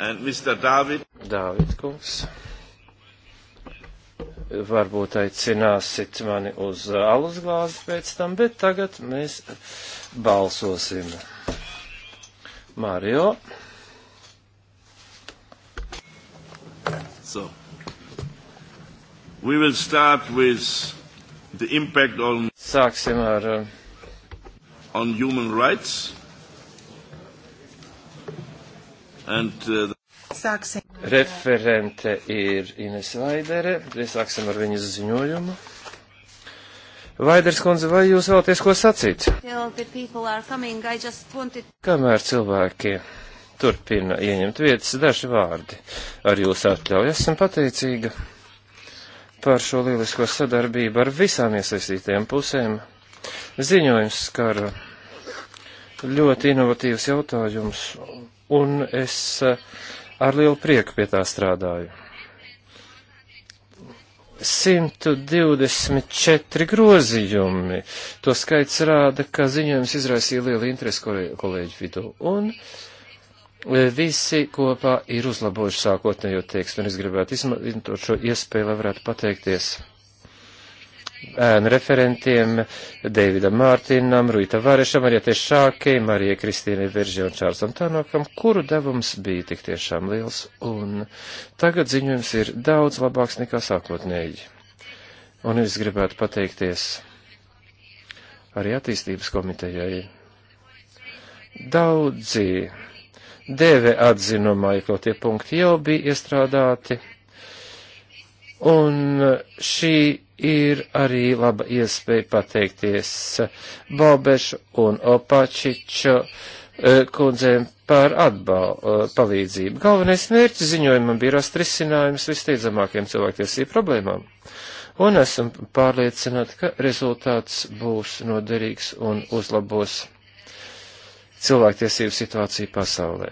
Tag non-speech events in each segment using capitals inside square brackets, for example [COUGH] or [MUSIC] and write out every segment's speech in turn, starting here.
And Mr. David. David kungs. Varbūt aicināsit mani uz uh, alus glāzi pēc tam, bet tagad mēs balsosim. Mario. So, we will start with the impact on. Sāksim ar. Uh, on human rights. And, uh, Sāksim. Referente ir Ines Vaidere. Sāksim ar viņas ziņojumu. Vaiders kundze, vai jūs vēlaties ko sacīt? Coming, wanted... Kamēr cilvēki turpina ieņemt vietas, daži vārdi. Ar jūsu atļauju esam pateicīga par šo lielisko sadarbību ar visām iesaistītajām pusēm. Ziņojums skar ļoti inovatīvs jautājums un es eh, ar lielu prieku pie tā strādāju. 124 grozījumi. To skaits rāda, ka ziņojums izraisīja lielu interesi kolēģu vidū. Un eh, visi kopā ir uzlabojuši sākotnējo tekstu, un es gribētu izmantot šo iespēju, lai varētu pateikties ēnu referentiem, Deividam Mārtiņam, Ruita Varešam, Marietai Šākei, Marijai Kristīnai Veržē un Čārsam Tanokam, kuru devums bija tik tiešām liels, un tagad ziņojums ir daudz labāks nekā sākotnēji. Un es gribētu pateikties arī attīstības komitejai. Daudzi deve atzinumā, ko tie punkti jau bija iestrādāti, un šī ir arī laba iespēja pateikties Bobešu un Opačiču e, kundzēm par atbal, e, palīdzību. Galvenais mērķis ziņojumam bija rast risinājums visteidzamākiem cilvēktiesību problēmām. Un esam pārliecināti, ka rezultāts būs noderīgs un uzlabos cilvēktiesību situāciju pasaulē.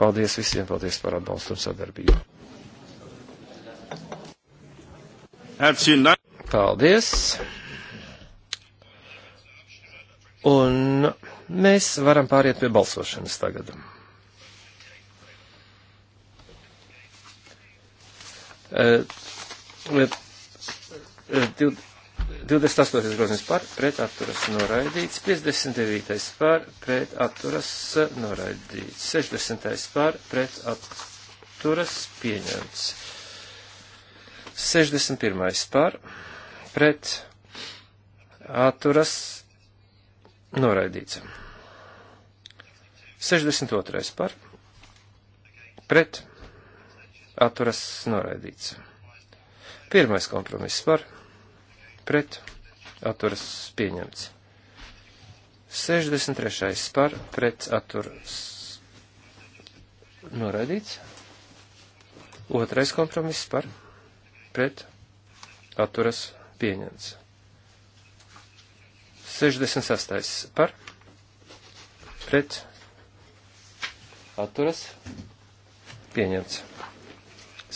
Paldies visiem, paldies par atbalstu un sadarbību. Paldies! Un mēs varam pāriet pie balsošanas tagad. Uh, e, 28. E, e, grozījums par pretaturas noraidīts, 59. par pretaturas noraidīts, 60. par pretaturas pieņemts. 61. par pret atturas noraidīts. 62. par pret atturas noraidīts. Pirmais kompromiss par pret atturas pieņemts. 63. par pret atturas noraidīts. Otrais kompromiss par pret pret atturas pieņemts. 66. par pret atturas pieņemts.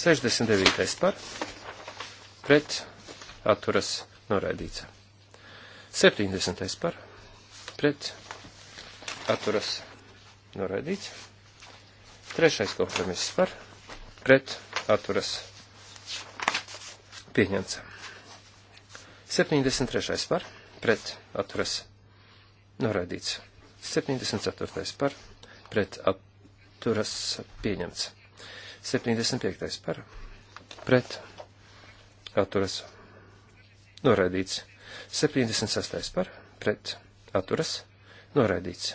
69. par pret atturas noraidīts. 70. par pret atturas noraidīts. Trešais kompromiss par pret atturas noraidīts Pieņemts. 73. par, pret, atturas, noraidīts. 74. par, pret, atturas, pieņemts. 75. par, pret, atturas, noraidīts. 76. par, pret, atturas, noraidīts.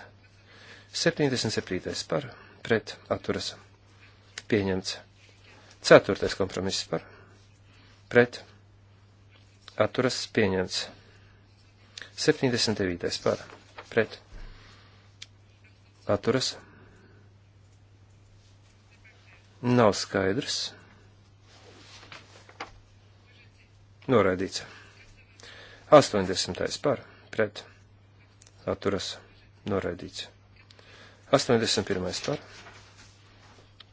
77. par, pret, atturas, pieņemts. 4. kompromiss par, pret atturas pieņemts. 79. par pret atturas nav skaidrs. Noraidīts. 80. par pret atturas noraidīts. 81. par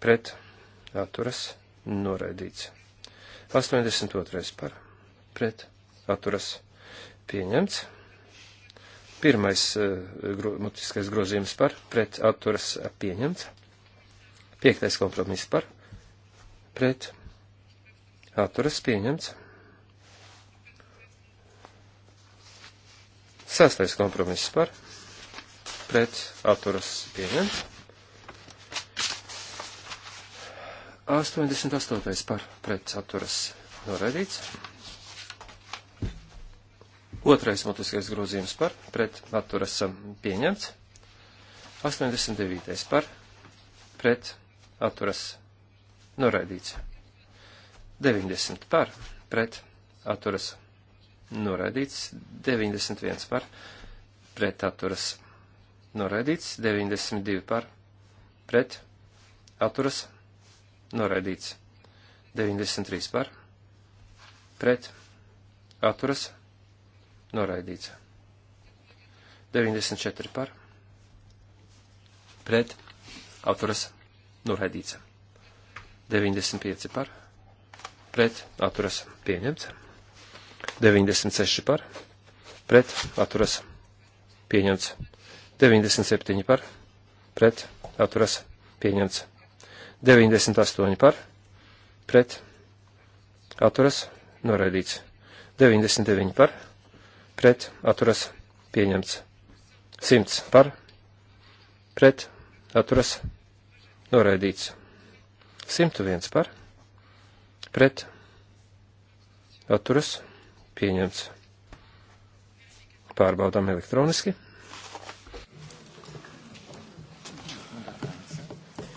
pret atturas noraidīts. 82. par pret atturas pieņemts. Pirmais eh, gro, mutiskais grozījums par pret atturas pieņemts. Piektais kompromiss par pret atturas pieņemts. Sestais kompromiss par pret atturas pieņemts. 88. par pretsaturas noraidīts. Otrais mutiskais grozījums par pretaturas um, pieņemts. 89. par pretaturas noraidīts. 90 par pretaturas noraidīts. 91 par pretaturas noraidīts. 92 par pretaturas noraidīts noraidīts. 93 par, pret, atturas, noraidīts. 94 par, pret, atturas, noraidīts. 95 par, pret, atturas, pieņemts. 96 par, pret, atturas, pieņemts. 97 par, pret, atturas, pieņemts. 98 par, pret, atturas, noraidīts. 99 par, pret, atturas, pieņemts. 100 par, pret, atturas, noraidīts. 101 par, pret, atturas, pieņemts. Pārbaudām elektroniski.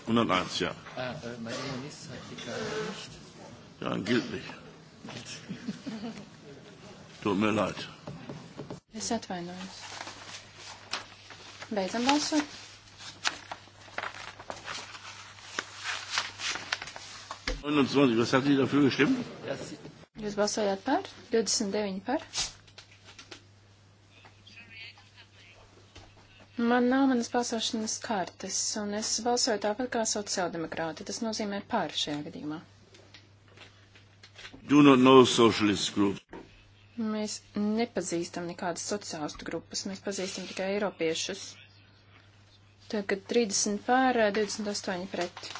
101, jā. Ja. Ah, äh, äh Maria Nis hat die Karte nicht. Ja, angeblich. Tut mir leid. Es atvainojos. Beidzam balsot. Was hat die dafür gestimmt? Jūs balsojāt par? 29 par? Man nav manas balsošanas kartes, un es balsoju tāpat kā sociāldemokrāti. Tas nozīmē pār šajā gadījumā. Mēs nepazīstam nekādas sociālistu grupas, mēs pazīstam tikai eiropiešus. Tagad 30 pār, 28 pret.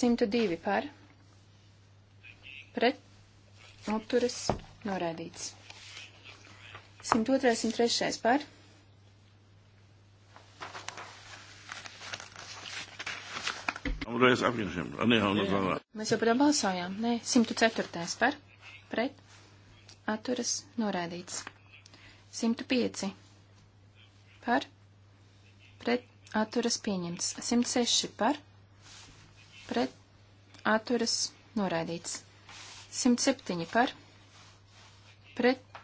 102 pār. Pret. Atturas. Norēdīts. 102, 103 pār Vēlreiz apņemšiem. Nē, un uz vēlāk. Mēs jau par balsojām. Nē, 104. par, pret, atturas, norādīts. 105. par, pret, atturas, pieņemts. 106. par, pret, atturas, norādīts. 107. par, pret,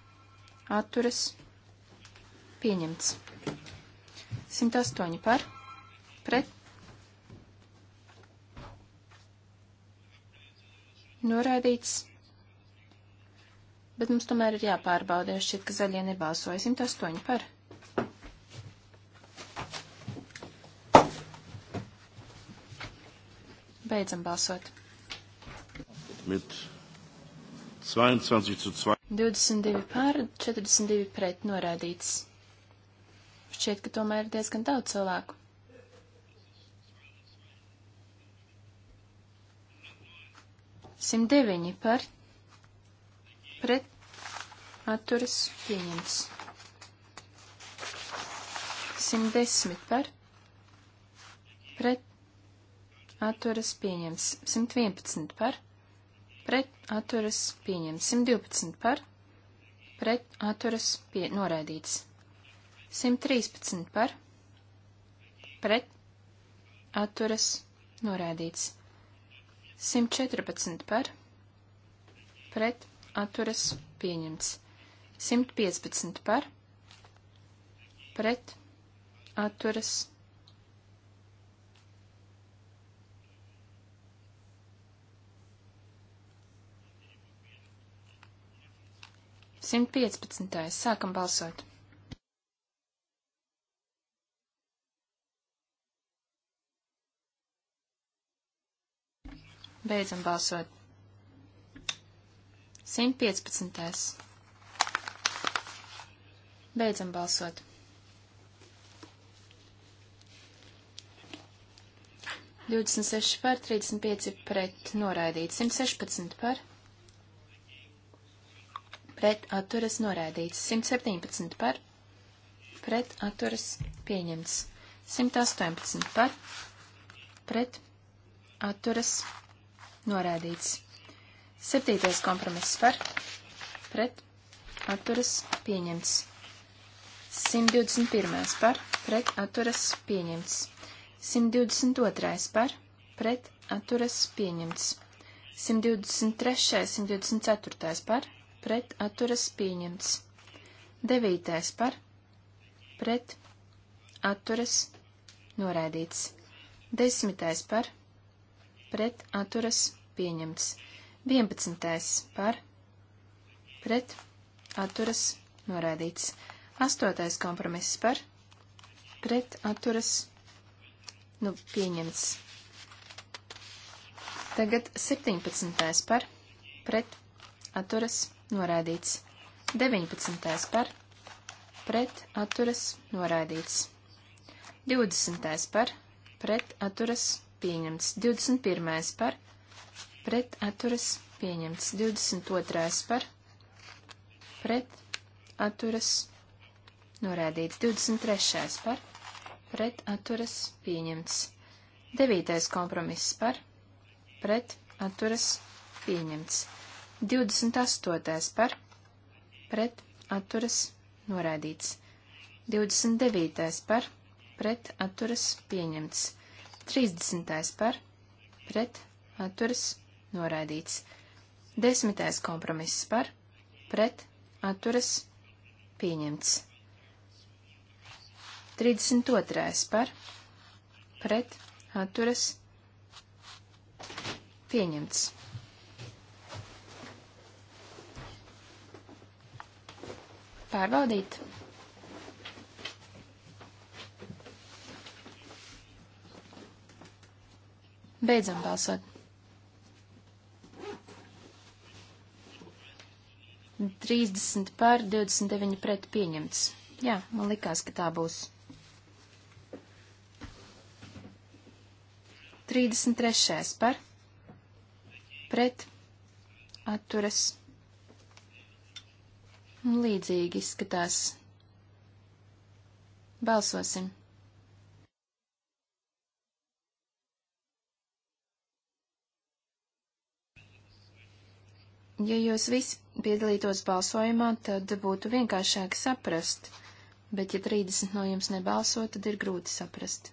atturas, pieņemts. 108 par, pret, Noraidīts. Bet mums tomēr ir jāpārbauda, jo šķiet, ka zaļie nebalsoja 108 par. Beidzam balsot. Mit 22 zu 2. 22 pār, 42 pret noraidīts. Šķiet, ka tomēr ir diezgan daudz cilvēku. 109 par pret atturas pieņemts. 110 par pret atturas pieņemts. 111 par pret atturas pieņemts. 112 par pret atturas pie noraidīts. 113 par pret atturas noraidīts. 114 par, pret, atturas, pieņemts. 115 par, pret, atturas. Simt piecpadsmitais. Sākam balsot. Beidzam balsot. 115. Beidzam balsot. Divdesmit seši par, trīsdesmit pieci pret, noraidīts, simt sešpadsmit par, pret, atturas, noraidīts, simt septiņpadsmit par, pret, atturas, pieņemts, simt astoņpadsmit par, pret, atturas, pieņemts Norādīts. Septītais kompromiss par, pret, atturas, pieņemts. 121. par, pret, atturas, pieņemts. 122. par, pret, atturas, pieņemts. 123. 124. par, pret, atturas, pieņemts. 9. par, pret, atturas, noraidīts. 10. par, pret, pret atturas pieņemts. 11. par pret atturas norādīts. 8. kompromiss par pret atturas nu, pieņemts. Tagad 17. par pret atturas norādīts. 19. par pret atturas norādīts. 20. par pret atturas norādīts pieņemts. 21. par pret atturas pieņemts. 22. par pret atturas norādīts. 23. par pret atturas pieņemts. 9. kompromiss par pret atturas pieņemts. 28. par pret atturas norādīts. 29. par pret atturas pieņemts. 30. par pret atturas noraidīts. 10. kompromiss par pret atturas pieņemts. 32. par pret atturas pieņemts. Pārbaudīt. Beidzam balsot. Trīsdesmit pār, divdesmit deviņi pret pieņemts. Jā, man likās, ka tā būs. Trīsdesmit trešais par, pret, atturas. Un līdzīgi izskatās. Balsosim! Ja jūs visi piedalītos balsojumā, tad būtu vienkāršāk saprast, bet ja 30 no jums nebalso, tad ir grūti saprast.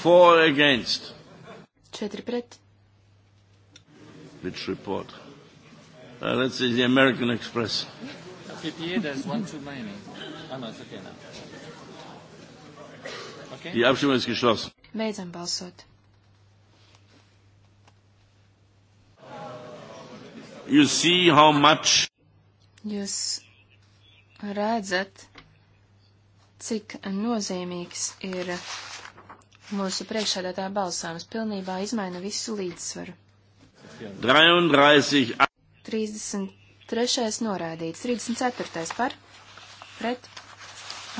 For against. Četri pret. Which report? Uh, that's the American Express. PPA, there's one too many. Oh, no, it's okay now. Okay? Die Abstimmung ist geschlossen. Beidzam balsot. You see how much. Jūs redzat, cik nozīmīgs ir mūsu priekšādātāja balsājums. Pilnībā izmaina visu līdzsvaru. 33. 33 Trešais norādīts. 34. par pret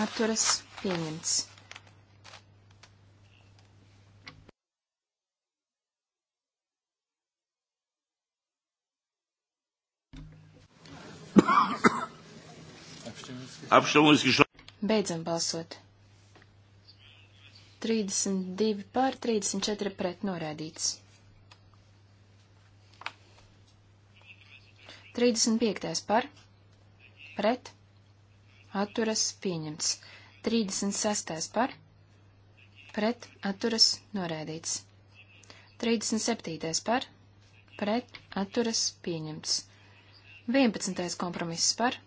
atturas pieņemts. Beidzam balsot. 32 pār 34 pret norādīts. 35. par, pret, atturas pieņemts. 36. par, pret, atturas norēdīts. 37. par, pret, atturas pieņemts. 11. kompromiss par,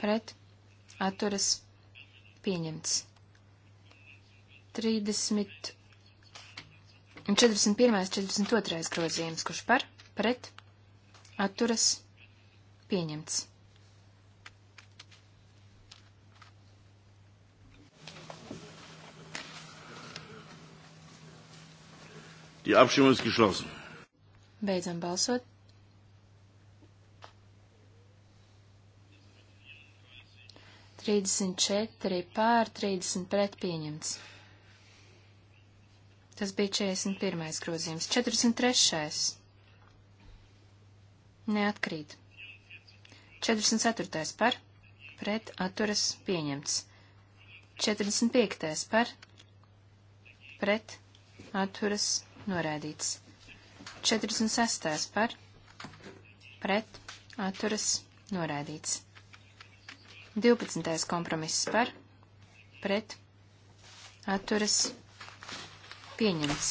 pret, atturas pieņemts. 30. 41. 42. grozījums, kurš par, pret, atturas pieņemts atturas Pieņemts. Die Abstimmung ist geschlossen. Beidzam balsot. Trīsdesmit četri pār, trīsdesmit pret pieņemts. Tas bija 41. grozījums. 43. Neatkrīt. 44. par pret atturas pieņemts. 45. par pret atturas norādīts. 46. par pret atturas norādīts. 12. kompromiss par pret atturas pieņemts.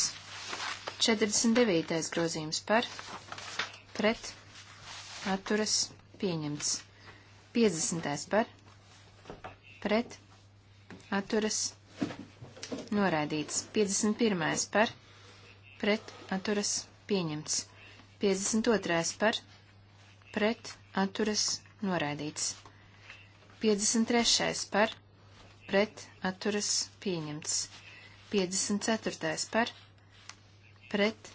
49. grozījums par pret atturas norādīts pieņemts. 50. par, pret, atturas, noraidīts. 51. par, pret, atturas, pieņemts. 52. par, pret, atturas, noraidīts. 53. par, pret, atturas, pieņemts. 54. par, pret,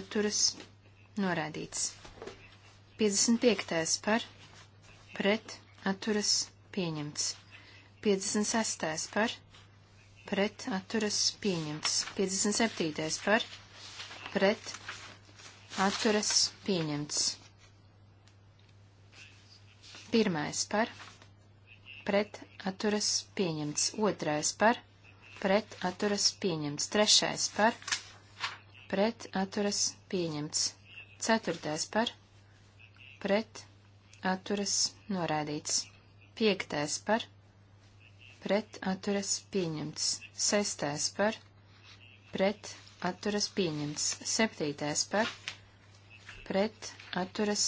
atturas, noraidīts. 55. par pret atturas pieņemts. 56. par pret atturas pieņemts. 57. par pret atturas pieņemts. Pirmais par pret atturas pieņemts. Otrais par pret atturas pieņemts. Trešais par pret atturas pieņemts. Ceturtais par pret pret, atturas, noraidīts. Piektais par, pret, atturas, pieņemts. Sestais par, pret, atturas, pieņemts. Septītais par, pret, atturas,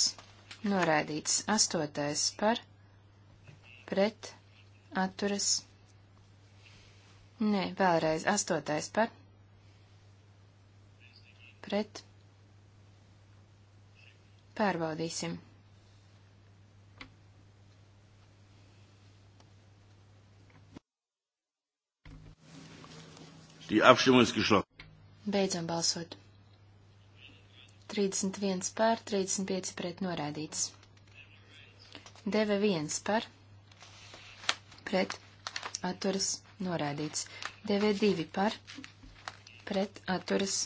noraidīts. Astotais par, pret, atturas, nē, vēlreiz astotais par, pret, Pārbaudīsim. Die Abstimmung ist geschlossen. Beidzam balsot. 31 pār, 35 pret norādīts. DV1 par, pret, atturas, norādīts. DV2 par, pret, atturas,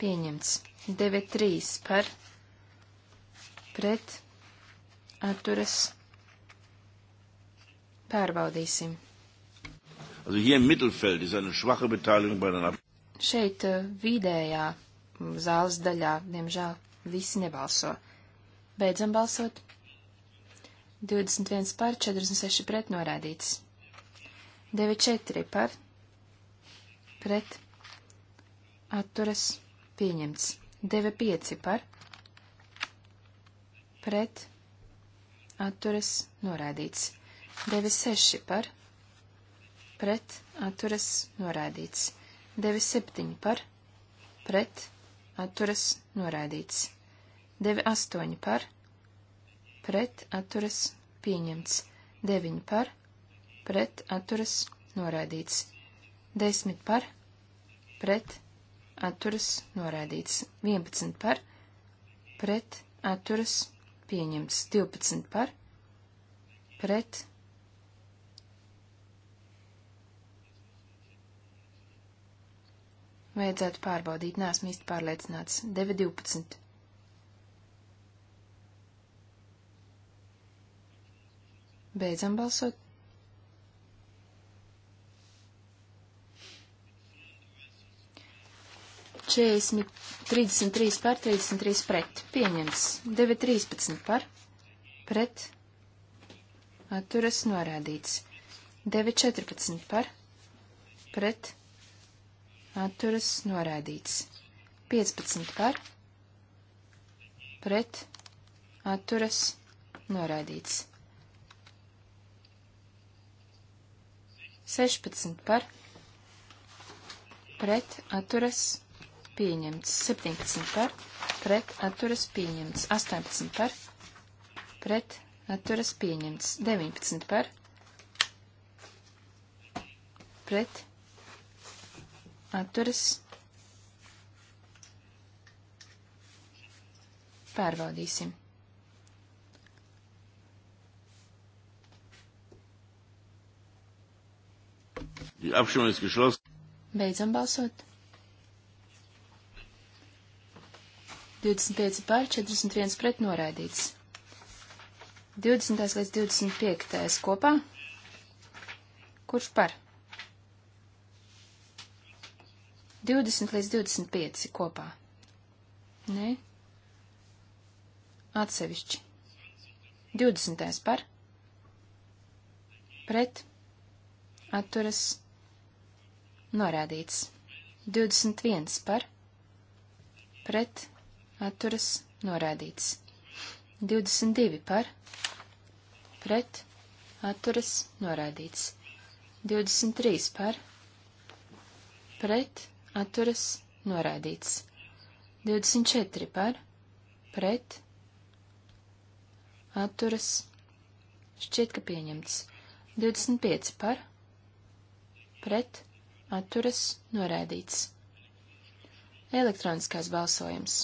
pieņemts. DV3 par, pret, pret atturas pārbaudīsim. Also hier im Mittelfeld ist eine schwache Beteiligung bei den Ab Šeit eh, vidējā zāles daļā, diemžēl, visi nebalso. Beidzam balsot. 21 par, 46 pret norādīts. 94 par, pret, atturas, pieņemts. 95 par, pret atturas norādīts. 96 par pret atturas norādīts. 97 par pret atturas norādīts. 98 par pret atturas pieņemts. 9 par pret atturas norādīts. 10 par pret atturas norādīts. 11 par pret atturas norādīts pieņemts 12 par, pret, vajadzētu pārbaudīt, neesmu īsti pārliecināts, 912. Beidzam balsot. 40, 33 par, 33 pret. Pieņems. 9, 13 par, pret. Atturas norādīts. 9, 14 par, pret. Atturas norādīts. 15 par, pret. Atturas norādīts. 16 par, pret. Atturas norādīts pieņemts. 17 par, pret atturas pieņemts. 18 par, pret atturas pieņemts. 19 par, pret atturas pārbaudīsim. Die Abstimmung ist geschlossen. Beidzam balsot. 25 pār 41 pret noraidīts. 20. līdz 25. kopā. Kurš par? 20 līdz 25 kopā. Nē. Atsevišķi. 20. par. Pret. Atturas. Norādīts. 21 par. Pret atturas norādīts. 22 par, pret, atturas norādīts. 23 par, pret, atturas norādīts. 24 par, pret, atturas šķiet, ka pieņemts. 25 par, pret, atturas norādīts. Elektroniskais balsojums.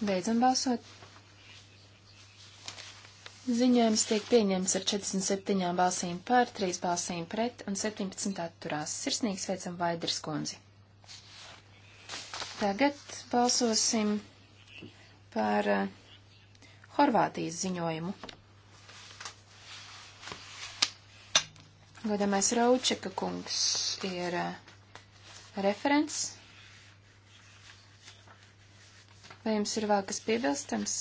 Beidzam balsot. Ziņojums tiek pieņemts ar 47 balsīm par, 3 balsīm pret un 17 atturās. Sirsnīgi sveicam Vaidras kundzi. Tagad balsosim par uh, Horvātijas ziņojumu. Godamais Raučeka kungs ir uh, referents. Vai jums ir vēl kas piebilstams?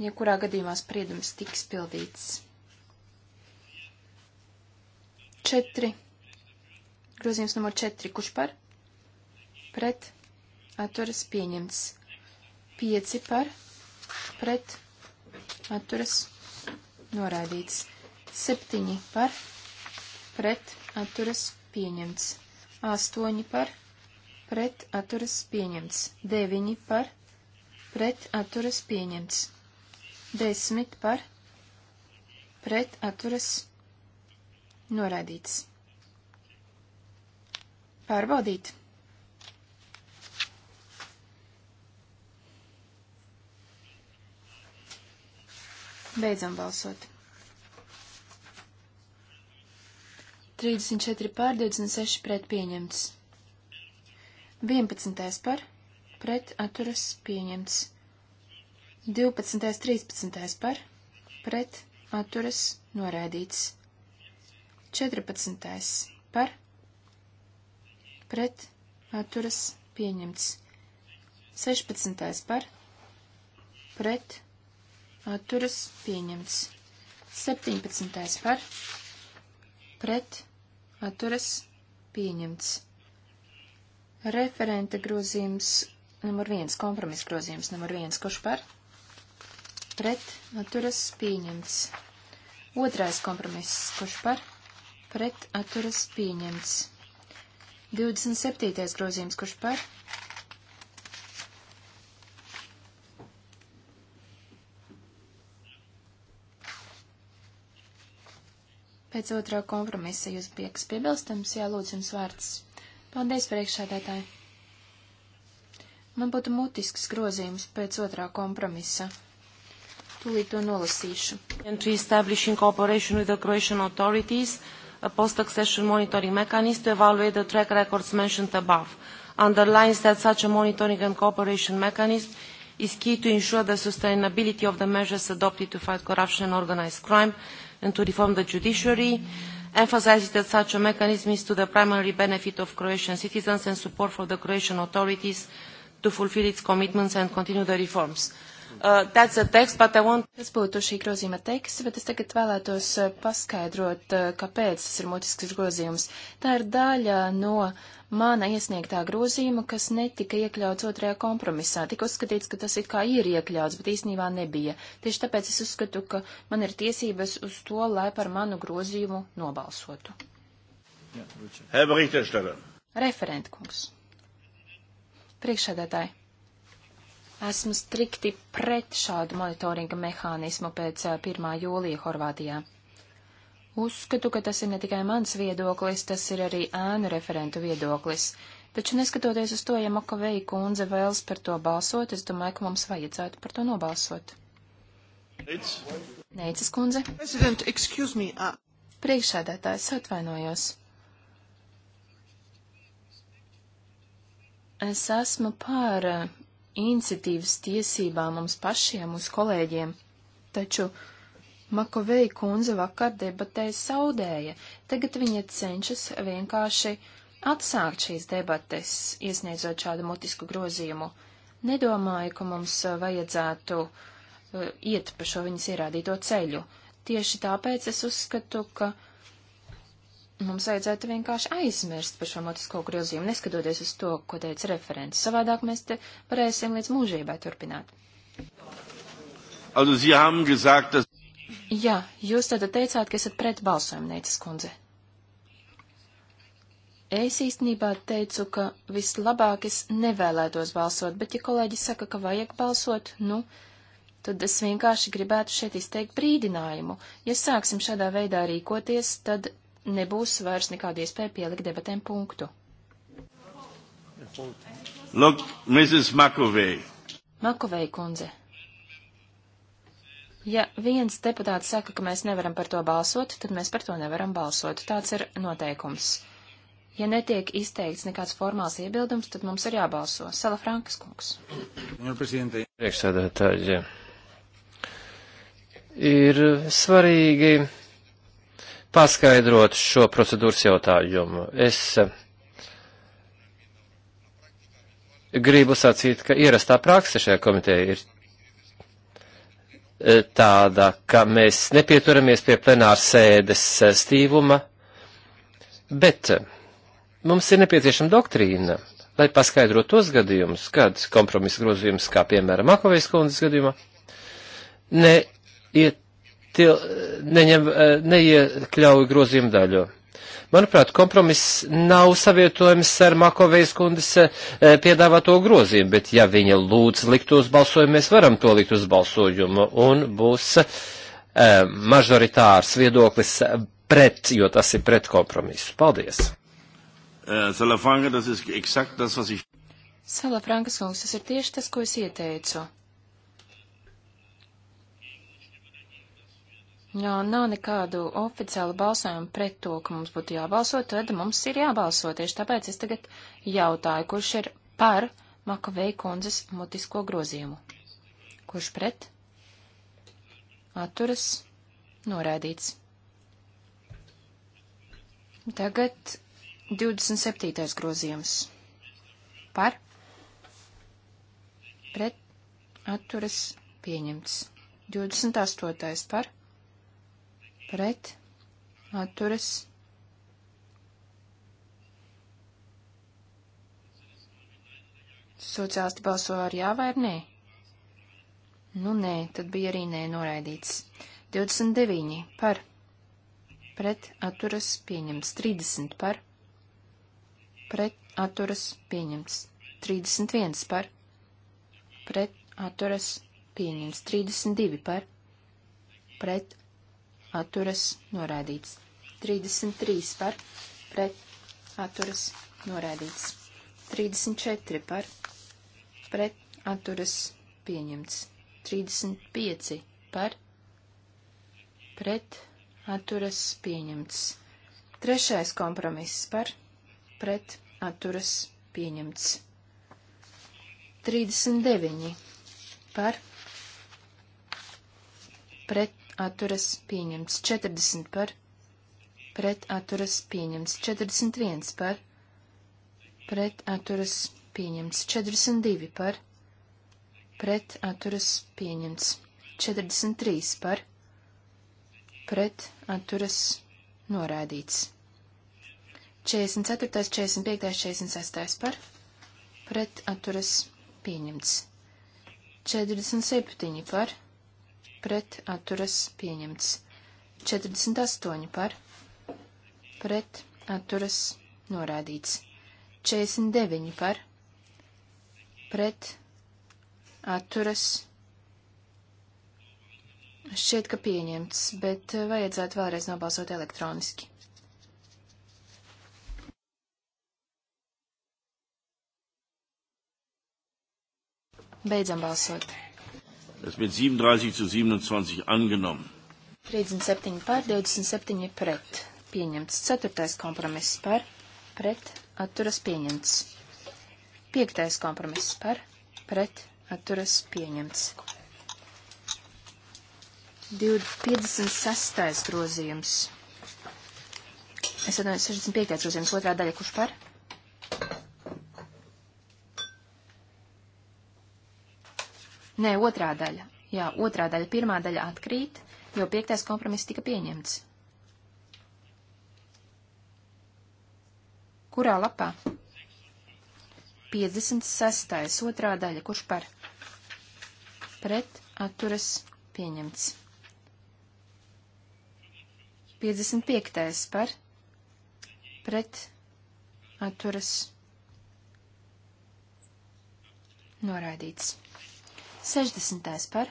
Jebkurā ja gadījumā spriedums tiks pildīts. 4. Grozījums numur 4. Kurš par? Pret. Atturas pieņemts. 5 par. Pret. Atturas noraidīts. 7 par. Pret. Atturas pieņemts. 8 par pret atturas pieņemts, 9 par, pret atturas pieņemts, 10 par, pret atturas noraidīts. Pārbaudīt. Beidzam balsot. 34 pār 26 pret pieņemts. 11. par pret atturas pieņemts. 12. 13. par pret atturas noraidīts. 14. par pret atturas pieņemts. 16. par pret atturas pieņemts. 17. par pret atturas pieņemts. Referenta grozījums numur viens, kompromis grozījums numur viens, kurš par? Pret atturas pieņemts. Otrais kompromiss, kurš par? Pret atturas pieņemts. 27. grozījums, kurš par? Pēc otrā kompromisa jūs pieks piebilstams, jā, lūdzu jums vārds. Paldies, priekšsēdētāji. Man būtu mutisks grozījums pēc otrā kompromisa. Tūlīt to nolasīšu. And to establish in cooperation with the Croatian authorities a post-accession monitoring mechanism to evaluate the track records mentioned above. Underlines that such a monitoring and cooperation mechanism is key to ensure the sustainability of the measures adopted to fight corruption and organized crime and to reform the judiciary. Mm -hmm emphasizes that such a mechanism is to the primary benefit of Croatian citizens and support for the Croatian authorities to fulfill its commitments and continue the reforms. Uh, that's the text, but I want... Tas būtu šī grozījuma teksts, bet es tagad vēlētos uh, paskaidrot, uh, kāpēc tas ir mutisks grozījums. Tā ir daļa no uh, mana iesniegtā grozījuma, kas netika iekļauts otrajā kompromisā. Tik uzskatīts, ka tas it kā ir iekļauts, bet īsnībā nebija. Tieši tāpēc es uzskatu, ka man ir tiesības uz to, lai par manu grozījumu nobalsotu. Referentkungs. Priekšsēdētāji. Esmu strikti pret šādu monitoringa mehānismu pēc 1. jūlija Horvātijā. Uzskatu, ka tas ir ne tikai mans viedoklis, tas ir arī ēnu referentu viedoklis. Taču neskatoties uz to, ja Makavei kundze vēlas par to balsot, es domāju, ka mums vajadzētu par to nobalsot. Neicis kundze. Uh- Priekšsēdētājs atvainojos. Es esmu pār uh, iniciatīvas tiesībām mums pašiem, uz kolēģiem, taču Makovei kundze vakar debatēs zaudēja, tagad viņa cenšas vienkārši atsākt šīs debates, iesniedzot šādu mutisku grozījumu. Nedomāju, ka mums vajadzētu uh, iet pa šo viņas ierādīto ceļu. Tieši tāpēc es uzskatu, ka mums vajadzētu vienkārši aizmirst par šo motisko grozījumu, neskatoties uz to, ko teica referents. Savādāk mēs te varēsim līdz mūžībai turpināt. Also, Sie haben gesagt, dass Jā, jūs tad teicāt, ka esat pret balsojumu, Neicis kundze. Es īstenībā teicu, ka vislabāk es nevēlētos balsot, bet ja kolēģi saka, ka vajag balsot, nu, tad es vienkārši gribētu šeit izteikt brīdinājumu. Ja sāksim šādā veidā rīkoties, tad nebūs vairs nekāda iespēja pielikt debatēm punktu. Look, Mrs. Makovei. Makovei kundze. Ja viens deputāts saka, ka mēs nevaram par to balsot, tad mēs par to nevaram balsot. Tāds ir noteikums. Ja netiek izteikts nekāds formāls iebildums, tad mums ir jābalso. Sala Frankas kungs. Priekšsēdētāji, ir svarīgi paskaidrot šo procedūras jautājumu. Es gribu sacīt, ka ierastā praksa šajā komiteja ir E, tāda, ka mēs nepieturamies pie plenāra sēdes e, stīvuma, bet e, mums ir nepieciešama doktrīna, lai paskaidrotu tos gadījumus, kad kompromisa grozījums, kā piemēram Makovejas kundzes gadījumā, neiet, neņem, neiekļauj grozījumu daļu. Manuprāt, kompromiss nav savietojams ar Makovejas kundas eh, piedāvāto grozījumu, bet ja viņa lūdz likt uz balsojumu, mēs varam to likt uz balsojumu un būs eh, mažoritārs viedoklis pret, jo tas ir pret kompromisu. Paldies! Eh, Salafrankas kungs, tas ir tieši tas, ko es ieteicu. Jā, nav nekādu oficiālu balsojumu pret to, ka mums būtu jābalso, tad mums ir jābalso. Tieši tāpēc es tagad jautāju, kurš ir par Makavei kundzes mutisko grozījumu. Kurš pret? Atturas. Noraidīts. Tagad 27. grozījums. Par? Pret? Atturas. Pieņemts. 28. par? pret atturas Sociālisti balso ar jā vai ar nē? Nu nē, tad bija arī nē noraidīts. 29 par pret atturas pieņems 30 par, pret atturas pieņems 31 par, pret atturas pieņems 32 par, pret atturas norādīts. 33 par pret atturas norādīts. 34 par pret atturas pieņemts. 35 par pret atturas pieņemts. Trešais kompromiss par pret atturas pieņemts. 39 par pret atturas pieņemts 40 par, pret atturas pieņemts 41 par, pret atturas pieņemts 42 par, pret atturas pieņemts 43 par, pret atturas norādīts 44, 45, 46 par, pret atturas pieņemts 47 par, pret atturas pieņemts pret atturas pieņemts. 48 par pret atturas norādīts. 49 par pret atturas. Šķiet, ka pieņemts, bet eh, vajadzētu vēlreiz nobalsot elektroniski. Beidzam balsot. Es wird 37 zu 27 angenommen. 37 pār 27 pret. Pieņemts. Ceturtais kompromiss par. Pret. Atturas pieņemts. Piektais kompromiss par. Pret. Atturas pieņemts. 56. grozījums. Es atvainojos 65. grozījums otrā daļa, kurš par? Nē, otrā daļa. Jā, otrā daļa. Pirmā daļa atkrīt, jo piektais kompromiss tika pieņemts. Kurā lapā? 56. otrā daļa. Kurš par? Pret atturas pieņemts. 55. par? Pret atturas noraidīts. 60. par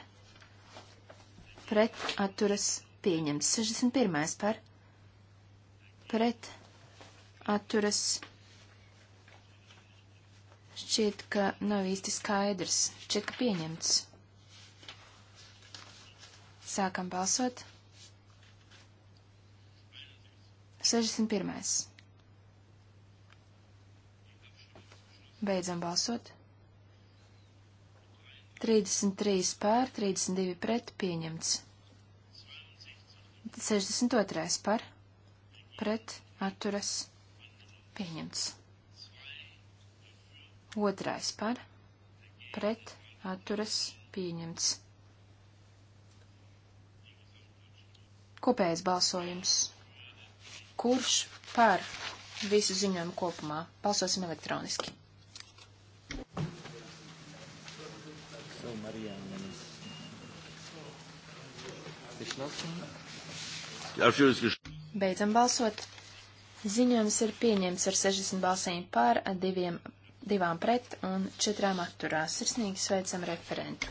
pret atturas pieņemts. 61. par pret atturas šķiet, ka nav īsti skaidrs. Šķiet, ka pieņemts. Sākam balsot. 61. Beidzam balsot. 33 pār, 32 pret pieņemts. 62 par, pret atturas pieņemts. Otrais par, pret atturas pieņemts. Kopējais balsojums. Kurš par visu ziņojumu kopumā? Balsosim elektroniski von Marianne ist beschlossen. Beidzam balsot. Ziņojums ir pieņemts ar 60 balsīm pār, diviem, divām pret un četrām atturās. Sirsnīgi sveicam referentu.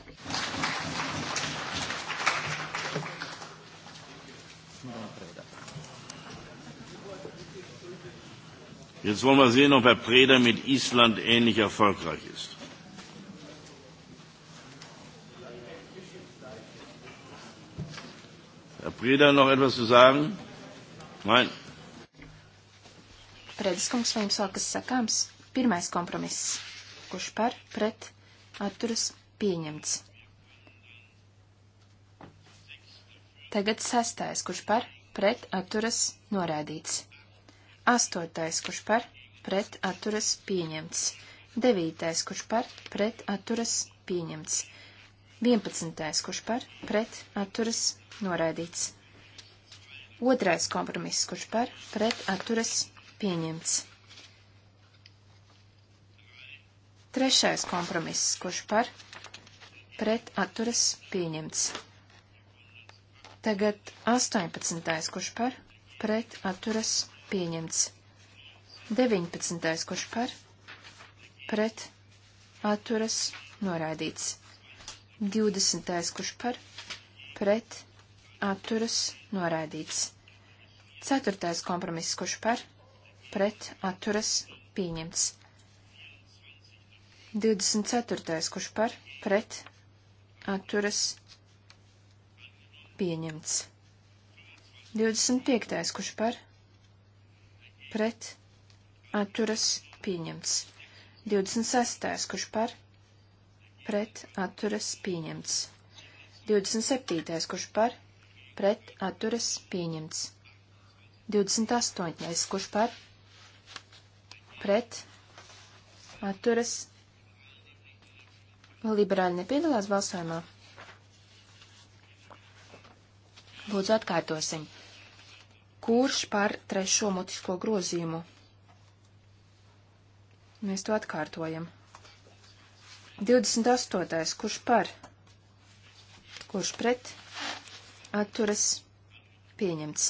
Jetzt wollen wir sehen, ob Herr Preda mit Island ähnlich erfolgreich ist. Weder noch etwas zu sagen? Nein. Rediskungs, vai jums vēl kas sakāms? Pirmais kompromiss. Kurš par, pret, atturas, pieņemts. Tagad sastais, kurš par, pret, atturas, noraidīts. Astotais, kurš par, pret, atturas, pieņemts. Devītais, kurš par, pret, atturas, pieņemts. 11. kurš par pret atturas noraidīts. Otrais kompromiss, kurš par pret atturas pieņemts. Trešais kompromiss, kurš par pret atturas pieņemts. Tagad 18. kurš par pret atturas pieņemts. 19. kurš par pret atturas noraidīts. 20. kurš par pret atturas noraidīts. Ceturtais kompromiss, kurš par pret atturas pieņemts. 24. kurš par pret atturas pieņemts. 25. kurš par pret atturas pieņemts. 26. kurš par pret atturas pieņemts. 27. kurš par pret atturas pieņemts. 28. kurš par pret atturas. Liberāļi nepiedalās balsojumā. Lūdzu, atkārtosim. Kurš par trešo mutisko grozījumu? Mēs to atkārtojam. 28. Kurš par? Kurš pret? atturas pieņemts.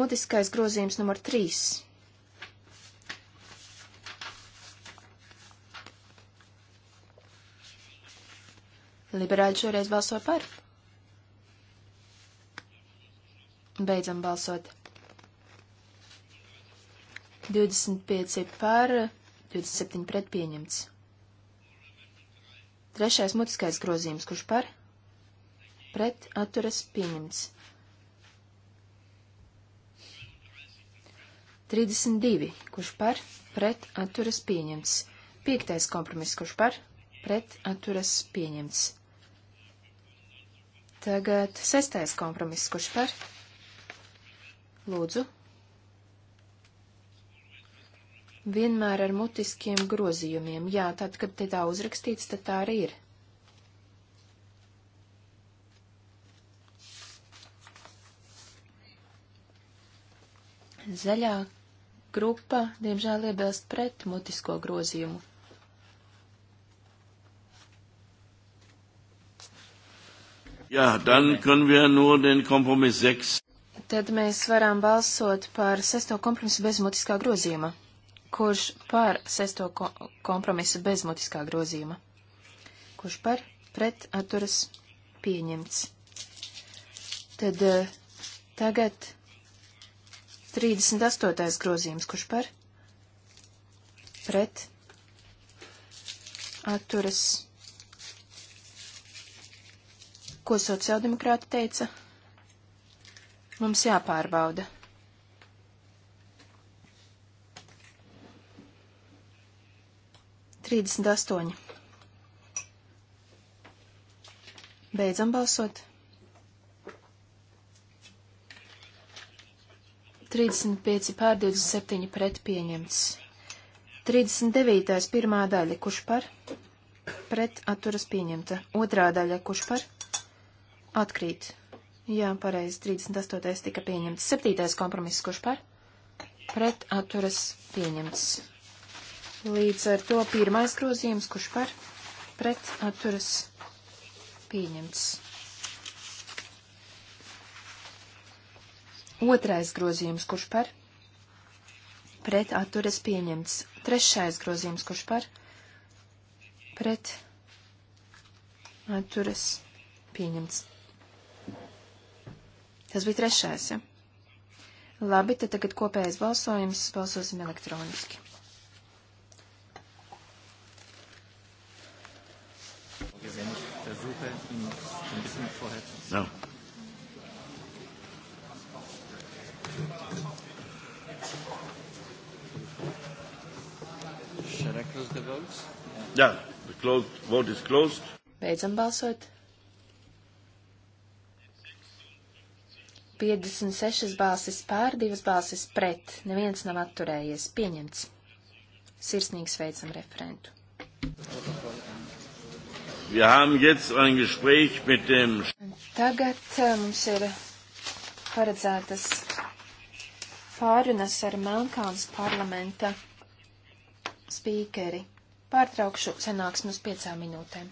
Mutiskais grozījums numur 3. Liberāļi šoreiz balso par. Beidzam balsot. 25 par, 27 pret pieņemts. Trešais mutiskais grozījums, kurš par? pret atturas pieņemts. 32. Kurš par pret atturas pieņemts. 5. kompromiss. Kurš par pret atturas pieņemts. Tagad 6. kompromiss. Kurš par? Lūdzu. Vienmēr ar mutiskiem grozījumiem. Jā, tad, kad te tā uzrakstīts, tad tā arī ir. Zaļā grupa, diemžēl, iebilst pret mutisko grozījumu. Jā, dann können wir nur den Kompromiss 6. Tad mēs varam balsot par sesto kompromisu bezmutiskā grozījuma. Kurš par sesto ko kompromisu bezmutiskā grozījuma? Kurš par pret atturas pieņemts? Tad eh, tagad 38. grozījums, kurš par? Pret. Atturas. Ko sociāldemokrāti teica? Mums jāpārbauda. Trīsdesmit astoņi. Beidzam balsot. 35 pār 27 pret pieņemts. 39. pirmā daļa, kurš par? Pret atturas pieņemta. Otrā daļa, kurš par? Atkrīt. Jā, pareizi, 38. tika pieņemts. 7. kompromiss, kurš par? Pret atturas pieņemts. Līdz ar to pirmais grozījums, kurš par? Pret atturas pieņemts. Otrais grozījums, kurš par? Pret atturas pieņemts. Trešais grozījums, kurš par? Pret atturas pieņemts. Tas bija trešais, ja? Labi, tad tagad kopējais balsojums. Balsosim elektroniski. No. close the votes? Yeah, the closed, vote is closed. Beidzam balsot. 56 balsis pār, 2 balsis pret, neviens nav atturējies, pieņemts. Sirsnīgi sveicam referentu. Tagad eh, mums ir paredzētas pārunas ar Melnkalnas parlamenta spīkeri. Pārtraukšu sanāksmu uz piecām minūtēm.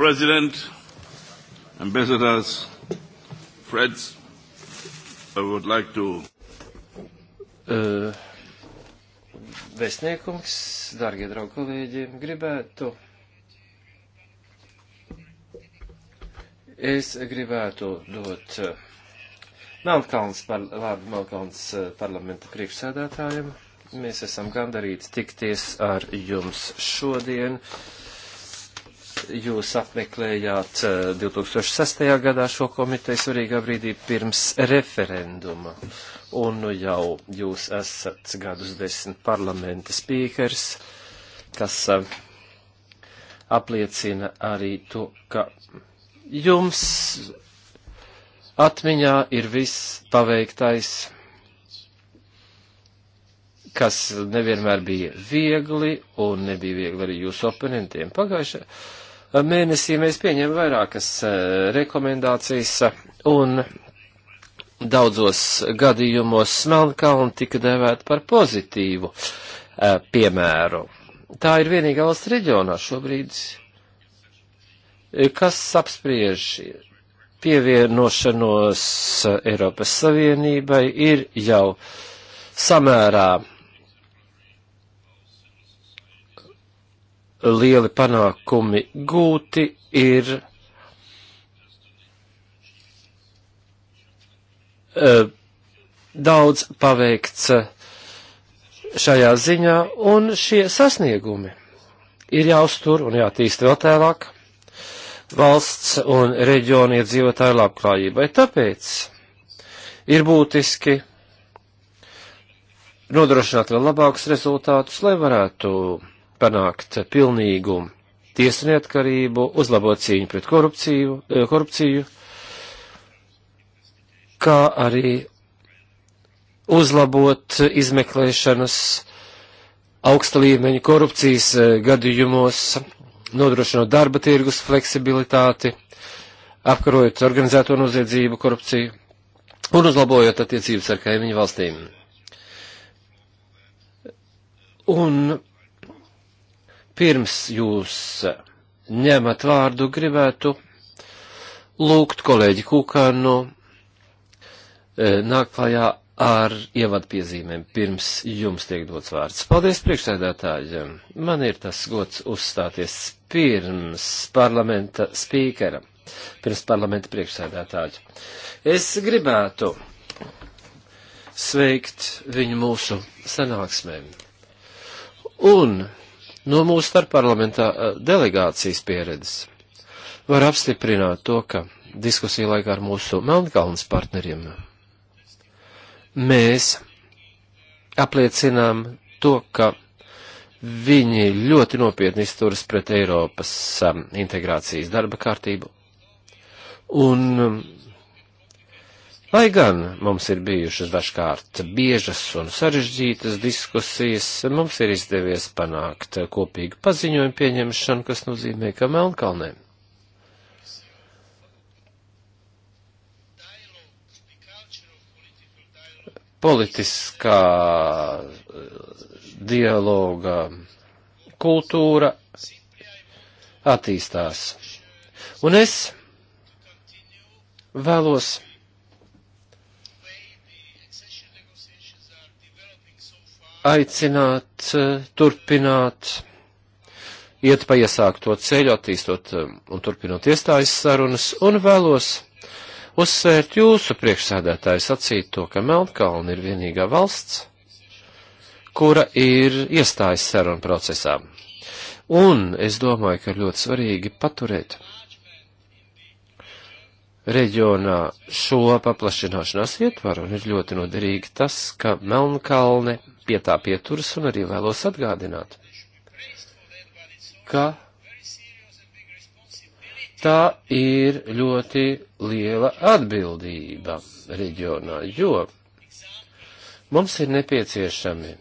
President, Ambassadors, friends, I would like to. Uh, Vēstniekums, dārgie draugi kolēģi, gribētu. Es gribētu dot uh, Melnkalns par, vārdu Melnkalns uh, parlamenta priekšsēdētājiem. Mēs esam gandarīti tikties ar jums šodien. Uh, jūs apmeklējāt 2006. Eh, gadā šo komiteju svarīgā brīdī pirms referenduma. Un nu jau jūs esat gadus desmit parlamenta spīkers, kas eh, apliecina arī to, ka jums atmiņā ir viss paveiktais kas nevienmēr bija viegli un nebija viegli arī jūsu oponentiem. Pagājušajā mēnesī mēs pieņem vairākas eh, rekomendācijas eh, un daudzos gadījumos Smelnkalna tika devēta par pozitīvu eh, piemēru. Tā ir vienīgā valsts reģionā šobrīd, kas apspriež pievienošanos Eiropas Savienībai, ir jau samērā lieli panākumi gūti ir eh, daudz paveikts eh, šajā ziņā, un šie sasniegumi ir jāuztur un jātīst vēl tālāk valsts un reģionu iedzīvotāju labklājībai. Tāpēc ir būtiski nodrošināt vēl labākus rezultātus, lai varētu panākt pilnīgu tiesu neatkarību, uzlabot cīņu pret korupciju, eh, korupciju kā arī uzlabot izmeklēšanas augsta līmeņa korupcijas eh, gadījumos, nodrošinot darba tirgus fleksibilitāti, apkarojot organizēto noziedzību, korupciju un uzlabojot attiecības ar kaimiņu valstīm. Un pirms jūs ņemat vārdu, gribētu lūgt kolēģi Kukānu e, nāk klajā ar ievadpiezīmēm pirms jums tiek dots vārds. Paldies priekšsēdētājiem. Man ir tas gods uzstāties pirms parlamenta spīkera, pirms parlamenta priekšsēdētāja. Es gribētu sveikt viņu mūsu sanāksmēm. Un no mūsu starpparlamentā eh, delegācijas pieredzes var apstiprināt to, ka diskusiju laikā ar mūsu Melnkalnas partneriem mēs apliecinām to, ka viņi ļoti nopietni izturas pret Eiropas eh, integrācijas darba kārtību. Un Lai gan mums ir bijušas dažkārt biežas un sarežģītas diskusijas, mums ir izdevies panākt kopīgu paziņojumu pieņemšanu, kas nozīmē, ka Melnkalnē. Politiskā eh, dialoga kultūra attīstās. Un es vēlos aicināt, eh, turpināt, iet pa iesākto ceļu, attīstot eh, un turpinot iestājas sarunas, un vēlos uzsvērt jūsu priekšsēdētāju sacīto, ka Melnkalna ir vienīgā valsts, kura ir iestājas sarunu procesā. Un es domāju, ka ir ļoti svarīgi paturēt reģionā šo paplašināšanās ietvaru, un ir ļoti noderīgi tas, ka Melnkalne pie tā pieturas un arī vēlos atgādināt, ka tā ir ļoti liela atbildība reģionā, jo mums ir nepieciešami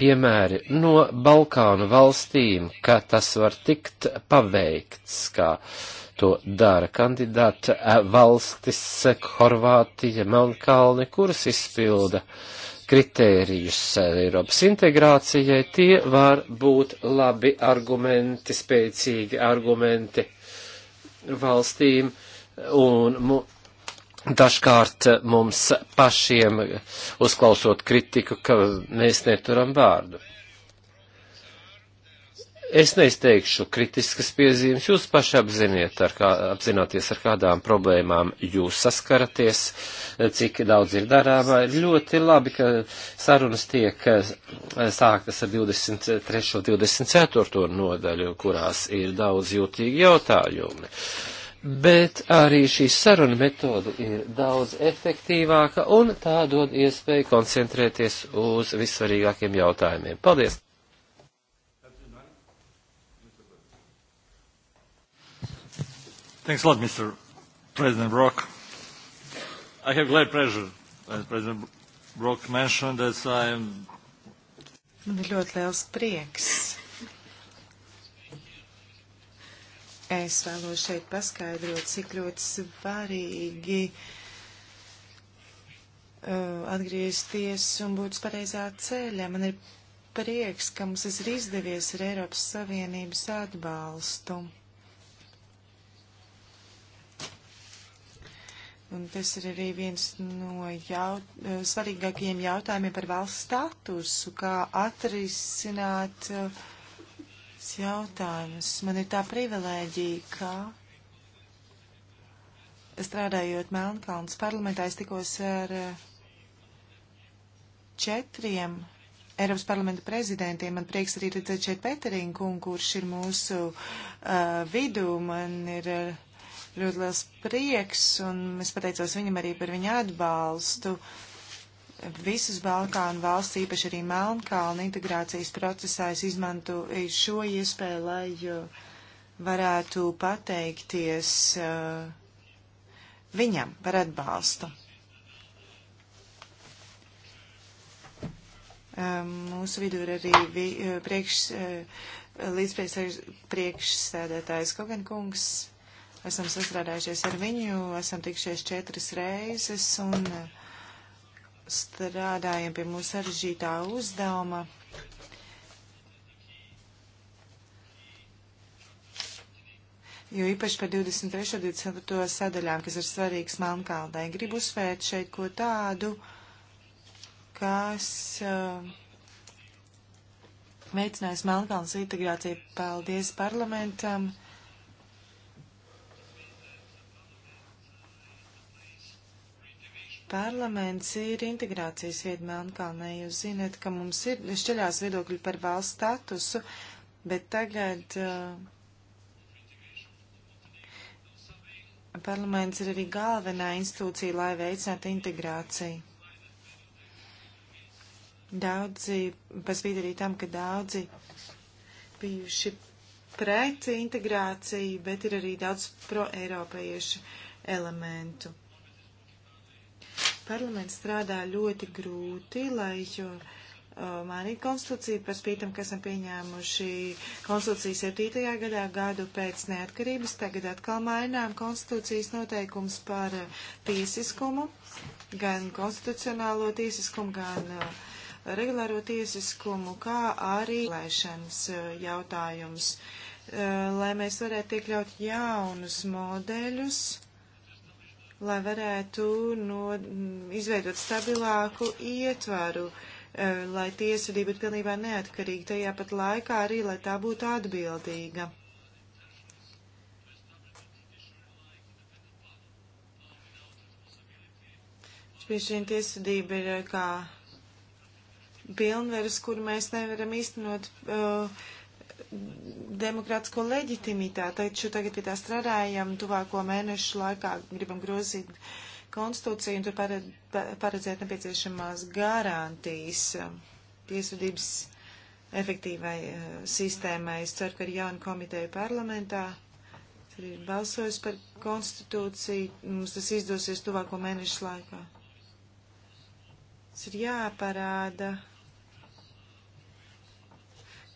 piemēri no Balkānu valstīm, ka tas var tikt paveikts, kā to dara kandidāta valstis Horvātija, Melnkalni, kuras izpilda uh, kritērijus Eiropas integrācijai, tie var būt labi argumenti, spēcīgi argumenti valstīm un mu, dažkārt mums pašiem uzklausot kritiku, ka mēs neturam vārdu. Es neizteikšu kritiskas piezīmes, jūs paši apziniet, ar kā, apzināties, ar kādām problēmām jūs saskaraties, cik daudz ir darāmā. Ir ļoti labi, ka sarunas tiek eh, sāktas ar 23. un 24. nodaļu, kurās ir daudz jūtīgi jautājumi. Bet arī šī saruna metoda ir daudz efektīvāka un tā dod iespēju koncentrēties uz vissvarīgākiem jautājumiem. Paldies! Thanks a lot, Mr. President Brock. I have great pleasure, as President Brock mentioned, as I am. Man ir ļoti liels prieks. Es vēlos šeit paskaidrot, cik ļoti svarīgi uh, atgriezties un būt pareizā ceļā. Man ir prieks, ka mums tas ir izdevies ar Eiropas Savienības atbalstu. Un tas ir arī viens no jaut, eh, svarīgākajiem jautājumiem par valsts statusu, kā atrisināt eh, jautājumus. Man ir tā privilēģija, ka strādājot Melnkalnas parlamentā, es tikos ar eh, četriem Eiropas parlamenta prezidentiem. Man prieks arī redzēt šeit Peterinku, kurš ir mūsu uh, vidū. Man ir uh, ļoti liels prieks, un es pateicos viņam arī par viņa atbalstu. Visus Balkānu valsts, īpaši arī Melnkalnu integrācijas procesā, es izmantoju šo iespēju, lai uh, varētu pateikties uh, viņam par atbalstu. Um, mūsu vidū ir arī vi, uh, priekš, līdzpriekšsēdētājs Kogan kungs Esam sastrādājušies ar viņu, esam tikšies četras reizes un uh, strādājam pie mūsu sarežģītā uzdevuma. jo īpaši par 23. un 24. sadaļām, kas ir svarīgas Melnkalnē, gribu uzsvērt šeit ko tādu, kas uh, veicinās Melnkalnas integrāciju. Paldies parlamentam! Um, Parlaments ir integrācijas vieta Melnkalnē. Jūs zināt, ka mums ir šķeļās viedokļi par valsts statusu, bet tagad uh, parlaments ir arī galvenā institūcija, lai veicinātu integrāciju. Daudzi, paspīt arī tam, ka daudzi bijuši pret integrāciju, bet ir arī daudz pro-eiropiešu elementu. Parlaments strādā ļoti grūti, lai jo, uh, mainīt konstitūciju, par spītam, ka esam pieņēmuši konstitūciju 7. gadā, gadu pēc neatkarības. Tagad atkal mainām konstitūcijas noteikums par uh, tiesiskumu, gan konstitucionālo tiesiskumu, gan uh, regulāro tiesiskumu, kā arī lēšanas jautājums, lai mēs varētu iekļaut jaunus modeļus lai varētu no, izveidot stabilāku ietvaru, e, lai tiesvedība būtu pilnībā neatkarīga, tajā pat laikā arī, lai tā būtu atbildīga. Bieži vien tiesvedība ir e, kā pilnveres, kur mēs nevaram īstenot uh, demokrātisko leģitimitāti, taču tagad pie tā strādājam tuvāko mēnešu laikā, gribam grozīt konstitūciju un tur paredz, paredzēt nepieciešamās garantijas piesudības efektīvai eh, sistēmai. Es ceru, ka ar jaunu komiteju parlamentā tur ir balsojis par konstitūciju, mums tas izdosies tuvāko mēnešu laikā. Tas ir jāparāda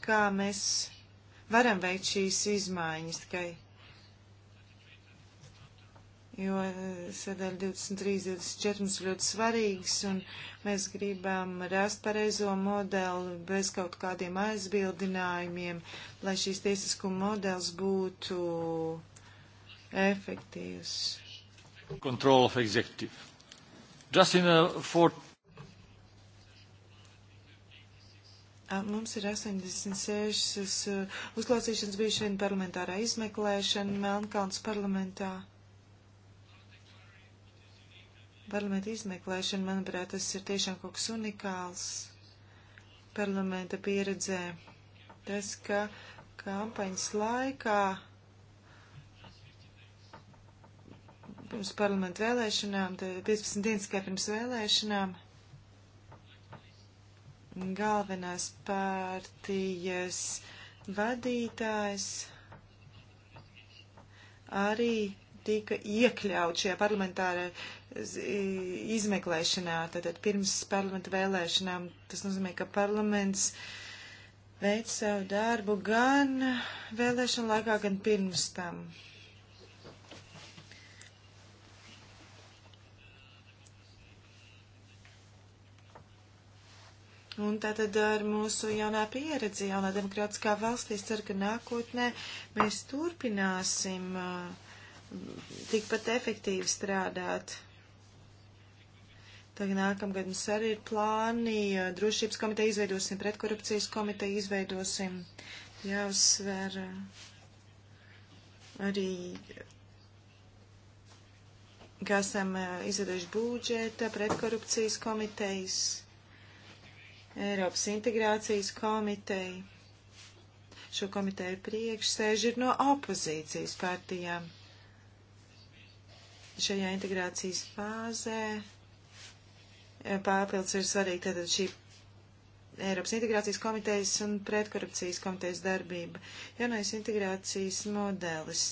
kā mēs varam veikt šīs izmaiņas tikai. Jo eh, sadaļa 23, 24 mums ļoti svarīgs, un mēs gribam rast pareizo modeli bez kaut kādiem aizbildinājumiem, lai šīs tiesiskuma modelis būtu efektīvs. Control of executive. Just in a 14 Mums ir 86 uzklausīšanas bija šodien parlamentārā izmeklēšana Melnkalns parlamentā. Parlamenta izmeklēšana, manuprāt, tas ir tiešām kaut kas unikāls parlamenta pieredzē. Tas, ka kampaņas laikā pirms parlamenta vēlēšanām, 15 dienas kā pirms vēlēšanām, galvenās pārtījas vadītājs arī tika iekļaut šajā parlamentārā izmeklēšanā, tātad pirms parlamenta vēlēšanām. Tas nozīmē, ka parlaments veic savu darbu gan vēlēšanu laikā, gan pirms tam. Un tātad ar mūsu jaunā pieredze, jaunā demokrātiskā valstī, es ceru, ka nākotnē mēs turpināsim uh, tikpat efektīvi strādāt. Tagad nākamgad mums arī ir plāni, uh, drošības komiteja izveidosim, pretkorupcijas komiteja izveidosim, jāuzsver uh, arī ka esam izveidojuši būdžeta, pretkorupcijas komitejas Eiropas integrācijas komiteja. Šo komiteju priekšsēži ir no opozīcijas partijām. Šajā integrācijas fāzē eh, pārpildus ir svarīgi tātad šī Eiropas integrācijas komitejas un pretkorupcijas komitejas darbība. Jaunais integrācijas modelis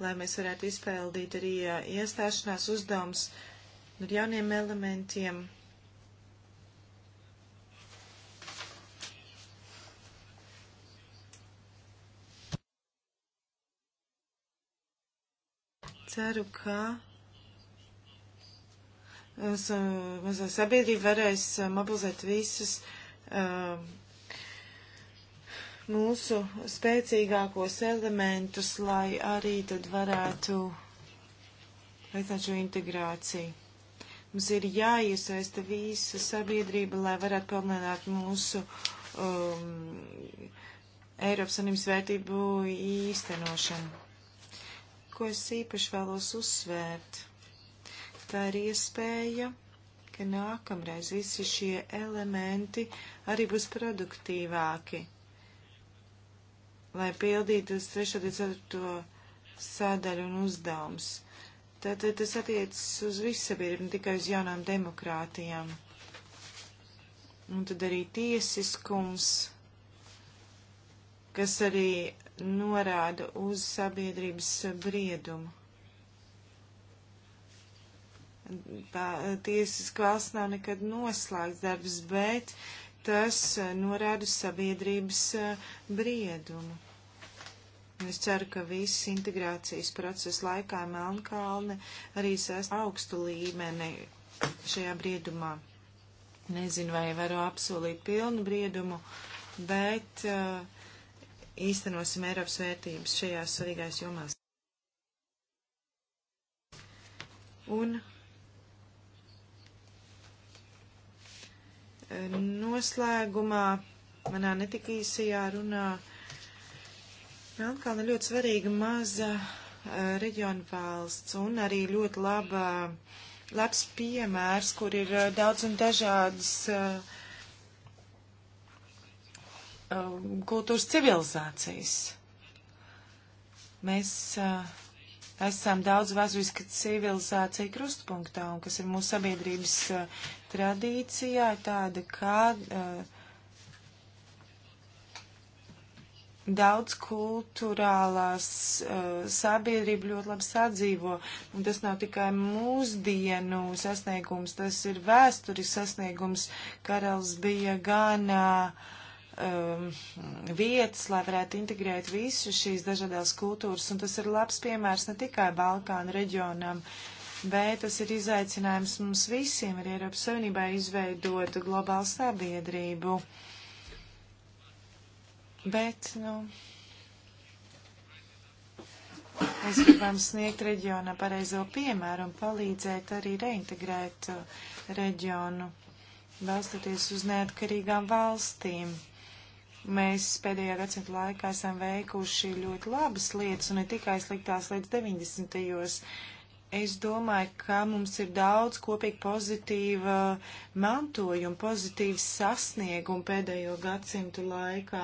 lai mēs varētu izpildīt arī iestāšanās uzdevums ar jauniem elementiem. Ceru, ka mazā sabiedrība varēs mobilizēt visas uh, mūsu spēcīgākos elementus, lai arī tad varētu veicināt šo integrāciju. Mums ir jāiesaista visa sabiedrība, lai varētu palielināt mūsu um, Eiropas Savienības vērtību īstenošanu. Ko es īpaši vēlos uzsvērt? Tā ir iespēja ka nākamreiz visi šie elementi arī būs produktīvāki lai pildītu uz 3.24. sādaļu un uzdevums. Tātad tas attiecas uz visu sabiedrību, ne tikai uz jaunām demokrātijām. Un tad arī tiesiskums, kas arī norāda uz sabiedrības briedumu. Tiesiskā valsts nav nekad noslēgts darbs, bet uh, tas eh, norāda uz sabiedrības eh, briedumu. Es ceru, ka viss integrācijas procesa laikā Melnkalne arī sas augstu līmeni šajā briedumā. Nezinu, vai varu apsolīt pilnu briedumu, bet uh, īstenosim Eiropas vērtības šajās svarīgās jomās. Un Noslēgumā manā netika īsajā runā Melnkalna ļoti svarīga maza eh, reģiona valsts un arī ļoti laba, labs piemērs, kur ir eh, daudz un dažādas eh, um, kultūras civilizācijas. Mēs esam daudz vēsturiski civilizācija krustpunktā un kas ir mūsu sabiedrības tradīcijā ir tāda, ka uh, daudz kultūrālās uh, sabiedrība ļoti labi sadzīvo, un tas nav tikai mūsdienu sasniegums, tas ir vēsturis sasniegums. Karals bija gan um, vietas, lai varētu integrēt visu šīs dažādās kultūras, un tas ir labs piemērs ne tikai Balkānu reģionam, uh, bet tas ir izaicinājums mums visiem, arī Eiropas Savienībā izveidot globālu sabiedrību. Bet, nu, mēs gribam sniegt reģionā pareizo piemēru un palīdzēt arī reintegrēt uh, reģionu, balstoties uz neatkarīgām valstīm. Mēs pēdējā gadsimta laikā esam veikuši ļoti labas lietas, un ne tikai sliktās līdz 90. Es domāju, ka mums ir daudz kopīgi pozitīva mantojuma, pozitīvas sasnieguma pēdējo gadsimtu laikā.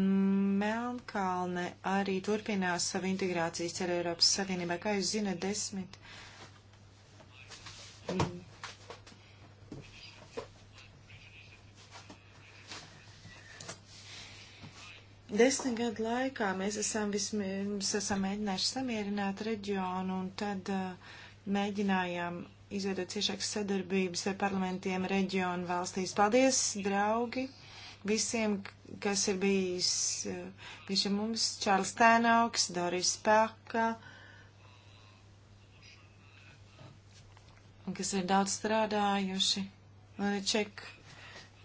Un Melnkalne arī turpinās savu integrācijas ceļu Eiropas Savienībā. Kā jūs zinat, desmit Desmit gadu laikā mēs esam vismaz esam mēģinājuši samierināt reģionu un tad uh, mēģinājām izveidot ciešākas sadarbības ar parlamentiem reģionu valstīs. Paldies, draugi, visiem, kas ir bijis pie eh, mums, Čārls Tēnauks, Doris Paka, kas ir daudz strādājuši, Ček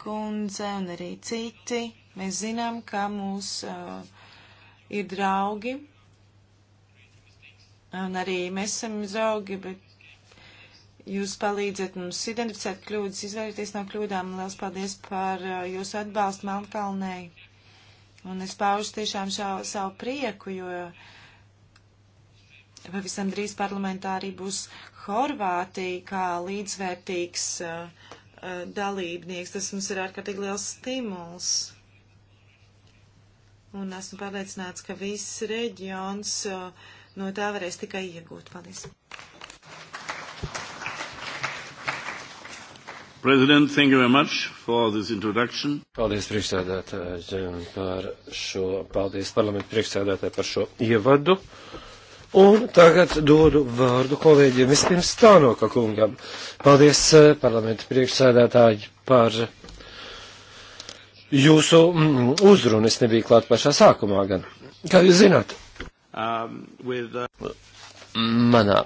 kundze un arī citi. Mēs zinām, ka mūs uh, ir draugi, un arī mēs esam draugi, bet jūs palīdzat mums identificēt kļūdas, izvairīties no kļūdām. Liels paldies par uh, jūsu atbalstu Melnkalnei. Un es paužu tiešām šā, savu prieku, jo pavisam drīz parlamentā arī būs Horvātija kā līdzvērtīgs uh, uh, dalībnieks. Tas mums ir ārkārtīgi liels stimuls un esmu pārliecināts, ka viss reģions uh, no tā varēs tikai iegūt. Paldies! President, thank you very much for this introduction. Paldies priekšsēdētājiem par šo, paldies parlamentu priekšsēdētājiem par šo ievadu. Un tagad dodu vārdu kolēģiem vispirms Tānoka kungam. Paldies eh, parlamentu priekšsēdētāji par jūsu mm, uzrunas nebija klāt pašā sākumā gan. Kā jūs zināt? Um, with, uh... Manā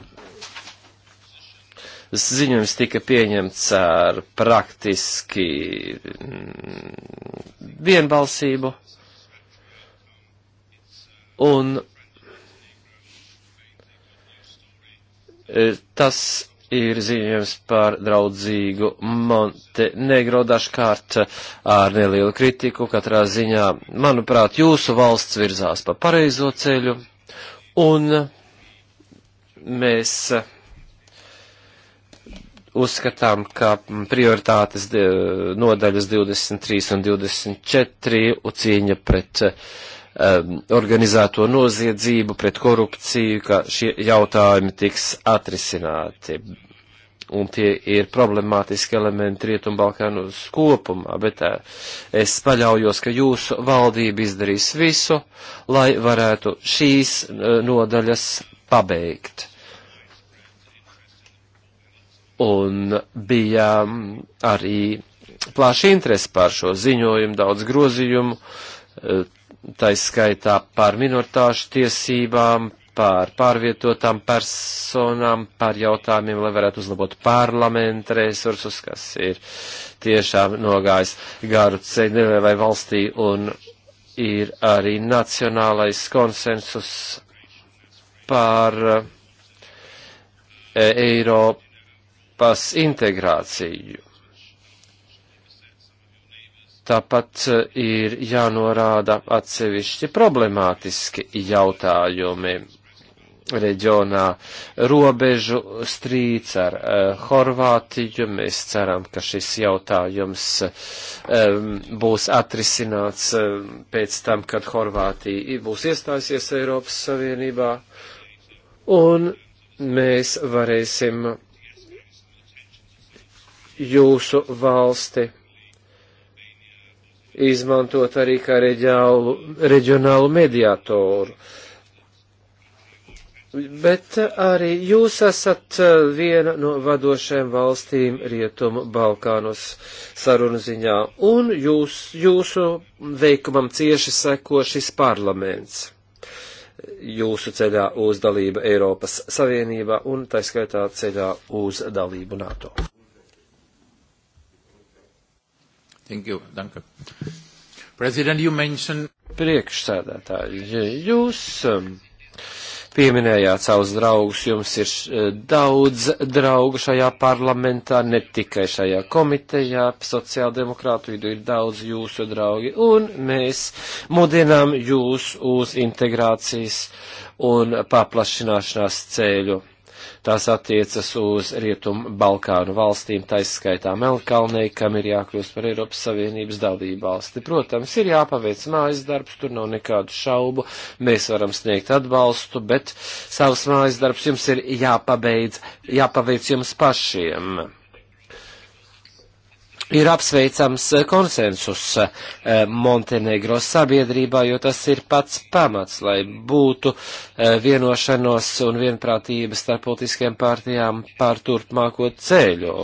ziņojums tika pieņemts ar praktiski mm, vienbalsību. Un e, tas ir ziņojums par draudzīgu Montenegro dažkārt ar nelielu kritiku. Katrā ziņā, manuprāt, jūsu valsts virzās pa pareizo ceļu, un mēs uzskatām, ka prioritātes eh, nodaļas 23 un 24 cīņa pret uh, um, organizēto noziedzību, pret korupciju, ka šie jautājumi tiks atrisināti. Un tie ir problemātiski elementi Rietumbalkānos kopumā, bet tā, uh, es paļaujos, ka jūsu valdība izdarīs visu, lai varētu šīs uh, nodaļas pabeigt. Un bija um, arī plaša interese pār šo ziņojumu, daudz grozījumu, uh, taiskaitā par minoritāšu tiesībām, par pārvietotām personām, par jautājumiem, lai varētu uzlabot parlamenta resursus, kas ir tiešām nogājis garu ceļu vai valstī, un ir arī nacionālais konsensus par eh, Eiropas integrāciju. Tāpat eh, ir jānorāda atsevišķi problemātiski jautājumi reģionā robežu strīds ar uh, Horvātiju. Mēs ceram, ka šis jautājums um, būs atrisināts um, pēc tam, kad Horvātija būs iestājusies Eiropas Savienībā. Un mēs varēsim jūsu valsti izmantot arī kā reģionālu, reģionālu mediātoru. Bet arī jūs esat eh, viena no vadošajām valstīm Rietumu Balkānos sarunu ziņā, un jūs, jūsu veikumam cieši seko šis parlaments jūsu ceļā uz dalību Eiropas Savienībā un taiskaitā ceļā uz dalību NATO. Thank you. Danke. President, you mentioned... Priekšsēdētāji, jūs um, pieminējāt savus draugus, jums ir uh, daudz draugu šajā parlamentā, ne tikai šajā komitejā, sociāldemokrātu vidu ir daudz jūsu draugi, un mēs mudinām jūs uz integrācijas un paplašināšanās ceļu Tās attiecas uz Rietumu Balkānu valstīm, taiskaitā Melkalnei, kam ir jākļūst par Eiropas Savienības dalību valsti. Protams, ir jāpaveic mājas darbs, tur nav nekādu šaubu, mēs varam sniegt atbalstu, bet savs mājas darbs jums ir jāpabeidz, jāpaveic jums pašiem ir apsveicams konsensus eh, Montenegro sabiedrībā, jo tas ir pats pamats, lai būtu eh, vienošanos un vienprātības starp politiskajām partijām pār turpmāko ceļu.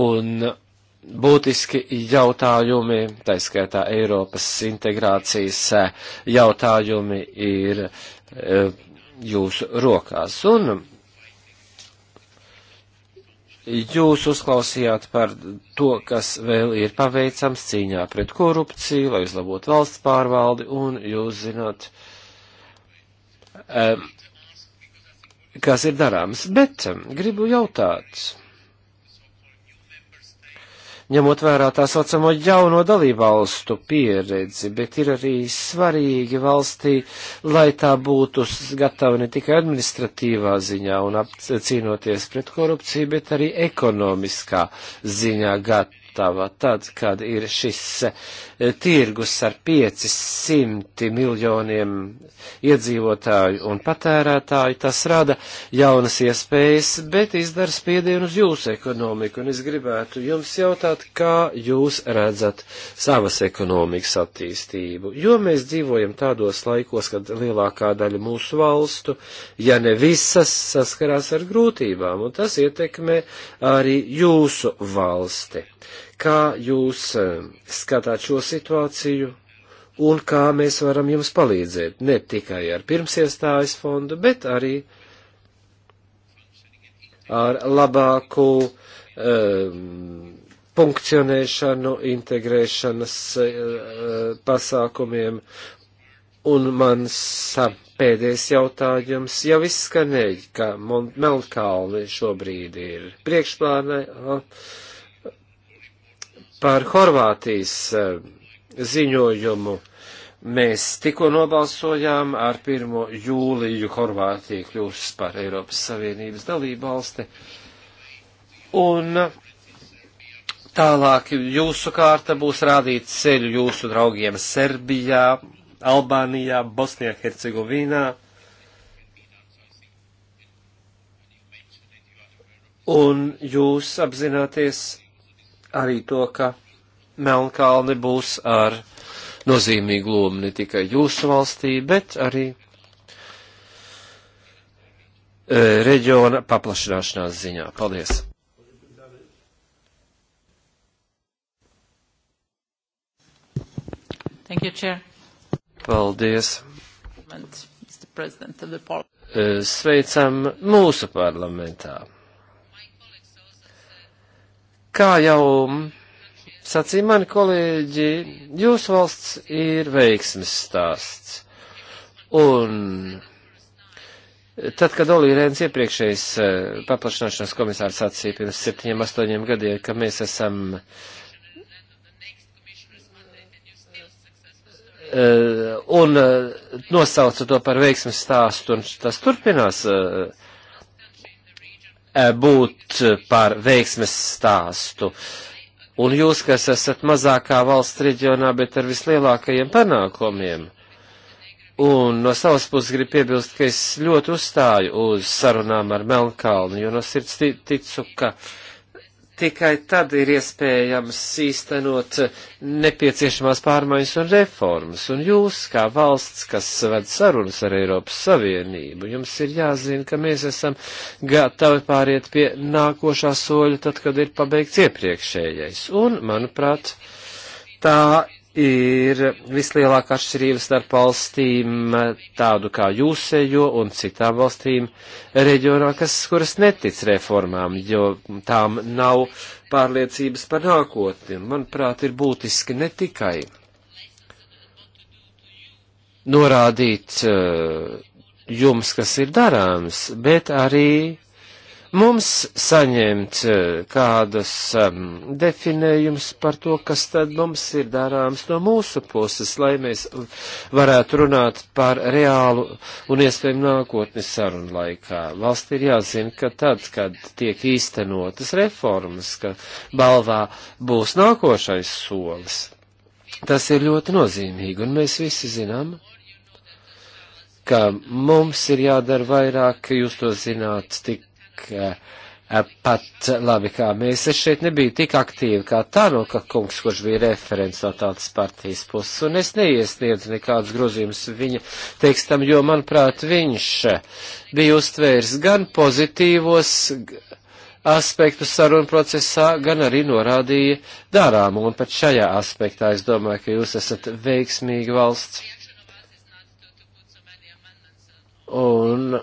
Un būtiski jautājumi, taiskaitā Eiropas integrācijas eh, jautājumi ir jūsu rokās. Un Jūs uzklausījāt par to, kas vēl ir paveicams cīņā pret korupciju, lai uzlabotu valsts pārvaldi, un jūs zināt, um, kas ir darāms. Bet eh, gribu jautāt, ņemot vērā tā saucamo jauno dalībvalstu pieredzi, bet ir arī svarīgi valstī, lai tā būtu gatava ne tikai administratīvā ziņā un cīnoties pret korupciju, bet arī ekonomiskā ziņā gat, Gatava tad, kad ir šis e, tirgus ar 500 miljoniem iedzīvotāju un patērētāju, tas rada jaunas iespējas, bet izdara spiedienu uz jūsu ekonomiku. Un es gribētu jums jautāt, kā jūs redzat savas ekonomikas attīstību. Jo mēs dzīvojam tādos laikos, kad lielākā daļa mūsu valstu, ja ne visas, saskarās ar grūtībām, un tas ietekmē arī jūsu valsti kā jūs e, skatāt šo situāciju un kā mēs varam jums palīdzēt, ne tikai ar pirmsiestājas fondu, bet arī ar labāku um, e, funkcionēšanu, integrēšanas uh, pasākumiem. Un mans pēdējais jautājums jau izskanēja, ka Melnkalni šobrīd ir priekšplānā. Uh, Par Horvātijas eh, ziņojumu mēs tikko nobalsojām ar 1. jūliju Horvātija kļūs par Eiropas Savienības dalību valsti. Un tālāk jūsu kārta būs rādīt ceļu jūsu draugiem Serbijā, Albānijā, Bosnijā, Hercegovīnā. Un jūs apzināties, arī to, ka Melnkalni būs ar nozīmīgu lomu ne tikai jūsu valstī, bet arī e, reģiona paplašināšanās ziņā. Paldies! Thank you, Chair. Paldies. Mr. President of the Parliament e, sveicam mūsu parlamentā. Kā jau sacīja mani kolēģi, jūsu valsts ir veiksmes stāsts. Un tad, kad Olī Rēns iepriekšējais eh, paplašināšanas komisārs sacīja pirms septiņiem, astoņiem gadiem, ka mēs esam eh, un eh, nosauca to par veiksmes stāstu, un tas turpinās uh, Eh, būt par veiksmes stāstu. Un jūs, kas esat mazākā valsts reģionā, bet ar vislielākajiem panākumiem. Un no savas puses gribu piebilst, ka es ļoti uzstāju uz sarunām ar Melnkalnu, jo no sirds ticu, ka uh, tikai tad ir iespējams īstenot nepieciešamās pārmaiņas un reformas. Un jūs, kā valsts, kas ved sarunas ar Eiropas Savienību, jums ir jāzina, ka mēs esam gatavi pāriet pie nākošā soļa, tad, kad ir pabeigts iepriekšējais. Un, manuprāt, tā ir vislielākā atšķirība starp valstīm tādu kā jūsējo un citām valstīm reģionā, kas, kuras netic reformām, jo tām nav pārliecības par nākotni. Manuprāt, ir būtiski ne tikai norādīt eh, jums, kas ir darāms, bet arī mums saņemt eh, kādus um, ehm, definējumus par to, kas tad mums ir darāms no mūsu puses, lai mēs varētu runāt par reālu un iespējamu nākotni sarunu laikā. Valsts ir jāzina, ka tad, kad tiek īstenotas reformas, ka balvā būs nākošais solis. Tas ir ļoti nozīmīgi, un mēs visi zinām, ka mums ir jādara vairāk, jūs to zināt tik Eh, pat labi kā mēs. Es šeit nebiju tik aktīvi kā Tanoka kungs, kurš bija referents no tādas partijas puses, un es neiesniedzu nekādus grozījumus viņa tekstam, jo, manuprāt, viņš bija uztvērs gan pozitīvos aspektu sarunu procesā, gan arī norādīja darāmu, un pat šajā aspektā es domāju, ka jūs esat veiksmīgi valsts. Un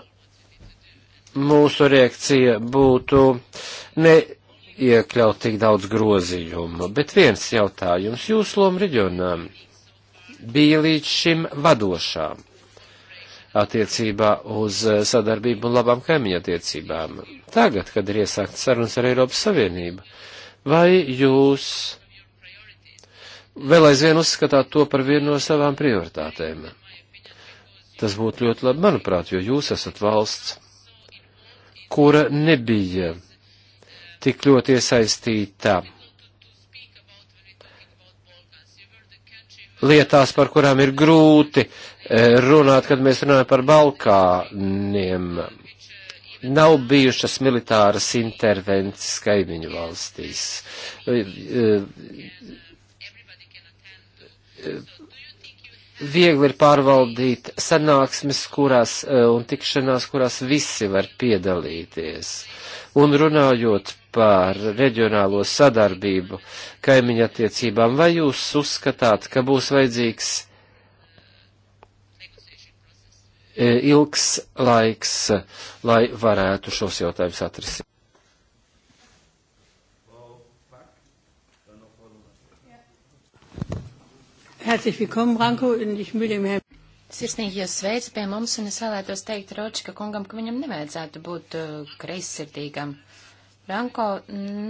mūsu reakcija būtu neiekļaut tik daudz grozījumu, bet viens jautājums jūsu lomu reģionām bija līdz šim vadošā attiecībā uz sadarbību un labām kaimiņa attiecībām. Tagad, kad ir iesākt sarunas ar Eiropas Savienību, vai jūs vēl aizvien uzskatāt to par vienu no savām prioritātēm? Tas būtu ļoti labi, manuprāt, jo jūs esat valsts, kura nebija tik ļoti iesaistīta lietās, par kurām ir grūti eh, runāt, kad mēs runājam par Balkāniem. Nav bijušas militāras intervences kaimiņu valstīs eh, eh, viegli ir pārvaldīt sanāksmes, kurās eh, un tikšanās, kurās visi var piedalīties. Un runājot par reģionālo sadarbību kaimiņa attiecībām, vai jūs uzskatāt, ka būs vajadzīgs eh, ilgs laiks, lai varētu šos jautājumus atrisināt? Herzlich willkommen, Branko, un ich müde mē. Sirsnīgi jūs sveicu pie mums, un es vēlētos teikt Ročka kungam, ka viņam nevajadzētu būt uh, kreisirdīgam. Branko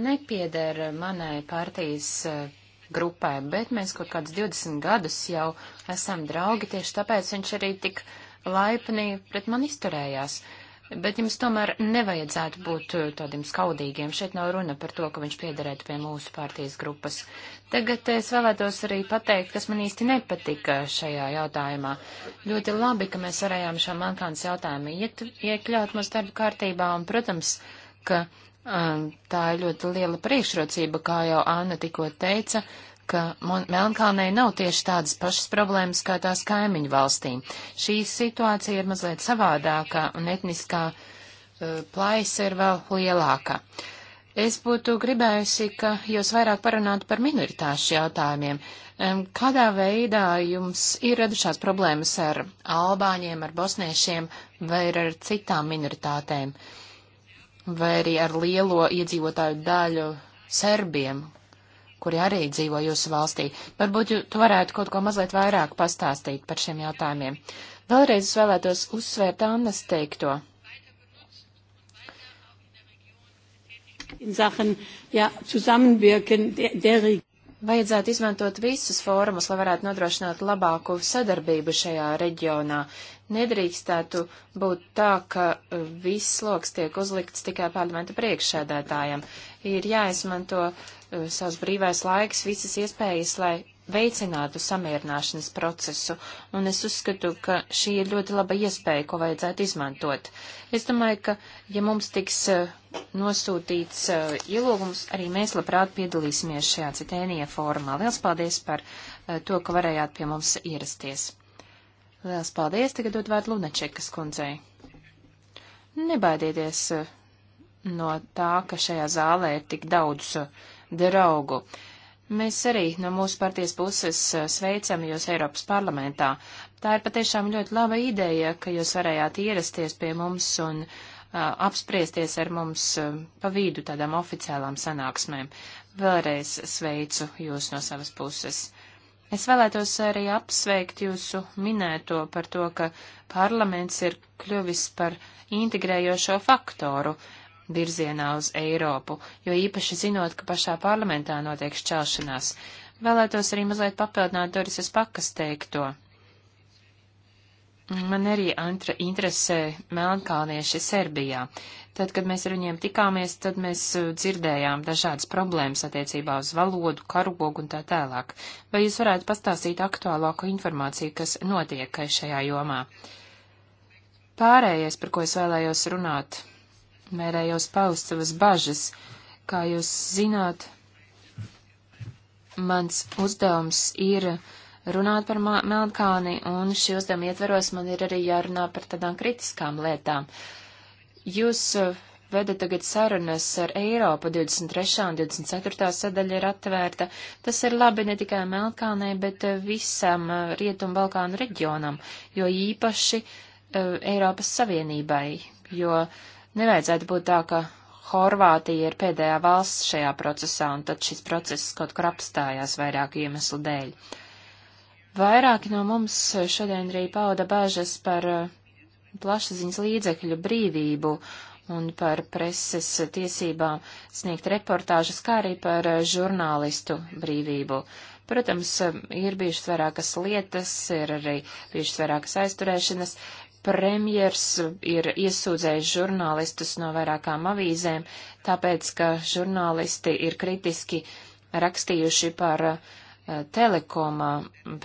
nepieder manai partijas uh, grupai, bet mēs kaut kādus 20 gadus jau esam draugi, tieši tāpēc viņš arī tik laipni pret mani izturējās. Uh, Bet jums tomēr nevajadzētu būt uh, tādiem skaudīgiem. Šeit nav runa par to, ka viņš piederētu pie mūsu partijas grupas. Tagad es vēlētos arī pateikt, kas man īsti nepatika šajā jautājumā. Ļoti labi, ka mēs varējām šo mankāns jautājumu iet, iekļaut mūsu darba kārtībā, un, protams, ka um, tā ir ļoti liela priekšrocība, kā jau Anna tikko teica. Uh, ka Melnkalnei nav tieši tādas pašas problēmas kā tās kaimiņu valstīm. Šī situācija ir mazliet savādāka un etniskā uh, plaisa ir vēl lielāka. Es būtu gribējusi, ka jūs vairāk parunātu par minoritāšu jautājumiem. Um, kādā veidā jums ir radušās problēmas ar albāņiem, ar bosniešiem vai ar citām minoritātēm? Vai arī ar lielo iedzīvotāju daļu serbiem, kuri arī dzīvo jūsu valstī. Varbūt tu varētu kaut ko mazliet vairāk pastāstīt par šiem jautājumiem. Vēlreiz es vēlētos uzsvērt Annas teikto. Sachen, ja, zusammenwirken der, der Vajadzētu izmantot visus fórumus, lai varētu nodrošināt labāku sadarbību šajā reģionā. Nedrīkstētu būt tā, ka uh, viss sloks tiek uzlikts tikai parlamenta priekšsēdētājiem. Ir jāizmanto uh, Eh, savs brīvais laiks, visas iespējas, lai veicinātu samierināšanas procesu, un es uzskatu, ka šī ir ļoti laba iespēja, ko vajadzētu izmantot. Es domāju, ka, ja mums tiks eh, nosūtīts eh, ielūgums, arī mēs labprāt piedalīsimies šajā citēnija fórumā. Liels paldies par to, ka varējāt pie mums ierasties. Liels paldies, tagad dod vārdu Lunačekas kundzei. Nebaidieties no tā, ka šajā zālē ir tik daudz uh, draugu. Mēs arī no mūsu partijas puses eh, sveicam jūs Eiropas parlamentā. Tā ir patiešām ļoti laba ideja, ka jūs varējāt ierasties pie mums un uh, apspriesties ar mums uh, pa vidu tādām oficiālām sanāksmēm. Vēlreiz sveicu jūs no savas puses. Es vēlētos arī apsveikt jūsu minēto par to, ka parlaments ir kļuvis par integrējošo faktoru. Uh, virzienā uz Eiropu, jo īpaši zinot, ka pašā parlamentā notiek šķelšanās. Vēlētos arī mazliet papildināt Dorises pakas teikto. Man arī antra, interesē Melnkalnieši Serbijā. Tad, kad mēs ar viņiem tikāmies, tad mēs uh, dzirdējām dažādas problēmas attiecībā uz valodu, karogu un tā tālāk. Vai jūs varētu pastāstīt aktuālāko informāciju, kas notiek šajā jomā? Pārējais, par ko es vēlējos runāt, Mērējos paust savas bažas. Kā jūs zināt, mans uzdevums ir runāt par Melnkalni, un šī uzdevuma ietveros man ir arī jārunā par tādām kritiskām lietām. Jūs eh, vedat tagad sarunas ar Eiropu, 23. un 24. sadaļa ir atvērta. Tas ir labi ne tikai Melnkalnei, bet eh, visam eh, Rietumu Balkānu reģionam, jo īpaši uh, Eiropas Savienībai, jo uh, Nevajadzētu būt tā, ka Horvātija ir pēdējā valsts šajā procesā, un tad šis process kaut kur apstājās vairāku iemeslu dēļ. Vairāki no mums šodien arī pauda bažas par uh, plašsaziņas līdzekļu brīvību un par preses tiesībām sniegt reportāžas, kā arī par uh, žurnālistu brīvību. Protams, um, ir bijušas vairākas lietas, ir arī bijušas vairākas aizturēšanas, premjers ir iesūdzējis žurnālistus no vairākām avīzēm, tāpēc, ka žurnālisti ir kritiski rakstījuši par uh, telekomā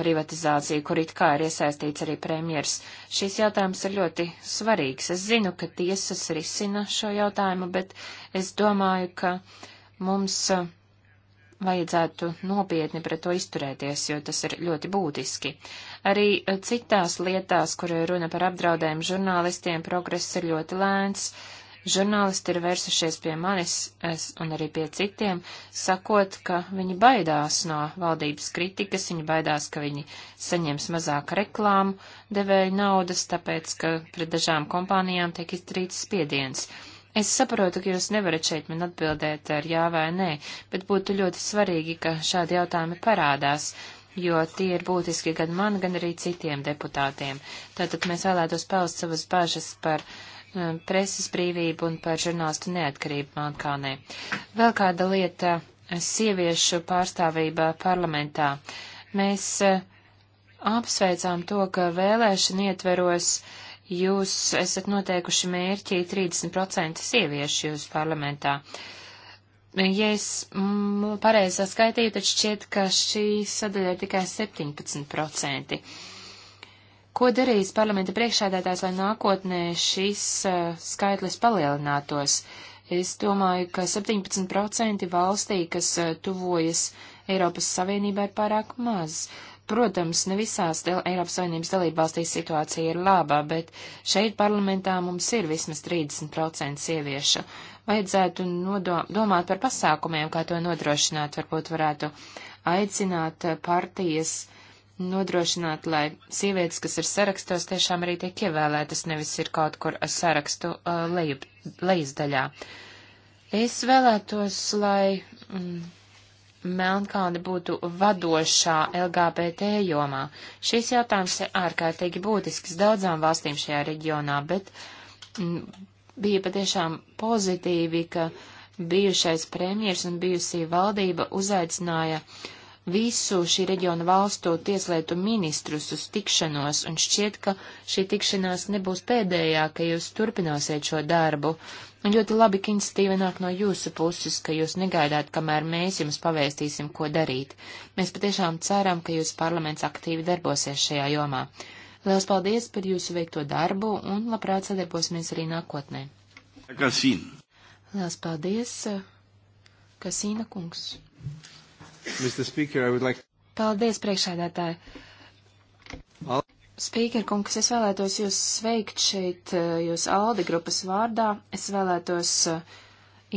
privatizāciju, kur it kā ir iesaistīts arī premjers. Šis jautājums ir ļoti svarīgs. Es zinu, ka tiesas risina šo jautājumu, bet es domāju, ka mums uh, vajadzētu nopietni pret to izturēties, jo tas ir ļoti būtiski. Arī eh, citās lietās, kur ir runa par apdraudējumu žurnālistiem, progress ir ļoti lēns. Žurnālisti ir vērsušies pie manis es, un arī pie citiem, sakot, ka viņi baidās no valdības kritikas, viņi baidās, ka viņi saņems mazāk reklāmu devēju naudas, tāpēc, ka pret dažām kompānijām tiek izdarīts spiediens. Uh, Es saprotu, ka jūs nevarat šeit man atbildēt ar jā vai nē, bet būtu ļoti svarīgi, ka šādi jautājumi parādās, jo tie ir būtiski gan man, gan arī citiem deputātiem. Tātad mēs vēlētos paust savas bažas par um, preses brīvību un par žurnālistu neatkarību Melnkalnē. Vēl kāda lieta eh, - sieviešu pārstāvība parlamentā. Mēs uh, apsveicām to, ka vēlēšana ietveros uh, jūs esat noteikuši mērķi 30% sieviešu jūsu parlamentā. Ja es pareizi saskaitīju, tad šķiet, ka šī sadaļa ir tikai 17%. Ko darīs parlamenta priekšādātājs, lai nākotnē šis uh, skaitlis palielinātos? Es domāju, ka 17% valstī, kas uh, tuvojas Eiropas Savienībā, ir pārāk maz. Protams, ne visās del Eiropas Savienības dalībvalstīs situācija ir labā, bet šeit parlamentā mums ir vismaz 30% sieviešu. Vajadzētu domāt par pasākumiem, kā to nodrošināt, varbūt varētu aicināt partijas nodrošināt, lai sievietes, kas ir sarakstos, tiešām arī tiek ievēlētas, nevis ir kaut kur sarakstu uh, lejup, lejas daļā. Es vēlētos, lai. Mm, Melnkalne būtu vadošā LGBT jomā. Šis jautājums ir ārkārtīgi būtisks daudzām valstīm šajā reģionā, bet m, mm, bija patiešām pozitīvi, ka bijušais premjers un bijusī valdība uzaicināja visu šī reģiona valstu tieslietu ministrus uz tikšanos, un šķiet, ka šī tikšanās nebūs pēdējā, ka jūs turpināsiet šo darbu. Un ļoti labi, ka iniciatīva nāk no jūsu puses, ka jūs negaidāt, kamēr mēs jums pavēstīsim, ko darīt. Mēs patiešām ceram, ka jūs parlaments aktīvi darbosies šajā jomā. Liels paldies par jūsu veikto darbu un labprāt sadarbosimies arī nākotnē. Kasīna. Liels paldies, Kasīna kungs. Mr. Speaker, I would like. Paldies, priekšādātāji. Al Spīkerkungs, es vēlētos jūs sveikt šeit, eh, jūs Aldi grupas vārdā. Es vēlētos eh,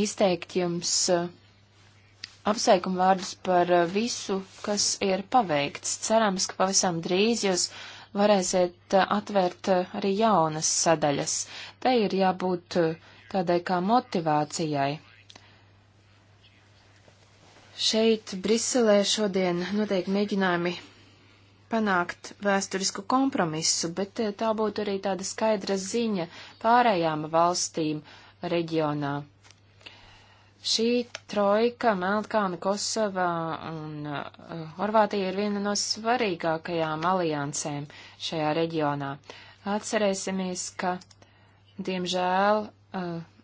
izteikt jums eh, apsveikumu vārdus par visu, kas ir paveikts. Cerams, ka pavisam drīz jūs varēsiet atvērt arī jaunas sadaļas. Te ir jābūt tādai kā motivācijai. Šeit Briselē šodien notiek mēģinājumi panākt vēsturisku kompromisu, bet eh, tā būtu arī tāda skaidra ziņa pārējām valstīm reģionā. Šī trojka, Melnkalna, Kosova un uh, Horvātija ir viena no svarīgākajām aliansēm šajā reģionā. Atcerēsimies, ka, diemžēl, uh,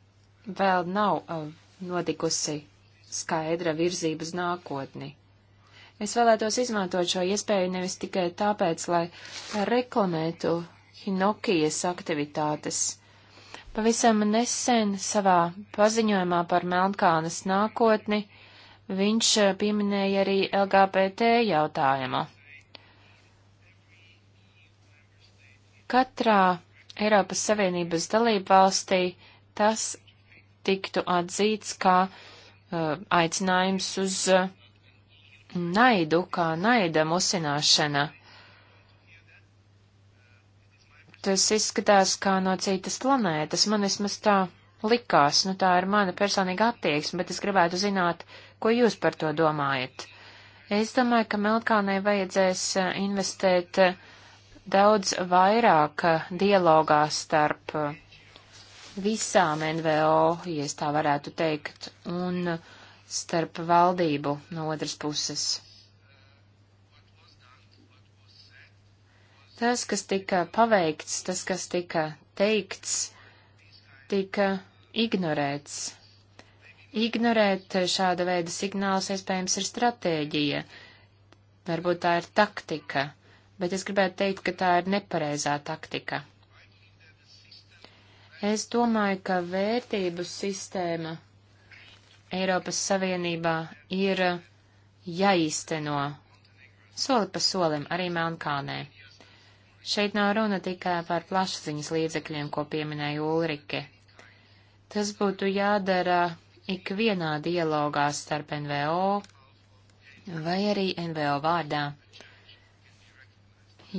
vēl nav uh, notikusi skaidra virzības nākotni. Es vēlētos izmantot šo iespēju nevis tikai tāpēc, lai reklamētu Hinokijas aktivitātes. Pavisam nesen savā paziņojumā par Melnkalnes nākotni viņš eh, pieminēja arī LGBT jautājumu. katrā Eiropas Savienības dalība valstī tas tiktu atzīts kā uh, aicinājums uz uh, naidu kā naida musināšana. Tas izskatās kā no citas planētas, man vismaz tā likās, nu tā ir mana personīga attieksme, bet es gribētu zināt, ko jūs par to domājat. Es domāju, ka Melkānai vajadzēs eh, investēt eh, daudz vairāk eh, dialogā starp visām NVO, ja es tā varētu teikt, un uh, starp valdību no otras puses. Tas, kas tika paveikts, tas, kas tika teikts, tika ignorēts. Ignorēt šāda veida signālus iespējams ir stratēģija, varbūt tā ir taktika, bet es gribētu teikt, ka tā ir nepareizā taktika. Es domāju, ka vērtību sistēma Eiropas Savienībā ir jāīsteno soli pa solim arī Melnkalnē. Šeit nav runa tikai par plašsaziņas līdzekļiem, ko pieminēja Ulrike. Tas būtu jādara ikvienā dialogā starp NVO vai arī NVO vārdā.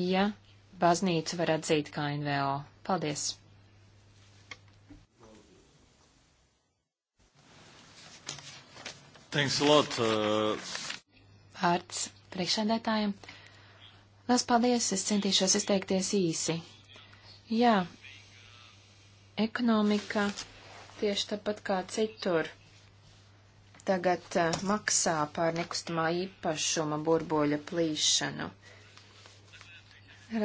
Ja baznīcu var atzīt kā NVO. Paldies! Thanks a lot. Uh... Vārds priekšsēdētājiem. Lielas paldies, es centīšos izteikties īsi. Jā, ekonomika tieši tāpat kā citur tagad uh, maksā par nekustamā īpašuma burbuļa plīšanu.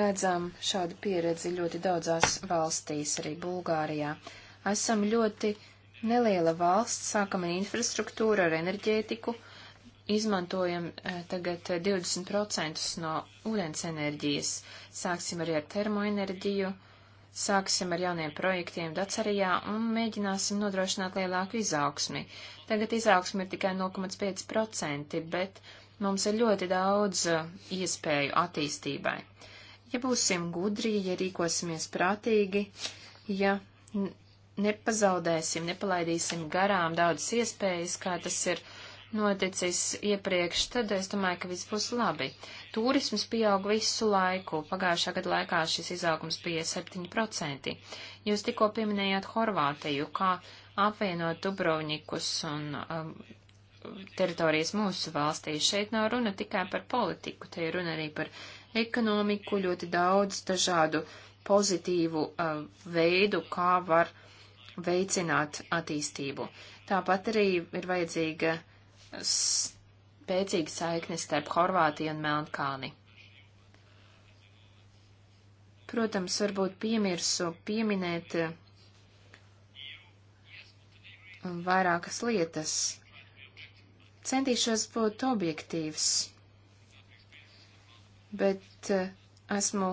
Redzam šādu pieredzi ļoti daudzās valstīs, arī Bulgārijā. Esam ļoti neliela valsts, sākam ar infrastruktūru, ar enerģētiku, izmantojam eh, tagad 20% eh, no ūdens enerģijas, sāksim arī ar termoenerģiju, sāksim ar jauniem projektiem Dacarijā un mēģināsim nodrošināt lielāku izaugsmi. Tagad izaugsmi ir tikai 0,5%, bet mums ir ļoti daudz eh, iespēju attīstībai. Ja būsim gudri, ja rīkosimies prātīgi, ja nepazaudēsim, nepalaidīsim garām daudzas iespējas, kā tas ir noticis iepriekš, tad es domāju, ka viss būs labi. Turisms pieaug visu laiku. Pagājušā gada laikā šis izaugums bija 7%. Jūs tikko pieminējāt Horvātiju, kā apvienot Dubrovnikus un um, teritorijas mūsu valstī. Šeit nav runa tikai par politiku, te ir runa arī par ekonomiku, ļoti daudz dažādu pozitīvu uh, veidu, kā var uh, veicināt attīstību. Tāpat arī ir vajadzīga spēcīga saikne starp Horvātiju un Melnkalni. Protams, varbūt piemirsu pieminēt um, vairākas lietas. Centīšos būt objektīvs, bet uh, esmu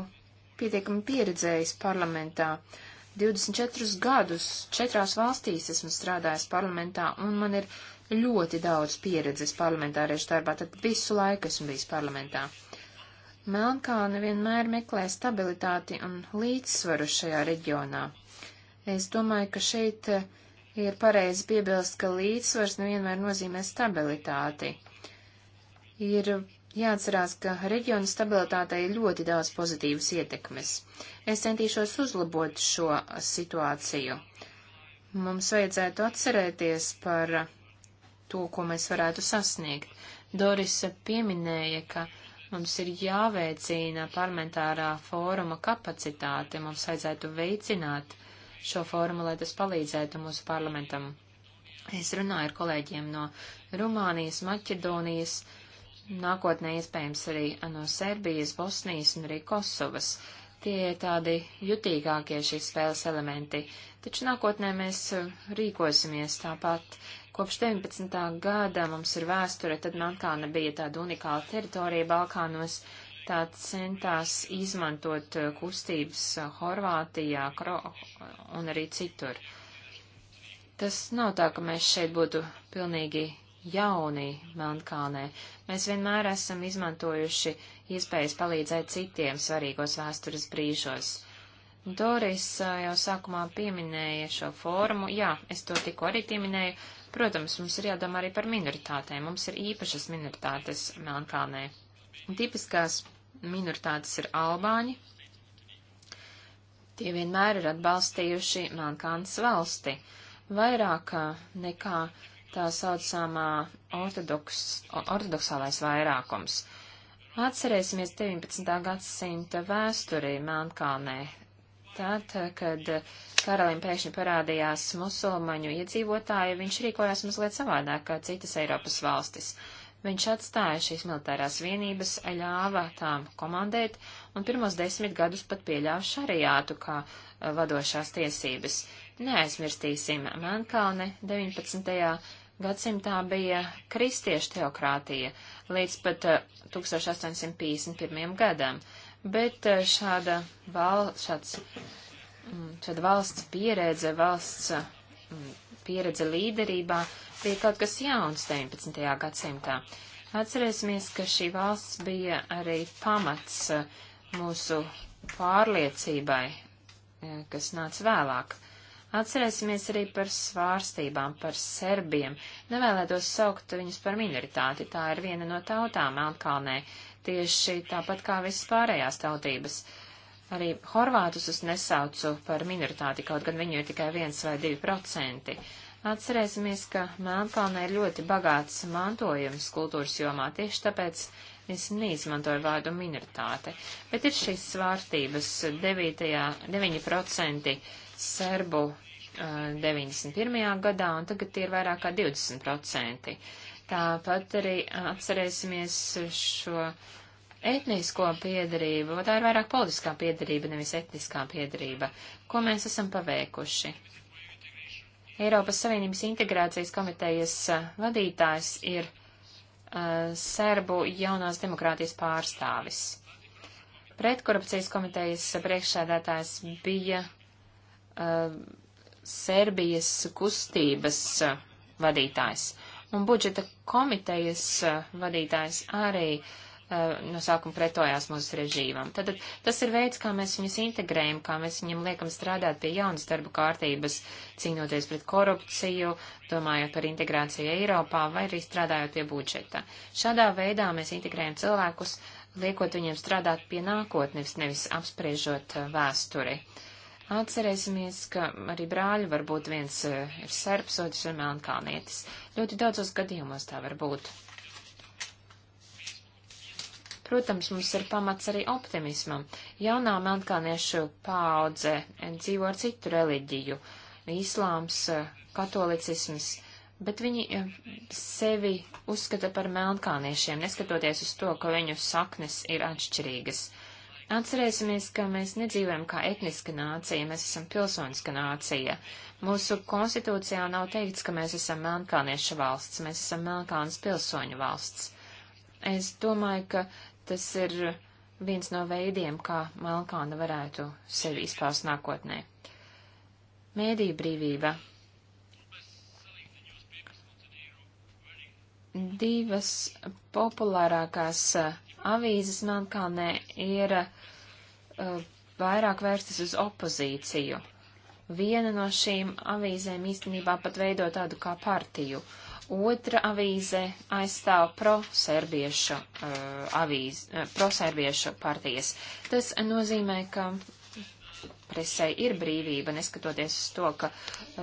pietiekami pieredzējis parlamentā. Uh, 24 gadus četrās valstīs esmu strādājis parlamentā, un man ir ļoti daudz pieredzes parlamentāriešu darbā, tad visu laiku esmu bijis parlamentā. Melnkalne vienmēr meklē stabilitāti un līdzsvaru šajā reģionā. Es domāju, ka šeit eh, ir pareizi piebilst, ka līdzsvars nevienmēr nozīmē stabilitāti. Ir Jāatcerās, ka reģiona stabilitātei ir ļoti daudz pozitīvas ietekmes. Es centīšos uzlabot šo situāciju. Mums vajadzētu atcerēties par to, ko mēs varētu sasniegt. Doris pieminēja, ka mums ir jāveicina parlamentārā fóruma kapacitāte, mums vajadzētu veicināt šo fórumu, lai tas palīdzētu mūsu parlamentam. Es runāju ar kolēģiem no Rumānijas, Maķedonijas, uh, nākotnē iespējams arī no Serbijas, Bosnijas un arī Kosovas. Tie ir tādi jutīgākie šīs spēles elementi, taču nākotnē mēs uh, rīkosimies tāpat. Kopš 19. gada mums ir vēsture, tad Melkāna bija tāda unikāla teritorija Balkānos, tā centās izmantot uh, kustības uh, Horvātijā Kro un arī citur. Tas nav tā, ka mēs šeit būtu pilnīgi jauni Melnkalnē. Mēs vienmēr esam izmantojuši iespējas palīdzēt citiem svarīgos vēstures brīžos. Doris jau sākumā pieminēja šo formu, jā, es to tikko arī pieminēju. Protams, mums ir jādomā arī par minoritātēm. Mums ir īpašas minoritātes Melnkalnē. Tipiskās minoritātes ir albāņi, Tie vienmēr ir atbalstījuši Melnkalnes valsti, vairāk nekā tā saucamā ortodoks, ortodoksālais vairākums. Atcerēsimies 19. gadsimta vēsturi Melnkalnē. Tad, kad karalim pēkšņi parādījās musulmaņu iedzīvotāji, viņš rīkojās mazliet savādāk kā citas Eiropas valstis. Viņš atstāja šīs militārās vienības, ļāva tām komandēt un pirmos desmit gadus pat pieļāva šariātu kā vadošās tiesības. Neaizmirstīsim, Melnkalne 19. gadsimtā bija kristiešu teokrātija līdz pat 1851. Eh, gadam, bet eh, šāda val, šāds, mm, šāda valsts pieredze, valsts mm, pieredze līderībā bija kaut kas jauns 19. gadsimtā. Atcerēsimies, ka šī valsts bija arī pamats eh, mūsu pārliecībai, kas nāca vēlāk. Atcerēsimies arī par svārstībām, par serbiem. Nevēlētos saukt viņus par minoritāti, tā ir viena no tautām Melnkalnē, tieši tāpat kā visas pārējās tautības. Arī horvātus es nesaucu par minoritāti, kaut gan viņu ir tikai viens vai divi procenti. Atcerēsimies, ka Melnkalnē ir ļoti bagāts mantojums kultūras jomā, tieši tāpēc es neizmantoju vārdu minoritāte. Bet ir šīs svārstības 9%, 9% serbu 91. Eh, gadā, un tagad tie ir vairāk kā 20%. Tāpat arī atcerēsimies šo etnisko piedarību, tā ir vairāk politiskā piedarība, nevis etniskā piedarība. Ko mēs esam paveikuši? Eiropas Savienības integrācijas komitejas eh, vadītājs ir uh, Serbu jaunās demokrātijas pārstāvis. Pretkorupcijas komitejas priekšsēdētājs bija uh, Serbijas kustības eh, vadītājs. Un budžeta komitejas eh, vadītājs arī eh, no sākuma pretojās mūsu režīmam. Tad tas ir veids, kā mēs viņus integrējam, kā mēs viņam liekam strādāt pie jaunas darba kārtības, cīnoties pret korupciju, domājot par integrāciju Eiropā vai arī strādājot pie budžeta. Šādā veidā mēs integrējam cilvēkus, liekot viņiem strādāt pie nākotnes, nevis apspriežot vēsturi. Uh, Atcerēsimies, ka arī brāļi var būt viens e, ir serbs, otrs ir melnkalnietis. Ļoti daudzos gadījumos tā var būt. Protams, mums ir pamats arī optimismam. Jaunā melnkalniešu paudze dzīvo ar citu reliģiju - islāms, e, katolicisms, bet viņi e, sevi uzskata par melnkalniešiem, neskatoties uz to, ka viņu saknes ir atšķirīgas. Atcerēsimies, ka mēs nedzīvojam kā etniska nācija, mēs esam pilsoniska nācija. Mūsu konstitūcijā nav teikts, ka mēs esam Melnkalnieša valsts, mēs esam Melnkalnes pilsoņu valsts. Es domāju, ka tas ir viens no veidiem, kā Melnkalna varētu sevi izpaust nākotnē. Mēdīja brīvība. Divas populārākās uh, avīzes Melnkalnē ir uh, vairāk vērstas uz opozīciju. Viena no šīm avīzēm īstenībā pat veido tādu kā partiju. Otra avīze aizstāv pro-serbiešu uh, avīz, uh, pro-serbiešu partijas. Tas nozīmē, ka presē ir brīvība, neskatoties uz to, ka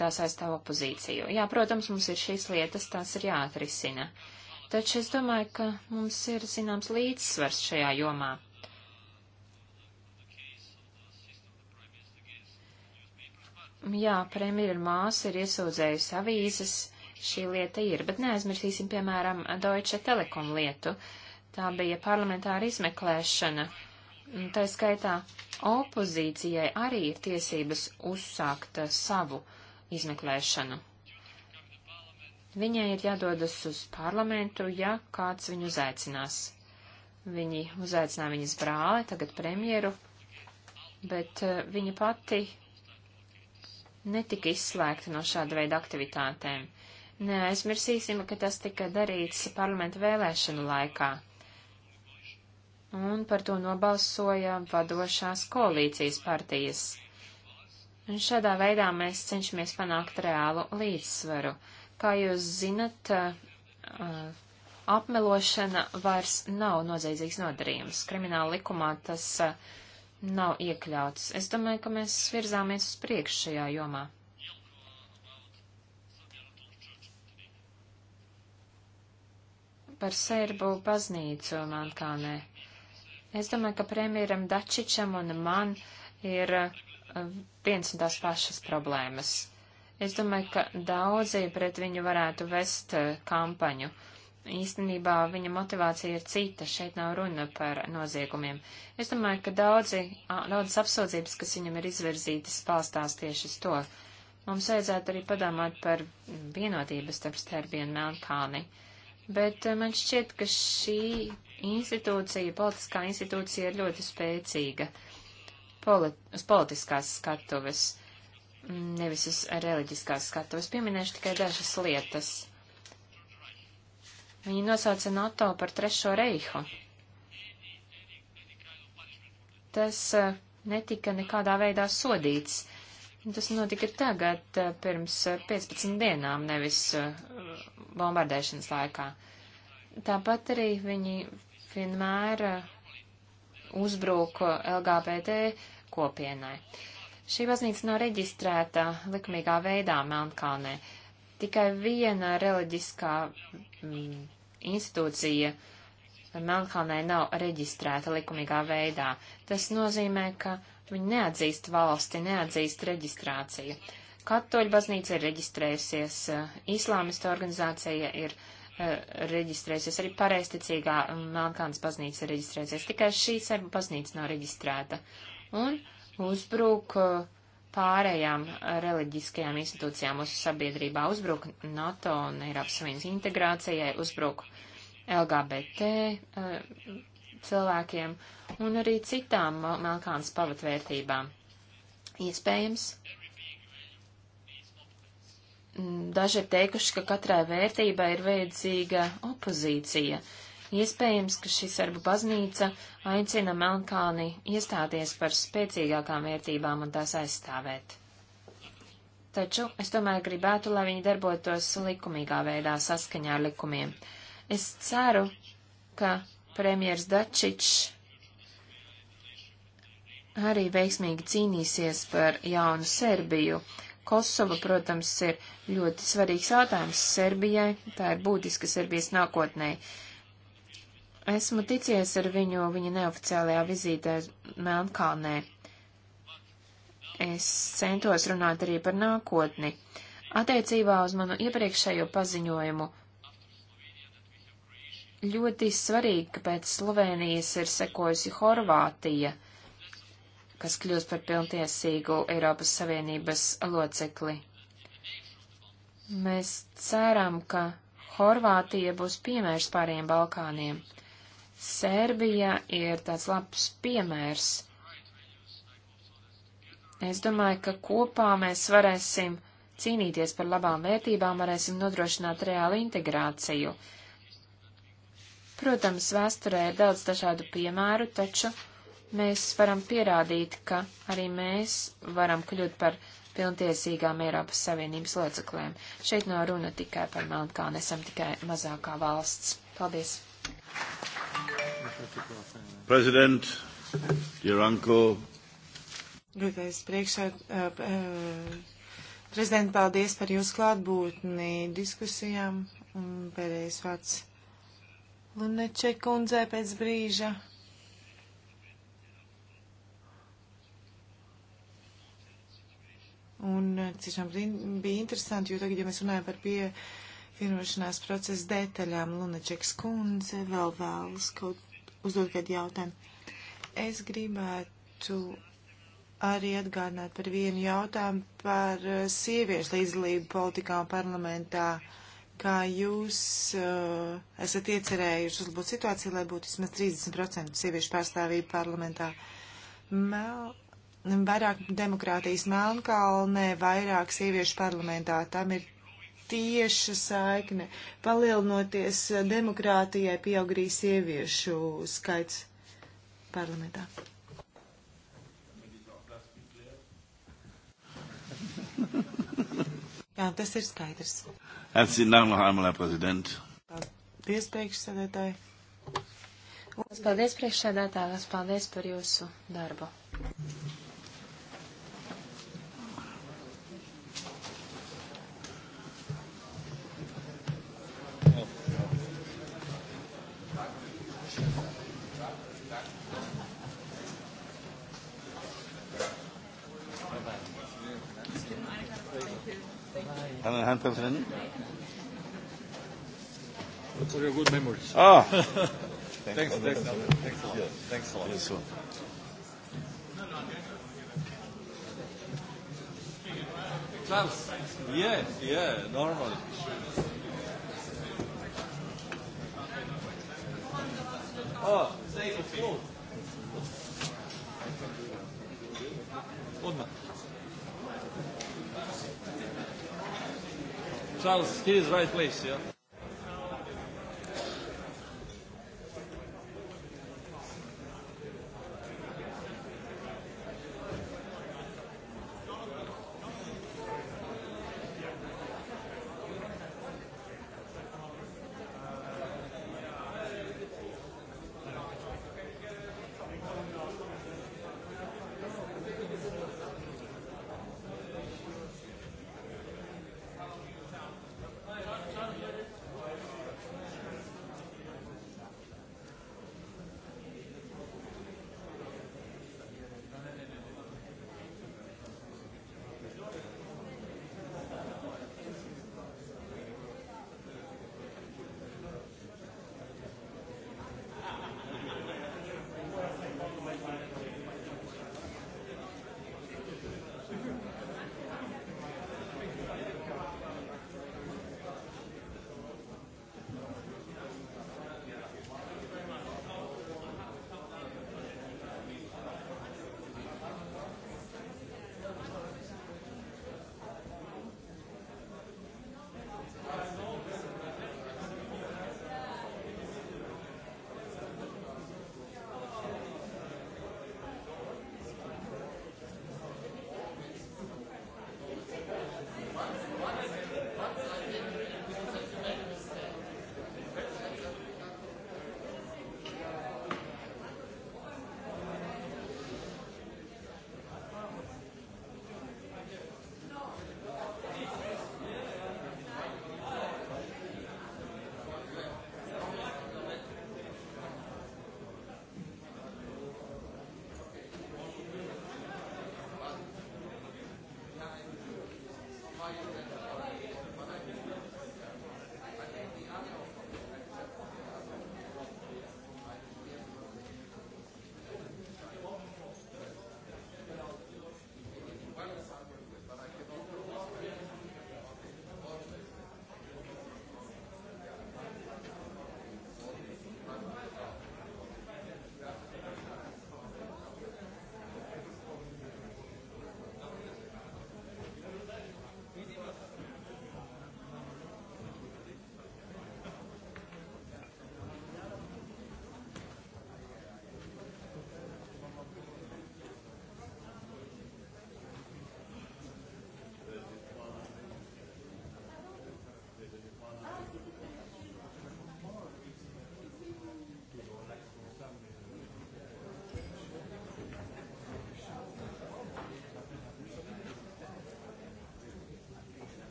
tās aizstāv opozīciju. Jā, protams, mums ir šīs lietas, tās ir jāatrisina. Uh, taču es domāju, ka mums ir zināms līdzsvars šajā jomā. Jā, premjera māsa ir iesūdzējusi avīzes, šī lieta ir, bet neaizmirsīsim, piemēram, Deutsche Telekom lietu. Tā bija parlamentāra izmeklēšana. Tā skaitā opozīcijai arī ir tiesības uzsākt savu izmeklēšanu. Viņai ir jādodas uz parlamentu, ja kāds viņu uzaicinās. Viņi uzaicināja viņas brāli, tagad premjeru, bet eh, viņa pati netika izslēgta no šāda veida aktivitātēm. Neaizmirsīsim, ka tas tika darīts parlamenta vēlēšanu laikā. Un par to nobalsoja vadošās koalīcijas partijas. Un šādā veidā mēs cenšamies panākt reālu līdzsvaru. Kā jūs zinat, uh, apmelošana vairs nav noziedzīgs nodarījums. Krimināla likumā tas uh, nav iekļauts. Es domāju, ka mēs virzāmies uz priekšu šajā jomā. Par sērbu baznīcu Mankānē. Es domāju, ka premjeram Dačičam un man ir uh, viens un tās pašas problēmas. Es domāju, ka daudzi pret viņu varētu vest eh, kampaņu. Īstenībā viņa motivācija ir cita, šeit nav runa par noziegumiem. Es domāju, ka daudzi, daudzas apsūdzības, kas viņam ir izvirzītas, palstās tieši uz to. Mums vajadzētu arī padomāt par vienotību starp Sterbi un Melnkalni. Bet eh, man šķiet, ka šī institūcija, politiskā institūcija ir ļoti spēcīga polit uz politiskās skatuves. Uh, nevis uz reliģiskās skatuves. Pieminēšu tikai dažas lietas. Viņi nosauca NATO par trešo reihu. Tas e, netika nekādā veidā sodīts. Tas notika tagad, e, pirms 15 e, dienām, nevis bombardēšanas laikā. Tāpat arī viņi vienmēr uzbruka LGBT kopienai. Uh, Šī baznīca nav reģistrēta likumīgā veidā Melnkalnē. Tikai viena reliģiskā mm, institūcija Melnkalnē nav reģistrēta likumīgā veidā. Tas nozīmē, ka viņi neatzīst valsti, neatzīst reģistrāciju. Katoļu baznīca ir reģistrējusies, eh, islāmista organizācija ir eh, reģistrējusies, arī pareisticīgā Melnkalnas baznīca ir reģistrējusies, tikai šī serbu baznīca nav reģistrēta. Un uh, uzbruk uh, pārējām uh, reliģiskajām institūcijām mūsu sabiedrībā, uzbruk NATO un Eiropas Savienības integrācijai, uzbruk LGBT uh, cilvēkiem un arī citām Melkānas pavatvērtībām. Iespējams, mm, daži ir teikuši, ka katrai vērtībai ir vajadzīga opozīcija. Uh, Iespējams, ka šī serbu baznīca aicina Melnkāni iestāties par spēcīgākām vērtībām un tās aizstāvēt. Taču es tomēr gribētu, lai viņi darbotos likumīgā veidā saskaņā ar likumiem. Es ceru, ka premjers Dačičs arī veiksmīgi cīnīsies par jaunu Serbiju. Kosova, protams, ir ļoti svarīgs jautājums Serbijai, tā ir būtiska Serbijas nākotnē. Uh, Esmu ticies ar viņu viņa neoficiālajā vizītē Melnkalnē. Es centos runāt arī par nākotni. Attiecībā uz manu iepriekšējo paziņojumu ļoti svarīgi, ka pēc Slovenijas ir sekojusi Horvātija, kas kļūst par pilntiesīgu Eiropas Savienības locekli. Mēs ceram, ka Horvātija būs piemērs pāriem Balkāniem. Sērbija ir tāds labs piemērs. Es domāju, ka kopā mēs varēsim cīnīties par labām vērtībām, varēsim nodrošināt reālu integrāciju. Protams, vēsturē ir daudz dažādu piemēru, taču mēs varam pierādīt, ka arī mēs varam kļūt par pilntiesīgām Eiropas Savienības locekliem. Šeit nav no runa tikai par Melnkalnu, esam tikai mazākā valsts. Paldies! President, dear uncle. Gudais priekšsēd, prezident, paldies par jūsu klātbūtni diskusijām. Pēdējais vārds Luneče kundzē pēc brīža. Un tiešām bija interesanti, jo tagad, ja mēs runājam par pie vienošanās procesa detaļām. Lunačeks kundze vēl vēlas kaut uzdot kādu jautājumu. Es gribētu arī atgādināt par vienu jautājumu par eh, sieviešu līdzdalību politikā un parlamentā. Kā jūs uh, esat iecerējuši uzlabot situāciju, lai būtu vismaz 30% sieviešu pārstāvību parlamentā? Mel, vairāk demokrātijas Melnkalnē, vairāk sieviešu parlamentā. Tam ir tieša saikne. Palielinoties eh, demokrātijai, pieaug arī sieviešu skaits parlamentā. Jā, tas ir skaidrs. Herzlichen Dank noch einmal, Herr Präsident. Paldies, priekšsēdētāji. Un... Paldies, priekšsēdētāji. Paldies par jūsu darbu. and eh, hand president? For your good memories. Ah! [LAUGHS] thanks, thanks, thanks, thanks a lot. Yes. Thanks a lot. Yes, sir. Klaus. Yeah, yeah, normal. Oh, safe of course. One minute. Charles, stay in the right place, yeah?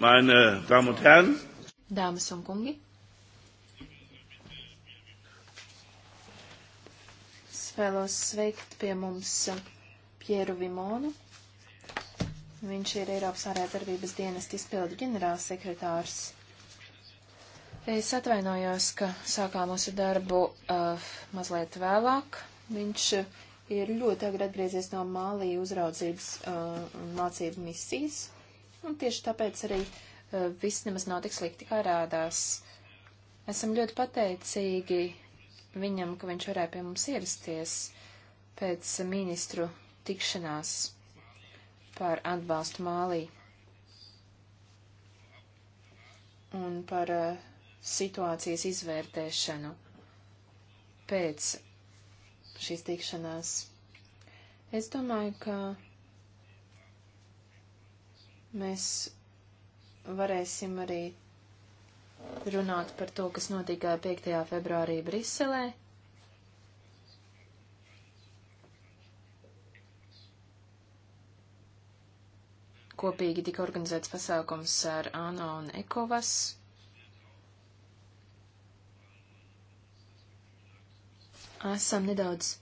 meine Damen und Herren. Dāmas un kungi. Es vēlos sveikt pie mums Pieru Vimonu. Viņš ir Eiropas ārēdarbības dienesta izpildu ģenerālsekretārs. Es atvainojos, ka sākām mūsu darbu uh, mazliet vēlāk. Viņš ir ļoti agri atgriezies no Mālī uzraudzības uh, mācību misijas, un tieši tāpēc arī uh, viss nemaz nav tik slikti, kā rādās. Esam ļoti pateicīgi viņam, ka viņš varēja pie mums ierasties pēc ministru tikšanās par atbalstu Mālī un par uh, situācijas izvērtēšanu pēc šīs tikšanās. Es domāju, ka mēs varēsim arī runāt par to, kas notika 5. februārī Briselē. Kopīgi tika organizēts pasākums ar ANO un ECOVAS. Esam nedaudz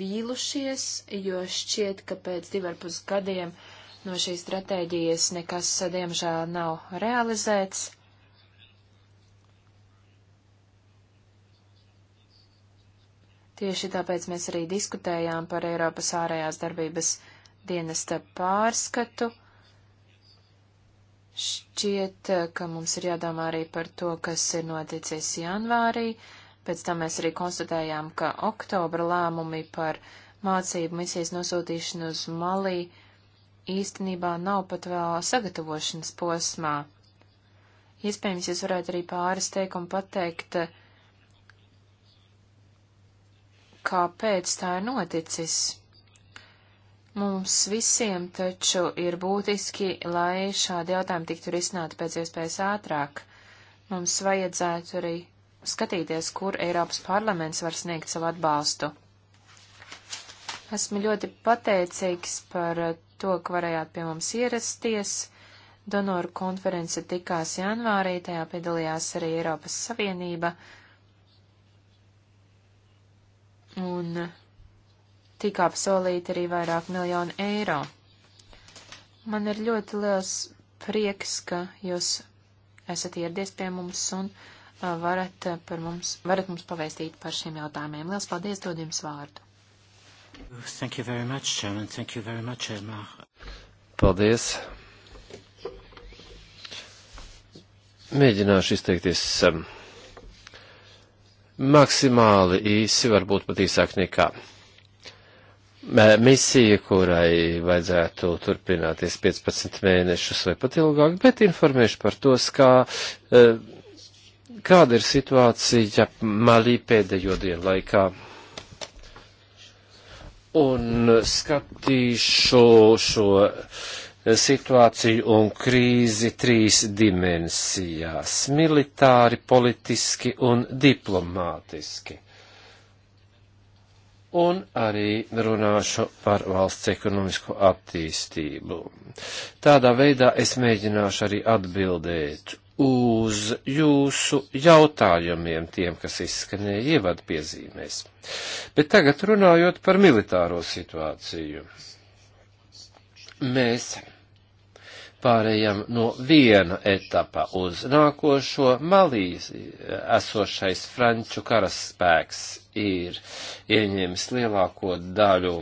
vīlušies, jo šķiet, ka pēc divarpus gadiem uh, no šīs stratēģijas nekas, diemžēl, nav realizēts. Tieši tāpēc mēs arī diskutējām par Eiropas ārējās darbības dienesta pārskatu. Šķiet, ka mums ir jādomā arī par to, kas ir noticis janvārī. Pēc tam mēs arī konstatējām, ka oktobra lēmumi par mācību misijas nosūtīšanu uz Malī īstenībā nav pat vēl sagatavošanas posmā. Iespējams, jūs varētu arī pāris teikumu pateikt, kāpēc tā ir noticis. Mums visiem taču ir būtiski, lai šādi jautājumi tiktu risināti pēc iespējas ātrāk. Mums vajadzētu arī skatīties, kur Eiropas parlaments var sniegt savu atbalstu. Esmu ļoti pateicīgs par to, ka varējāt pie mums ierasties. Donoru konference tikās janvārī, tajā piedalījās arī Eiropas Savienība. Un tika apsolīti arī vairāk miljonu eiro. Man ir ļoti liels prieks, ka jūs esat ieradies pie mums un uh, varat, uh, mums, varat mums pavēstīt par šiem jautājumiem. Liels paldies, dod jums vārdu! Thank you very much, Chairman. Thank you very much, Elmar. Paldies. Mēģināšu izteikties um, maksimāli īsi, varbūt pat īsāk nekā misija, kurai vajadzētu turpināties 15 mēnešus vai pat ilgāk, bet informēšu par tos, kā, um, kāda ir situācija Malī pēdējo dienu laikā un skatīšu šo situāciju un krīzi trīs dimensijās - militāri, politiski un diplomātiski. Un arī runāšu par valsts ekonomisko attīstību. Tādā veidā es mēģināšu arī atbildēt uz jūsu jautājumiem, tiem, kas izskanēja ievadu piezīmēs. Bet tagad runājot par militāro situāciju. Mēs pārējām no viena etapa uz nākošo. Malī esošais franču karaspēks ir ieņēmis lielāko daļu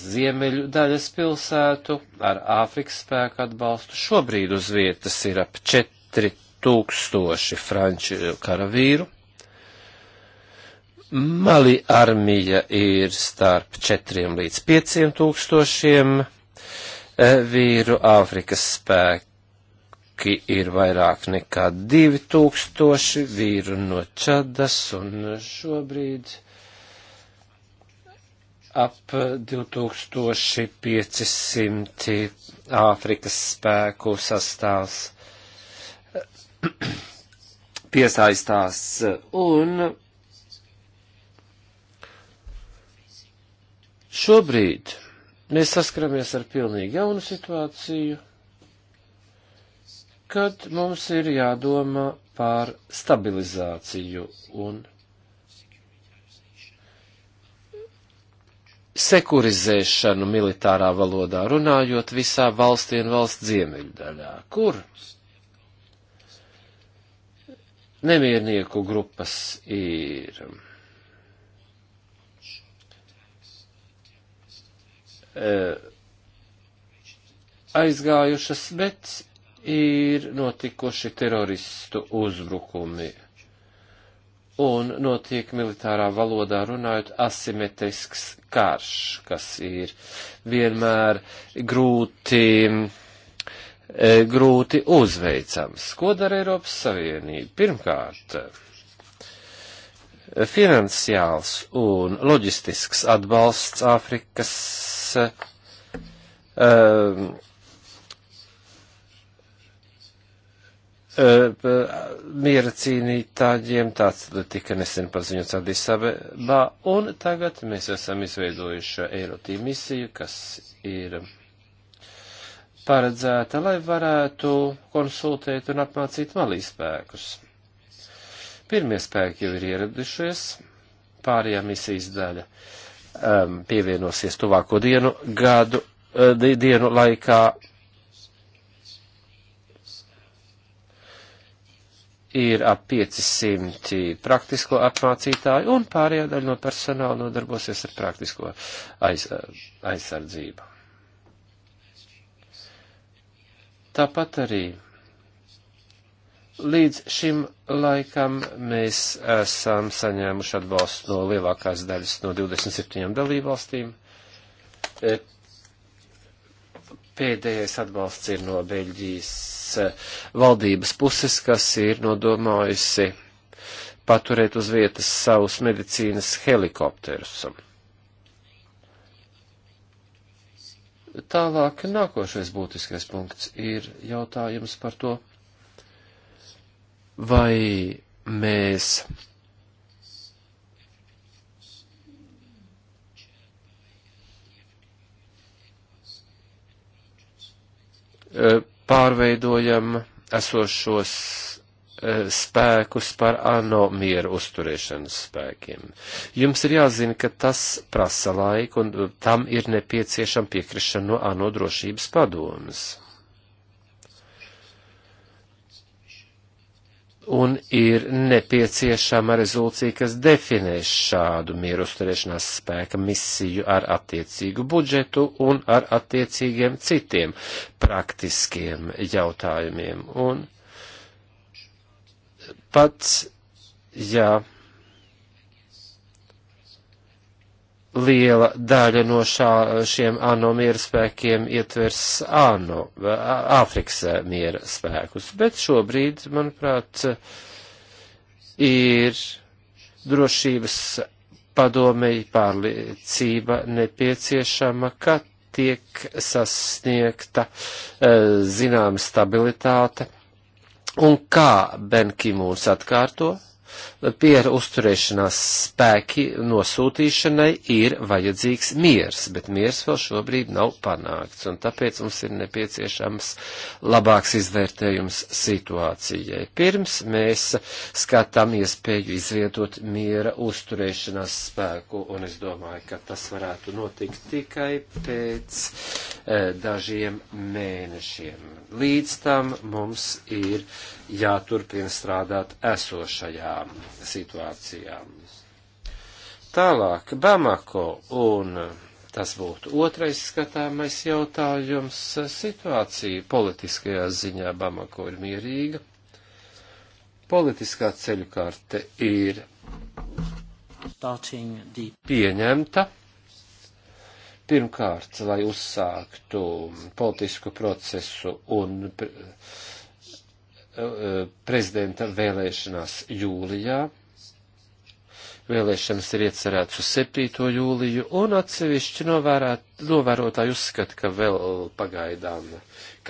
ziemeļu daļas pilsētu ar Āfrikas spēku atbalstu. Šobrīd uz vietas ir ap četri tūkstoši franču karavīru. Mali armija ir starp 4 līdz 5 tūkstošiem e, vīru, Āfrikas spēki ir vairāk nekā 2 tūkstoši vīru no Čadas, un šobrīd ap 2500 Āfrikas spēku sastāvs [CLEARS THROAT] piesaistās un šobrīd mēs saskaramies ar pilnīgi jaunu situāciju, kad mums ir jādomā pār stabilizāciju un sekurizēšanu militārā valodā runājot visā valstī un valsts ziemeļdaļā, kur nemiernieku grupas ir. E, aizgājušas, bet ir notikuši teroristu uzbrukumi. Un notiek militārā valodā runājot asimetrisks karš, kas ir vienmēr grūti E, grūti uzveicams. Ko dara Eiropas Savienība? Pirmkārt, finansiāls un loģistisks atbalsts Āfrikas um, miera cīnītāģiem, tāds tika nesen paziņots Adisabebā, un tagad mēs esam izveidojuši Eirotī misiju, kas ir paredzēta, lai varētu konsultēt un apmācīt malī spēkus. Pirmie spēki jau ir ieradušies, pārējā misijas daļa um, pievienosies tuvāko dienu, gadu, uh, dienu laikā. Ir ap 500 praktisko apmācītāju, un pārējā daļa no personāla nodarbosies ar praktisko aiz, uh, aizsardzību. Tāpat arī līdz šim laikam mēs esam saņēmuši atbalstu no lielākās daļas no 27 dalībvalstīm. E, pēdējais atbalsts ir no Beļģijas e, valdības puses, kas ir nodomājusi paturēt uz vietas savus medicīnas helikopterus. Tālāk nākošais būtiskais punkts ir jautājums par to, vai mēs pārveidojam esošos spēkus par ANO mieru uzturēšanas spēkiem. Jums ir jāzina, ka tas prasa laiku un tam ir nepieciešama piekrišana no ANO drošības padomas. un ir nepieciešama rezolūcija, kas definē šādu mieru uzturēšanās spēka misiju ar attiecīgu budžetu un ar attiecīgiem citiem praktiskiem jautājumiem. Un Pats, jā, liela daļa no šā, šiem ANO miera spēkiem ietvers ANO, Āfrikas miera spēkus, bet šobrīd, manuprāt, ir drošības padomei pārliecība nepieciešama, ka tiek sasniegta zinām stabilitāte Un kā Benkimūns atkārto? pieru uzturēšanās spēki nosūtīšanai ir vajadzīgs miers, bet miers vēl šobrīd nav panākts, un tāpēc mums ir nepieciešams labāks izvērtējums situācijai. Pirms mēs skatām iespēju izvietot miera uzturēšanās spēku, un es domāju, ka tas varētu notikt tikai pēc e, dažiem mēnešiem. Līdz tam mums ir jāturpina strādāt esošajā situācijā. Tālāk, Bamako un tas būtu otrais skatāmais jautājums. Situācija politiskajā ziņā Bamako ir mierīga. Politiskā ceļu karte ir pieņemta. Pirmkārt, lai uzsāktu politisku procesu un pr E, e, prezidenta vēlēšanās jūlijā. Vēlēšanas ir iecerētas uz 7. jūliju, un atsevišķi novērāt, novērotāji uzskata, ka vēl pagaidām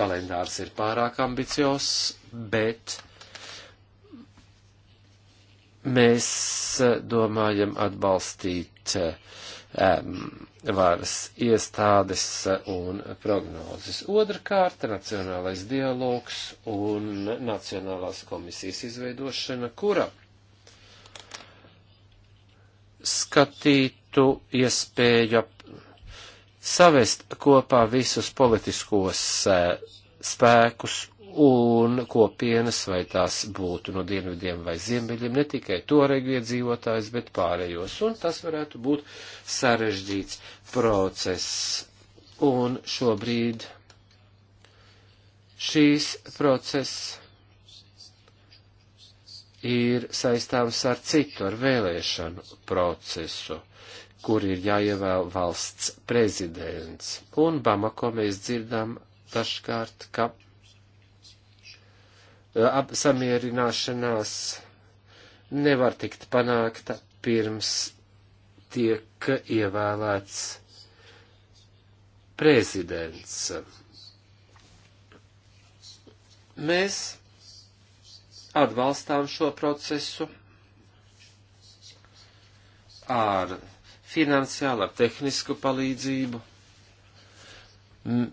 kalendārs ir pārāk ambiciozs, bet mēs e, domājam atbalstīt um, varas iestādes un prognozes. Otrakārt, nacionālais dialogs un nacionālās komisijas izveidošana, kura skatītu iespēju savest kopā visus politiskos eh, spēkus un kopienas, vai tās būtu no dienvidiem vai ziemeļiem, ne tikai toreigu iedzīvotājs, bet pārējos, un tas varētu būt sarežģīts process. Un šobrīd šīs process ir saistāms ar citu, ar vēlēšanu procesu, kur ir jāievēl valsts prezidents. Un Bamako mēs dzirdām dažkārt, ka samierināšanās nevar tikt panākta pirms tiek ievēlēts prezidents. Mēs atbalstām šo procesu ar finansiālu, ar tehnisku palīdzību. M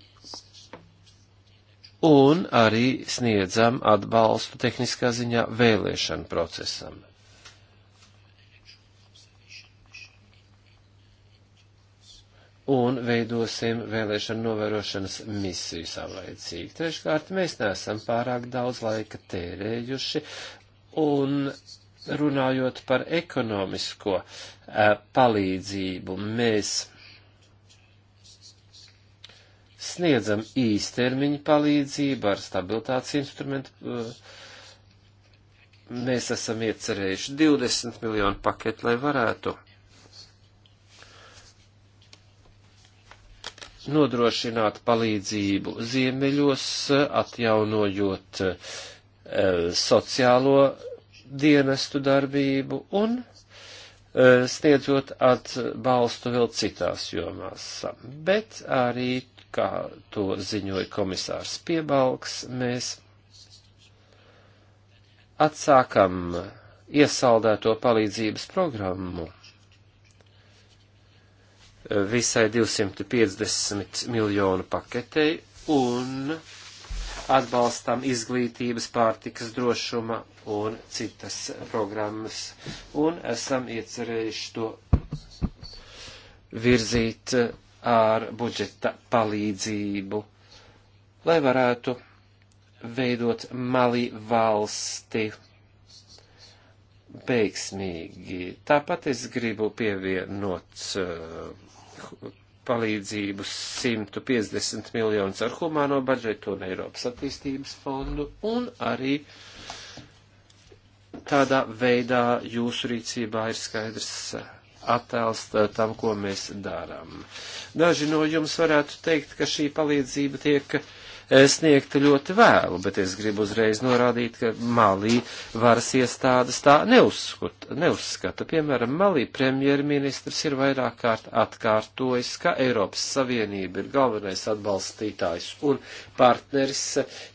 un arī sniedzam atbalstu tehniskā ziņā vēlēšanu procesam. Un veidosim vēlēšanu novērošanas misiju savlaicīgi. Treškārt, mēs neesam pārāk daudz laika tērējuši, un runājot par ekonomisko uh, palīdzību, mēs sniedzam īstermiņa palīdzību ar stabilitātes instrumentu. Eh, mēs esam iecerējuši 20 miljonu paketu, lai varētu nodrošināt palīdzību ziemeļos, atjaunojot e, sociālo dienestu darbību un e, sniedzot atbalstu vēl citās jomās, bet arī kā to ziņoja komisārs Piebalgs, mēs atsākam iesaldēto palīdzības programmu visai 250 miljonu paketei un atbalstam izglītības, pārtikas drošuma un citas programmas, un esam iecerējuši to virzīt ar budžeta palīdzību, lai varētu veidot mali valsti veiksmīgi. Tāpat es gribu pievienot uh, palīdzību 150 miljonus ar humāno budžetu un Eiropas attīstības fondu un arī tādā veidā jūsu rīcībā ir skaidrs uh, attēls eh, tam, ko mēs darām. Daži no jums varētu teikt, ka šī palīdzība tiek uh, sniegta ļoti vēlu, bet es gribu uzreiz norādīt, ka Malī varas iestādes tā neuzskata. neuzskata. Piemēram, Malī premjerministrs ir vairāk kārt atkārtojis, ka Eiropas Savienība ir galvenais atbalstītājs un partneris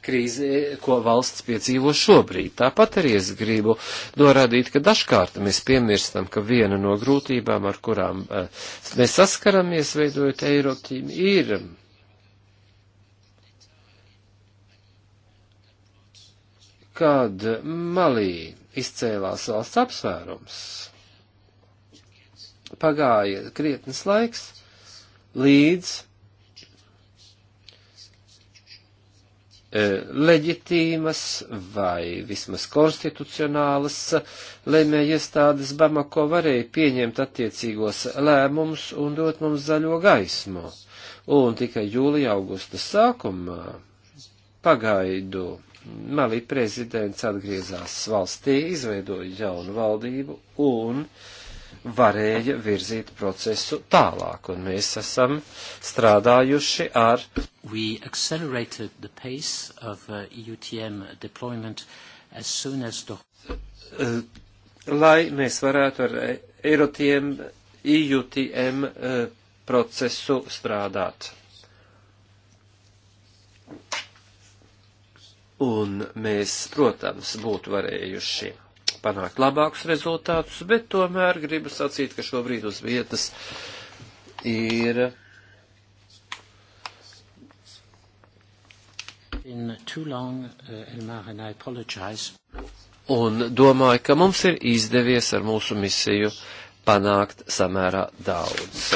krīze, ko valsts piedzīvo šobrīd. Tāpat arī es gribu norādīt, ka dažkārt mēs piemirstam, ka viena no grūtībām, ar kurām eh, mēs saskaramies, veidojot Eiropu, ir kad Malī izcēlās valsts apsvērums, pagāja krietnes laiks, līdz e, leģitīmas vai vismaz konstitucionālas lēmēja iestādes Bamako varēja pieņemt attiecīgos lēmumus un dot mums zaļo gaismu. Un tikai jūlija augusta sākumā pagaidu Malī prezidents atgriezās valstī, izveidoja jaunu valdību un varēja virzīt procesu tālāk, un mēs esam strādājuši ar. Of, uh, as as the... Eh, lai mēs varētu ar EUTM, EUTM uh, procesu strādāt. Un mēs, protams, būtu varējuši panākt labākus rezultātus, bet tomēr gribu sacīt, ka šobrīd uz vietas ir. In too long, uh, Elmar, and I apologize. Un domāju, ka mums ir izdevies ar mūsu misiju panākt samērā daudz.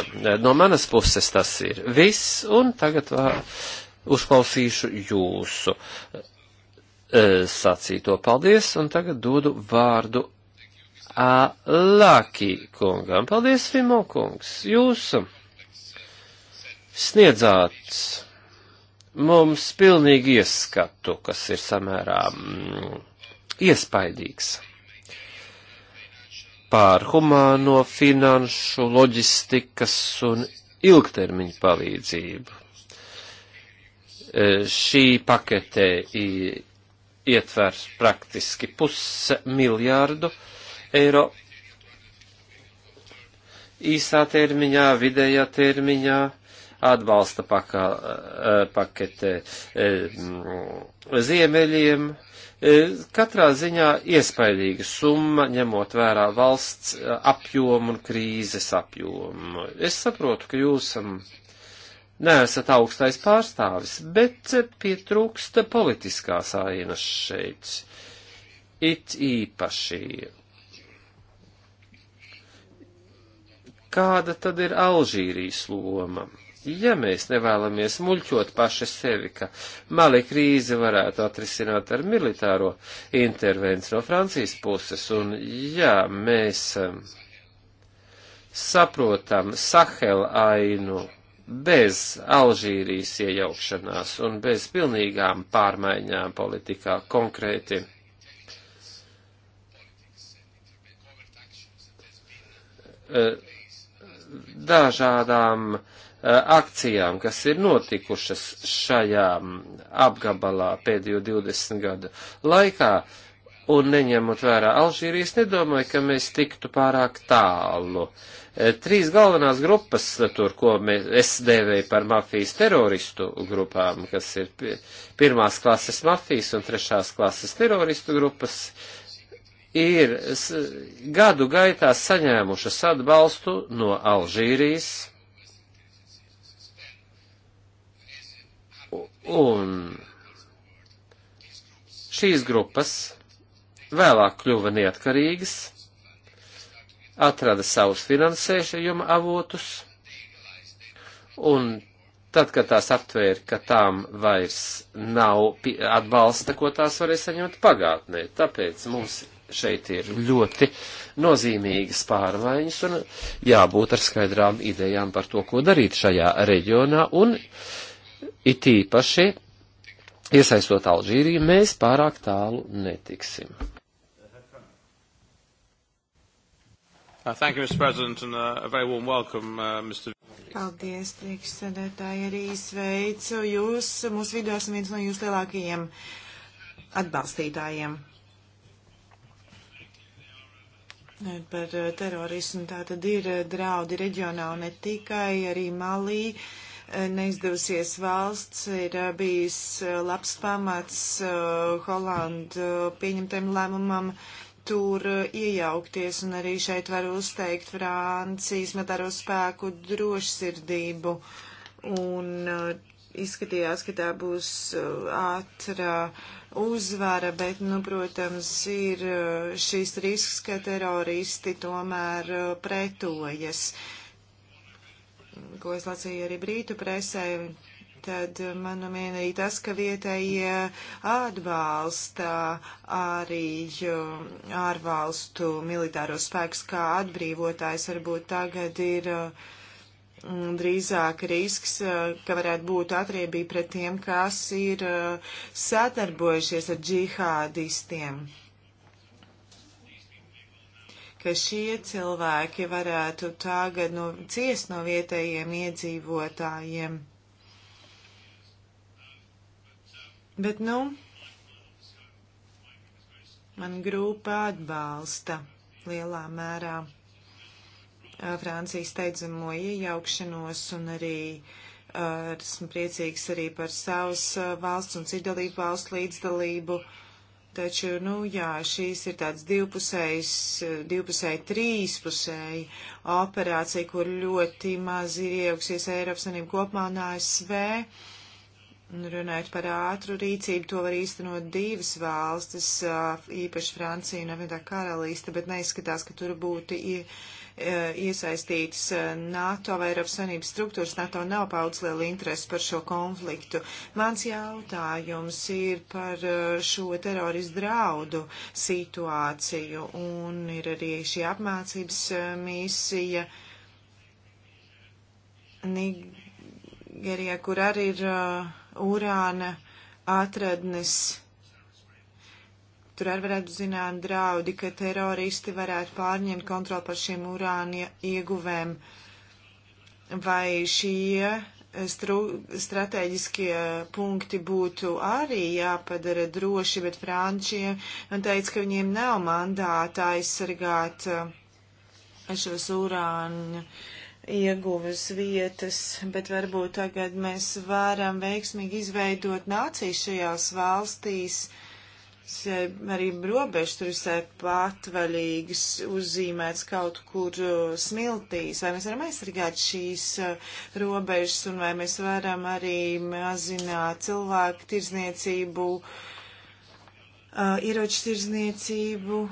No manas puses tas ir viss, un tagad vā, uzklausīšu jūsu E, sacīto. Paldies, un tagad dodu vārdu Alaki kungam. Paldies, Fimo kungs. Jūs sniedzāt mums pilnīgi ieskatu, kas ir samērā mm, iespaidīgs pār humāno, finanšu, loģistikas un ilgtermiņu palīdzību. E, šī paketē ietver praktiski pusmiljārdu eiro īsā termiņā, vidējā termiņā, atbalsta pakā, e, pakete e, ziemeļiem. E, katrā ziņā iespaidīga summa, ņemot vērā valsts apjomu un krīzes apjomu. Es saprotu, ka jūs neesat augstais pārstāvis, bet pietrūksta politiskās ainas šeit. It īpaši. Kāda tad ir Alžīrijas loma? Ja mēs nevēlamies muļķot paši sevi, ka mali krīzi varētu atrisināt ar militāro intervenciju no Francijas puses, un ja mēs um, saprotam Sahela ainu bez Alžīrijas iejaukšanās un bez pilnīgām pārmaiņām politikā konkrēti. E, dažādām e, akcijām, kas ir notikušas šajā apgabalā pēdējo 20 gadu laikā, un neņemot vērā Alžīrijas, nedomāju, ka mēs tiktu pārāk tālu. Uh, Trīs galvenās grupas, tur, ko mēs, es dēvēju par mafijas teroristu grupām, kas ir pirmās klases mafijas un trešās klases teroristu grupas, ir gadu gaitā saņēmušas atbalstu no Alžīrijas un šīs grupas vēlāk kļuva neatkarīgas atrada savus finansēšajuma avotus, un tad, kad tās aptvēra, ka tām vairs nav atbalsta, ko tās varēja saņemt pagātnē, tāpēc mums šeit ir ļoti nozīmīgas pārmaiņas un jābūt ar skaidrām idejām par to, ko darīt šajā reģionā, un it īpaši iesaistot Alžīriju, mēs pārāk tālu netiksim. Uh, thank you, Mr. President, and uh, a very warm welcome, uh, Mr. Paldies, priekšsēdētāji, arī sveicu jūs. Mūsu vidū esam viens no jūsu lielākajiem atbalstītājiem. Par uh, terorismu tā tad ir uh, draudi reģionā un ne tikai, arī Malī uh, neizdevusies valsts ir bijis labs pamats Holandu pieņemtajam lēmumam tur eh, iejaukties, un arī šeit var uzteikt Francijas medāro spēku drošsirdību, un eh, izskatījās, ka tā būs eh, ātrā uzvara, bet, nu, protams, ir šis risks, ka teroristi tomēr pretojas, ko es lasīju arī brītu presē, tad man vien arī tas, ka vietējie atbalsta arī ārvalstu militāro spēkus kā atbrīvotājs. Varbūt tagad ir mm, drīzāk risks, eh, ka varētu būt atriebība pret tiem, kas ir eh, sadarbojušies ar džihādistiem ka šie cilvēki varētu tagad no, ciest no vietējiem iedzīvotājiem. Bet, nu, man grupa atbalsta lielā mērā Francijas steidzamo iejaukšanos un arī uh, esmu priecīgs arī par savas valsts un citu dalību valstu līdzdalību. Taču, nu jā, šīs ir tāds divpusējs, divpusēji trīspusēji operācija, kur ļoti maz ir iejauksies Eiropas Sanība kopumā un ASV. Uh, Runājot par ātru rīcību, to var īstenot divas valstis, īpaši Francija un Avietā karalīste, bet neizskatās, ka tur būtu iesaistītas NATO vai Eiropas Savienības struktūras. NATO nav paudz liela interesi par šo konfliktu. Mans jautājums ir par šo teroristu draudu situāciju un ir arī šī apmācības misija. Nigerijā, kur arī ir uh, urāna atradnes. Tur arī varētu zināt draudi, ka teroristi varētu pārņemt kontroli par šiem urāna ieguvēm. Vai šie stru, strateģiskie punkti būtu arī jāpadara droši, bet frančiem teica, ka viņiem nav mandāta aizsargāt uh, šos urāņu ieguves vietas, bet varbūt tagad mēs varam veiksmīgi izveidot nācijas šajās valstīs, arī robežas tur visai patvaļīgas uzzīmēts kaut kur smiltīs, vai mēs varam aizsargāt šīs robežas un vai mēs varam arī mazināt cilvēku tirzniecību, ieroču tirzniecību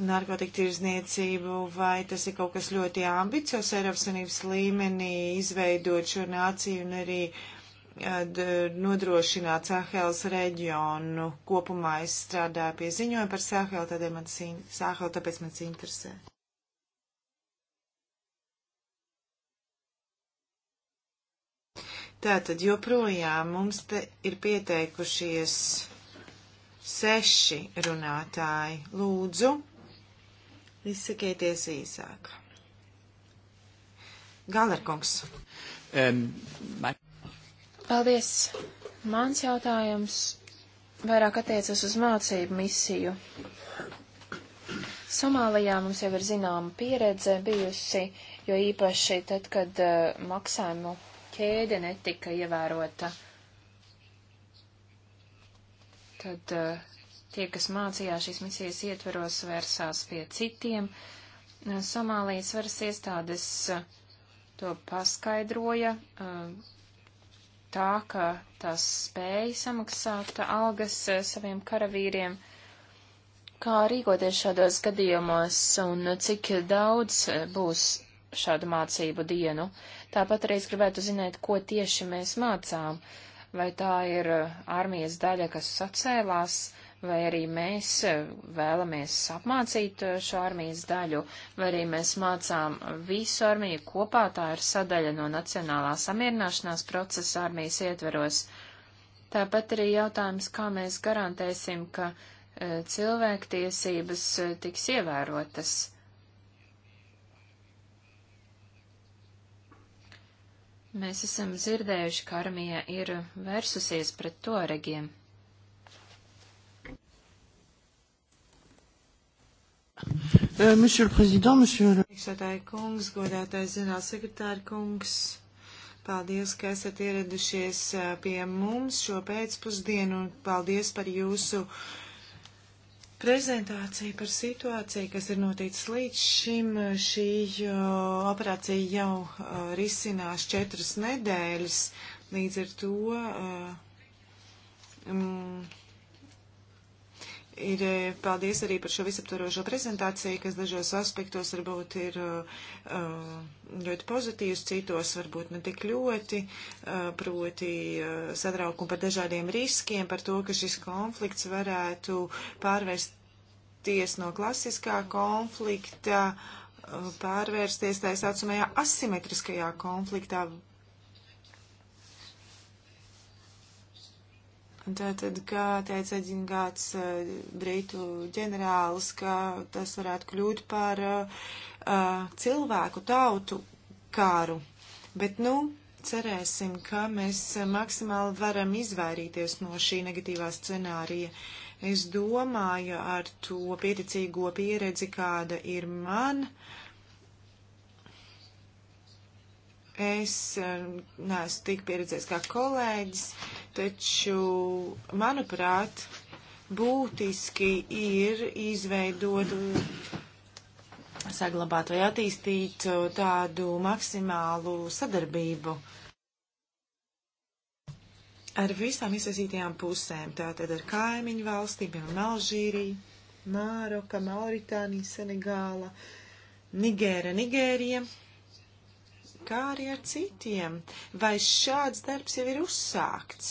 narkotiku tirzniecību, vai tas ir kaut kas ļoti ambiciozs Eiropas Savienības līmenī izveidot šo nāciju un arī eh, nodrošināt Sahels reģionu. Kopumā es strādāju pie ziņojuma par Sahelu, tādēļ man Sahelu, tāpēc man tas interesē. Tātad joprojām mums te ir pieteikušies seši runātāji. Lūdzu, Izsakieties īsāk. Galerkungs. Um, man... Paldies. Mans jautājums vairāk attiecas uz mācību misiju. Somālijā mums jau ir zināma pieredze bijusi, jo īpaši tad, kad uh, maksājumu ķēde netika ievērota, tad uh, Tie, kas mācījās šīs misijas ietveros, vērsās pie citiem. Somālijas varas iestādes eh, to paskaidroja eh, tā, ka tās spēja samaksāt algas eh, saviem karavīriem. Kā rīkoties šādos gadījumos un cik daudz būs šādu mācību dienu? Tāpat arī es gribētu zināt, ko tieši mēs mācām. Vai tā ir armijas daļa, kas sacēlās? Uh, vai arī mēs e, vēlamies apmācīt e, šo armijas daļu, vai arī mēs mācām visu armiju kopā, tā ir sadaļa no Nacionālā samierināšanās procesa armijas ietveros. Tāpat arī jautājums, kā mēs garantēsim, ka e, cilvēktiesības tiks ievērotas. Mēs esam dzirdējuši, ka armija ir vērsusies pret toregiem. Eh, Monsieur le Président, Monsieur le Priekšsētāji kungs, godātais zinās sekretāri kungs, paldies, ka esat ieradušies eh, pie mums šo pēcpusdienu un paldies par jūsu prezentāciju par situāciju, kas ir noticis līdz šim. Šī eh, operācija jau uh, risinās četras nedēļas, līdz ar to. Uh, um, ir e, paldies arī par šo visaptvarošo prezentāciju, kas dažos aspektos varbūt ir uh, ļoti pozitīvs, citos varbūt ne tik ļoti, uh, proti uh, satraukumu par dažādiem riskiem, par to, ka šis konflikts varētu pārvērsties no klasiskā konflikta, pārvērsties tā saucamajā asimetriskajā konfliktā Tātad, kā teica Edingāts, eh, brītu ģenerālis, ka tas varētu kļūt par uh, cilvēku tautu kāru. Bet, nu, cerēsim, ka mēs maksimāli varam izvairīties no šī negatīvā scenārija. Es domāju ar to pieticīgo pieredzi, kāda ir man. Uh, Es eh, neesmu tik pieredzējis kā kolēģis, taču, manuprāt, būtiski ir izveidot eh, saglabāt vai attīstīt eh, tādu maksimālu sadarbību ar visām iesaistītajām pusēm, tātad ar kaimiņu valstīm, piemēram, Alžīriju, Māroka, Mauritānija, Senegāla, Nigēra, Nigērija. Nigērija kā arī ar citiem. Vai šāds darbs jau ir uzsākts?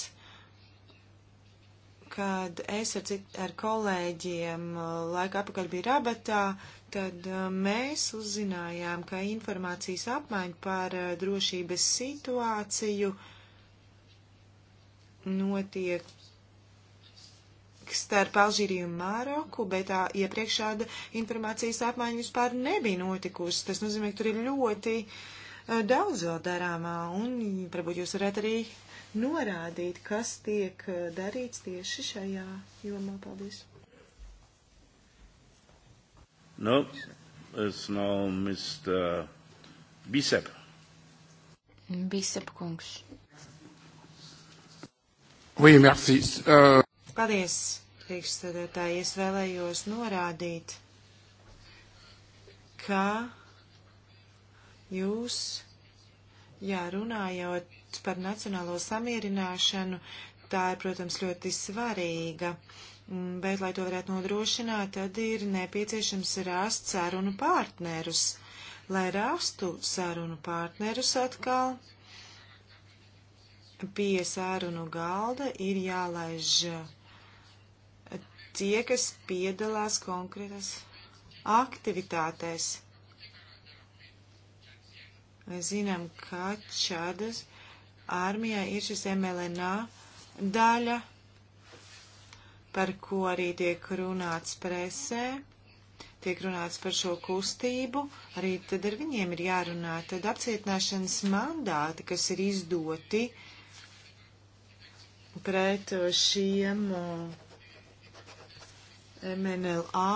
Kad es ar, cit, ar kolēģiem uh, laika apakaļ biju rabatā, tad uh, mēs uzzinājām, ka informācijas apmaiņa par uh, drošības situāciju notiek starp Alžīriju un Māroku, bet tā iepriekš šāda informācijas apmaiņa vispār nebija notikusi. Tas nozīmē, ka tur ir ļoti uh, Eh, daudz vēl darāmā, un varbūt jūs varētu arī norādīt, kas tiek eh, darīts tieši šajā jomā. Paldies! No, es nav no Mr. Bisep. Bisep kungs. Oui, merci. Uh... Paldies, priekšstādātāji. Es vēlējos norādīt, ka Jūs, jā, runājot par nacionālo samierināšanu, tā ir, protams, ļoti svarīga. Mm, bet, lai to varētu nodrošināt, tad ir nepieciešams rast sarunu partnerus. Lai rastu sarunu partnerus atkal, pie sarunu galda ir jālaiž tie, kas piedalās konkrētās aktivitātēs. Mēs zinām, ka Čādas armijā ir šis MLNA daļa, par ko arī tiek runāts presē tiek runāts par šo kustību, arī tad ar viņiem ir jārunā. Tad apcietināšanas mandāti, kas ir izdoti pret šiem uh, MNLA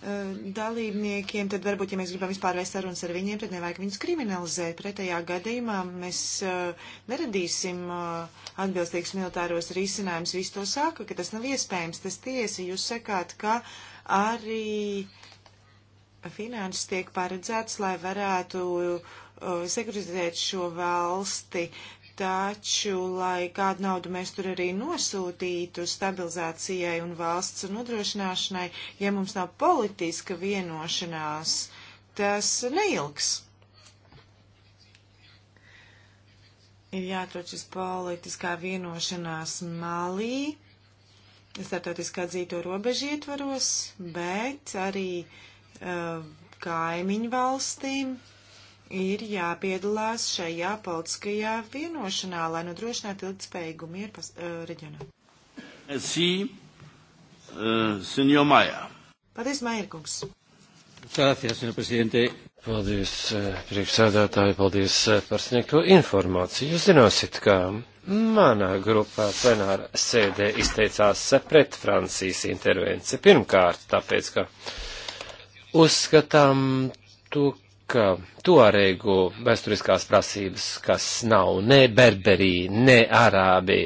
Eh, dalībniekiem, tad varbūt, ja mēs gribam vispār vēst sarunas ar viņiem, tad nevajag viņus kriminalizēt. Pretējā gadījumā mēs uh, neradīsim uh, atbilstīgus militāros risinājumus. Visi to saka, ka tas nav iespējams. Tas tiesa, jūs sakāt, ka arī finanses tiek paredzēts, lai varētu uh, sekurizēt šo valsti. Taču, lai kādu naudu mēs tur arī nosūtītu stabilizācijai un valsts nodrošināšanai, ja mums nav politiska vienošanās, tas neilgs. Ir jāatrod šis politiskā vienošanās malī, starptautiskā dzīto robežu ietvaros, bet arī uh, kaimiņu valstīm ir jāpiedalās šajā politiskajā vienošanā, lai nodrošinātu ilgspējīgu mieru pas, uh, reģionā. Sī, uh, eh, senjor Maijā. Paldies, Mairkungs. Gracias, senjor prezidente. Paldies, eh, priekšsēdētāji, paldies par sniegto informāciju. Jūs zināsit, ka manā grupā plenāra sēdē izteicās pret Francijas intervenci. Pirmkārt, tāpēc, ka uzskatām to tuarēgu vēsturiskās prasības, kas nav ne berberī, ne arābi,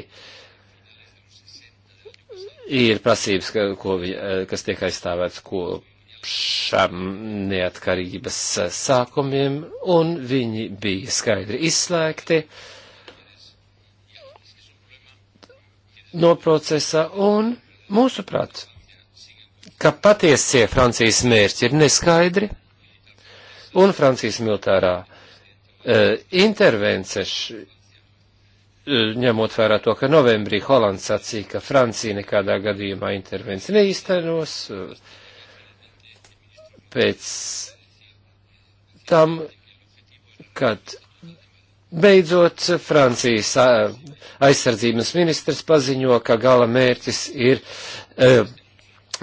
ir prasības, ka, ko, eh, kas tiek aizstāvēts kopš neatkarības eh, sākumiem, un viņi bija skaidri izslēgti no procesa, un mūsuprāt, ka patiesie Francijas mērķi ir neskaidri un Francijas militārā e, intervence, š, e, ņemot vērā to, ka novembrī Holands sacīja, ka Francija nekādā gadījumā intervenci neiztenos, e, pēc tam, kad beidzot Francijas e, aizsardzības ministrs paziņo, ka gala mērķis ir e,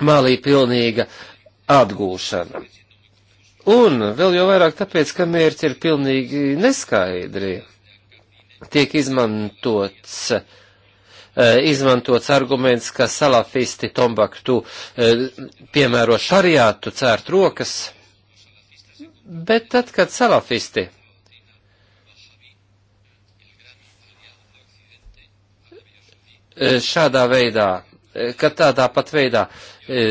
malī pilnīga atgūšana Un vēl jau vairāk tāpēc, ka mērķi ir pilnīgi neskaidri. Tiek izmantots, e, izmantots arguments, ka salafisti tombaktu e, piemēro šariātu cērt rokas, bet tad, kad salafisti e, šādā veidā, kad tādā pat veidā uh, E,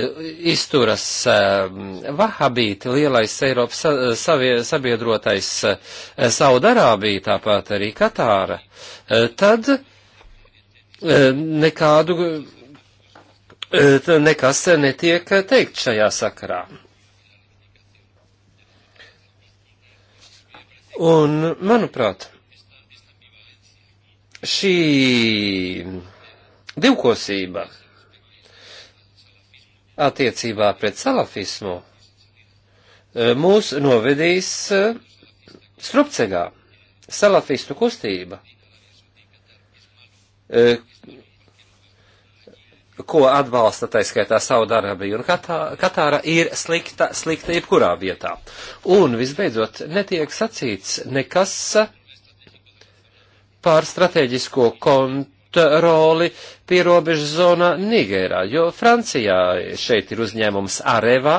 izturas e, Vahabīti, lielais Eiropas sabiedrotais e, Saudarābija, tāpat arī Katāra, tad nekādu, nekas netiek teikt šajā sakarā. Un, manuprāt, šī divkosība attiecībā pret salafismu e, mūs novedīs e, strupceļā. Salafistu kustība, e, ko atbalsta taiskaitā Saudārābija un Katā, Katāra, ir slikta, slikta jebkurā vietā. Un, visbeidzot, netiek sacīts nekas pār strateģisko kontu roli pierobežu zonā Nigērā, jo Francijā šeit ir uzņēmums Areva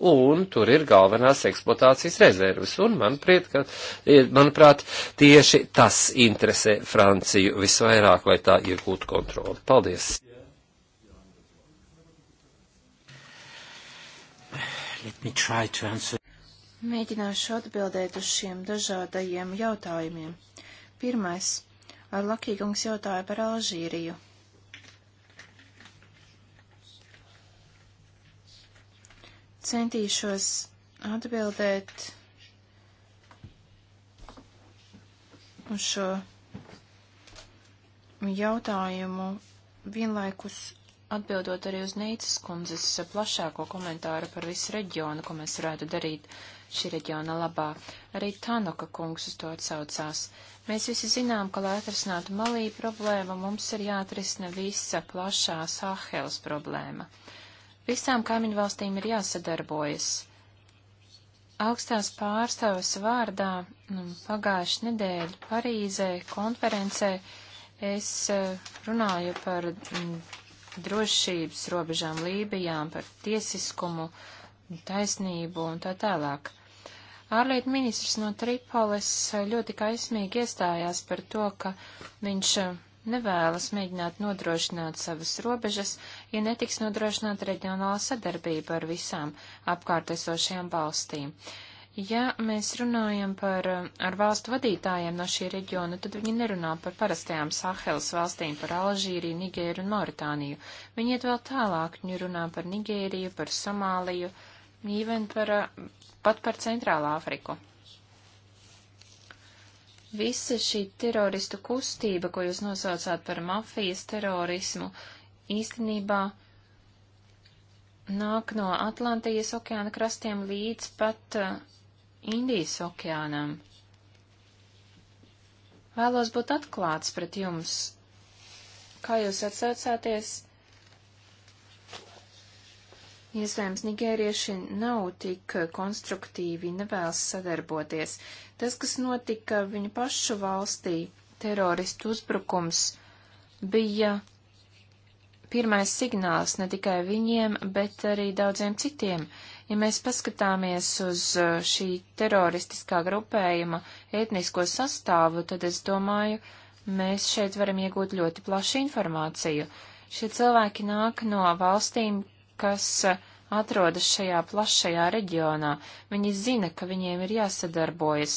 un tur ir galvenās eksploatācijas rezervas. Un manuprāt, ka, e, manuprāt, tieši tas interesē Franciju visvairāk, lai tā iegūtu kontroli. Paldies! Mēģināšu atbildēt uz šiem dažādajiem jautājumiem. Pirmais. Lakīgungs jautāja par Alžīriju. Centīšos atbildēt uz šo jautājumu vienlaikus atbildot arī uz Neicas kundzes plašāko komentāru par visu reģionu, ko mēs varētu darīt. Uh, šī reģiona labā. Arī Tanoka kungs uz to atsaucās. Mēs visi zinām, ka, lai atrisinātu malī problēmu, mums ir jāatrisina visa plašā Sahels problēma. Visām kaimiņu valstīm ir jāsadarbojas. Augstās pārstāvas vārdā nu, pagājuši nedēļu Parīzē konferencē es eh, runāju par mm, drošības robežām Lībijām, par tiesiskumu, taisnību un tā tālāk. Ārlietu ministrs no Tripolis eh, ļoti kaismīgi iestājās par to, ka viņš eh, nevēlas mēģināt nodrošināt savas robežas, ja netiks nodrošināta reģionāla sadarbība ar visām apkārtēsošajām valstīm. Ja mēs runājam par, eh, ar valstu vadītājiem no šī reģiona, tad viņi nerunā par parastajām Sahelas valstīm, par Alžīriju, Nigēru un Mauritāniju. Viņi iet vēl tālāk, viņi runā par Nigēriju, par Somāliju, īvent par, pat par Centrālā Afriku. Visa šī teroristu kustība, ko jūs nosaucāt par mafijas terorismu, īstenībā nāk no Atlantijas okeāna krastiem līdz pat uh, Indijas okeānam. Vēlos būt atklāts pret jums. Kā jūs atsaucāties Iespējams, nigērieši nav tik konstruktīvi, nevēlas sadarboties. Tas, kas notika viņu pašu valstī, teroristu uzbrukums, bija pirmais signāls ne tikai viņiem, bet arī daudziem citiem. Ja mēs paskatāmies uz uh, šī teroristiskā grupējuma etnisko sastāvu, tad es domāju, mēs šeit varam iegūt ļoti plašu informāciju. Šie cilvēki nāk no valstīm, kas eh, atrodas šajā plašajā reģionā. Viņi zina, ka viņiem ir jāsadarbojas,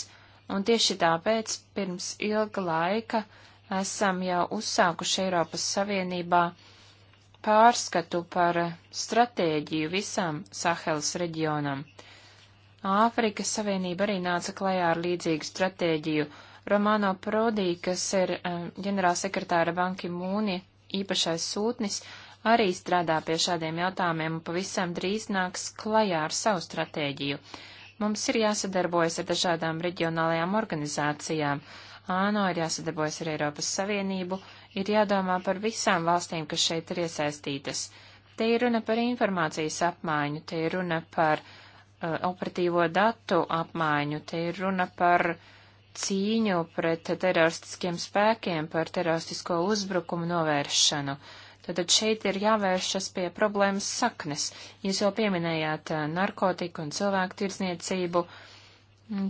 un tieši tāpēc pirms ilga laika esam jau uzsākuši Eiropas Savienībā pārskatu par eh, stratēģiju visam Sahelas reģionam. Āfrikas Savienība arī nāca klajā ar līdzīgu stratēģiju. Romano Prodī, kas ir eh, ģenerālsekretāra Banki Mūni īpašais sūtnis, arī strādā pie šādiem jautājumiem un pavisam drīz nāks klajā ar savu stratēģiju. Mums ir jāsadarbojas ar dažādām reģionālajām organizācijām, ANO ir jāsadarbojas ar Eiropas Savienību, ir jādomā par visām valstīm, kas šeit ir iesaistītas. Te ir runa par informācijas apmaiņu, te ir runa par uh, operatīvo datu apmaiņu, te ir runa par uh, cīņu pret teroristiskiem spēkiem, par teroristisko uzbrukumu novēršanu. Tātad šeit ir jāvēršas pie problēmas saknes. Jūs jau pieminējāt narkotiku un cilvēku tirdzniecību,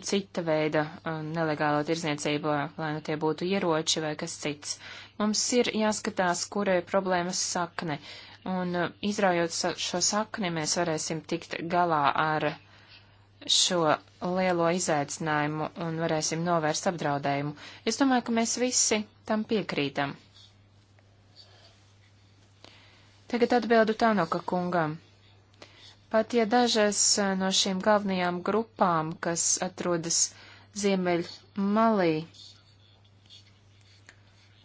cita veida nelegālo tirdzniecību, lai nu tie būtu ieroči vai kas cits. Mums ir jāskatās, kur ir problēmas sakne, un izraujot šo sakni, mēs varēsim tikt galā ar šo lielo izaicinājumu un varēsim novērst apdraudējumu. Es domāju, ka mēs visi tam piekrītam. Tagad atbildu Tanoka kungam. Pat ja dažas eh, no šīm galvenajām grupām, kas atrodas ziemeļ malī,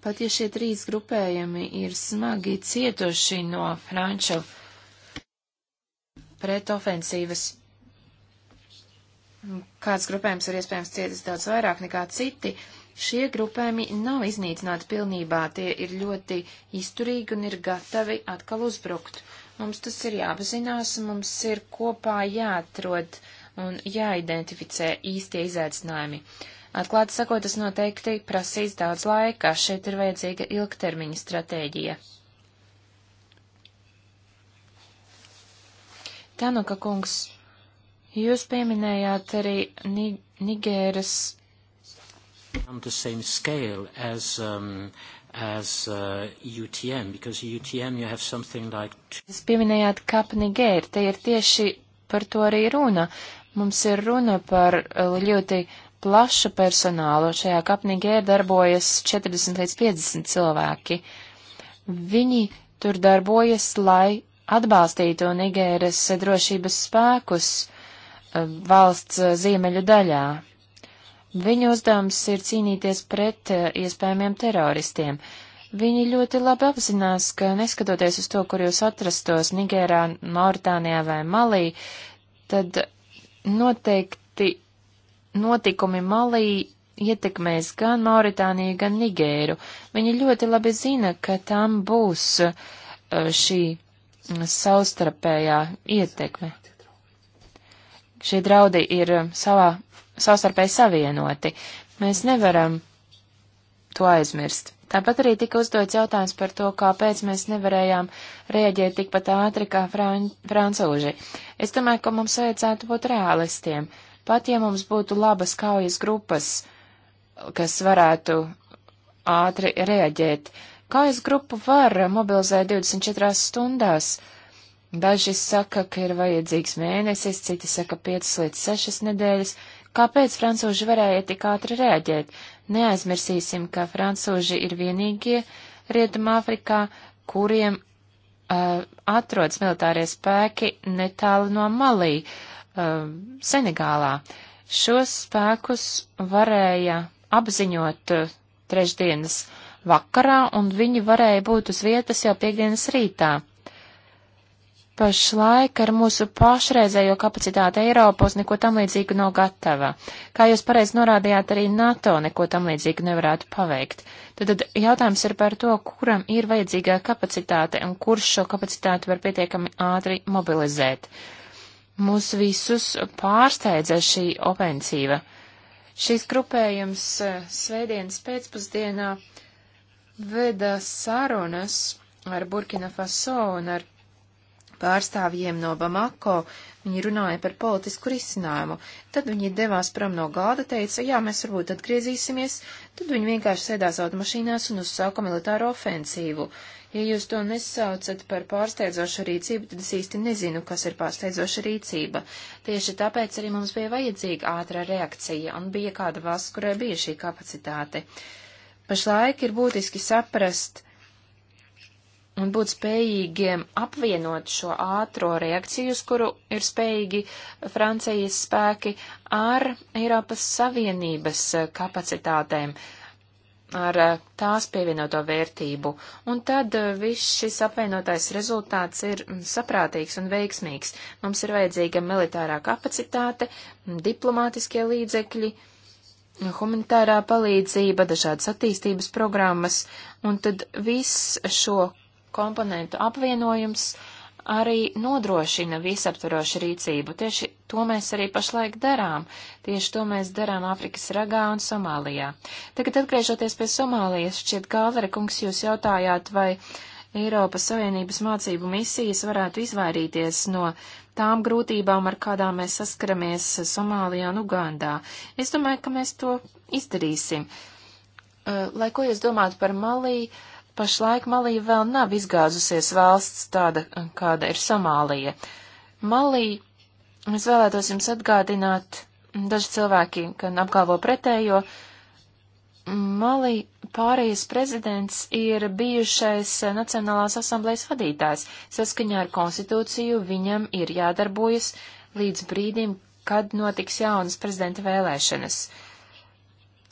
pat ja šie trīs grupējumi ir smagi cietuši no franču pretofensīvas, kāds grupējums ir iespējams cietis daudz vairāk nekā citi, uh, Šie grupējumi nav iznīcināti pilnībā, tie ir ļoti izturīgi un ir gatavi atkal uzbrukt. Mums tas ir jāapzinās, mums ir kopā jāatrod un jāidentificē īstie izaicinājumi. Atklāti sakot, tas noteikti prasīs daudz laika, šeit ir vajadzīga ilgtermiņa stratēģija. Tanuka kungs, jūs pieminējāt arī Nigēras on the same scale as um, as uh, UTM, because UTM you have something like... Jūs pieminējāt Kapnigēru, te ir tieši par to arī runa. Mums ir runa par uh, ļoti plašu personālu. Šajā Kapnigēru darbojas 40 līdz 50 cilvēki. Viņi tur darbojas, lai atbalstītu Nigēras drošības spēkus uh, valsts uh, ziemeļu daļā. Viņu uzdevums ir cīnīties pret eh, iespējamiem teroristiem. Viņi ļoti labi apzinās, ka neskatoties uz to, kur jūs atrastos Nigērā, Mauritānijā vai Malī, tad noteikti notikumi Malī ietekmēs gan Mauritāniju, gan Nigēru. Viņi ļoti labi zina, ka tam būs eh, šī savstarpējā ietekme. Šie draudi ir eh, savā savstarpēji savienoti. Mēs nevaram to aizmirst. Tāpat arī tika uzdots jautājums par to, kāpēc mēs nevarējām rēģēt tikpat ātri kā fran francūži. Es domāju, ka mums vajadzētu būt realistiem. Pat ja mums būtu labas kaujas grupas, kas varētu ātri rēģēt, kaujas grupu var mobilizēt 24 stundās. Daži saka, ka ir vajadzīgs mēnesis, citi saka 5 līdz 6 nedēļas, Kāpēc francūži varēja tik ātri reaģēt? Neaizmirsīsim, ka francūži ir vienīgie Rietumāfrikā, kuriem uh, atrodas militārie spēki netālu no Malī, uh, Senegālā. Šos spēkus varēja apziņot uh, trešdienas vakarā, un viņi varēja būt uz vietas jau piekdienas rītā. Pašlaik ar mūsu pašreizējo kapacitāti Eiropos neko tam līdzīgu nav gatava. Kā jūs pareizi norādījāt, arī NATO neko tam līdzīgu nevarētu paveikt. Tad, tad jautājums ir par to, kuram ir vajadzīgā kapacitāte un kurš šo kapacitāti var pietiekami ātri mobilizēt. Mūs visus pārsteidza šī ofensīva. Šīs grupējums eh, svētdienas pēcpusdienā veda sarunas ar Burkina Faso un ar pārstāvjiem no Bamako, viņi runāja par politisku risinājumu. Tad viņi devās prom no gāda, teica, jā, mēs varbūt atgriezīsimies, tad viņi vienkārši sēdās automašīnās un uzsāka militāro ofensīvu. Ja jūs to nesaucat par pārsteidzošu rīcību, tad es īsti nezinu, kas ir pārsteidzoša rīcība. Tieši tāpēc arī mums bija vajadzīga ātrā reakcija, un bija kāda valsts, kurai bija šī kapacitāte. Pašlaik ir būtiski saprast, un būt spējīgiem apvienot šo ātro reakciju, uz kuru ir spējīgi Francijas spēki ar Eiropas Savienības eh, kapacitātēm, ar eh, tās pievienoto vērtību. Un tad eh, viss šis apvienotais rezultāts ir mm, saprātīgs un veiksmīgs. Mums ir vajadzīga militārā kapacitāte, mm, diplomātiskie līdzekļi, humanitārā palīdzība, dažādas attīstības programmas, un tad viss šo komponentu apvienojums arī nodrošina visaptvarošu rīcību. Tieši to mēs arī pašlaik darām. Tieši to mēs darām Āfrikas ragā un Somālijā. Tagad atgriežoties pie Somālijas, šķiet, Gālera kungs, jūs jautājāt, vai Eiropas Savienības mācību misijas varētu izvairīties no tām grūtībām, ar kādām mēs saskaramies Somālijā un Ugandā. Es domāju, ka mēs to izdarīsim. Uh, lai ko jūs domātu par Maliju? Pašlaik Malī vēl nav izgāzusies valsts tāda, kāda ir Somālija. Malī, es vēlētos jums atgādināt, daži cilvēki, gan apgalvo pretējo, Malī pārējais prezidents ir bijušais Nacionālās asamblējas vadītājs. Saskaņā ar konstitūciju viņam ir jādarbojas līdz brīdim, kad notiks jaunas prezidenta vēlēšanas. Uh,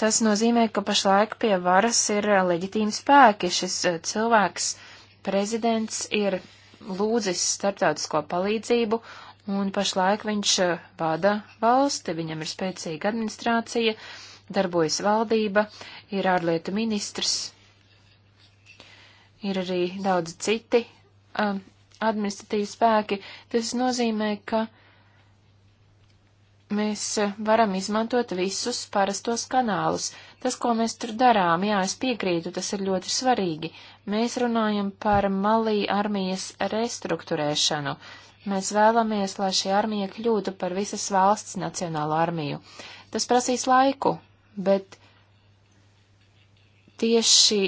Tas nozīmē, ka pašlaik pie varas ir eh, leģitīmi spēki. Šis eh, cilvēks, prezidents, ir lūdzis starptautisko palīdzību, un pašlaik viņš vada eh, valsti, viņam ir spēcīga administrācija, darbojas valdība, ir ārlietu ministrs, ir arī daudz citi um, administratīvi spēki. Tas nozīmē, ka uh, mēs eh, varam izmantot visus parastos kanālus. Tas, ko mēs tur darām, jā, es piekrītu, tas ir ļoti svarīgi. Mēs runājam par malī armijas restruktūrēšanu. Mēs vēlamies, lai šī armija kļūtu par visas valsts nacionālo armiju. Tas prasīs laiku, bet tieši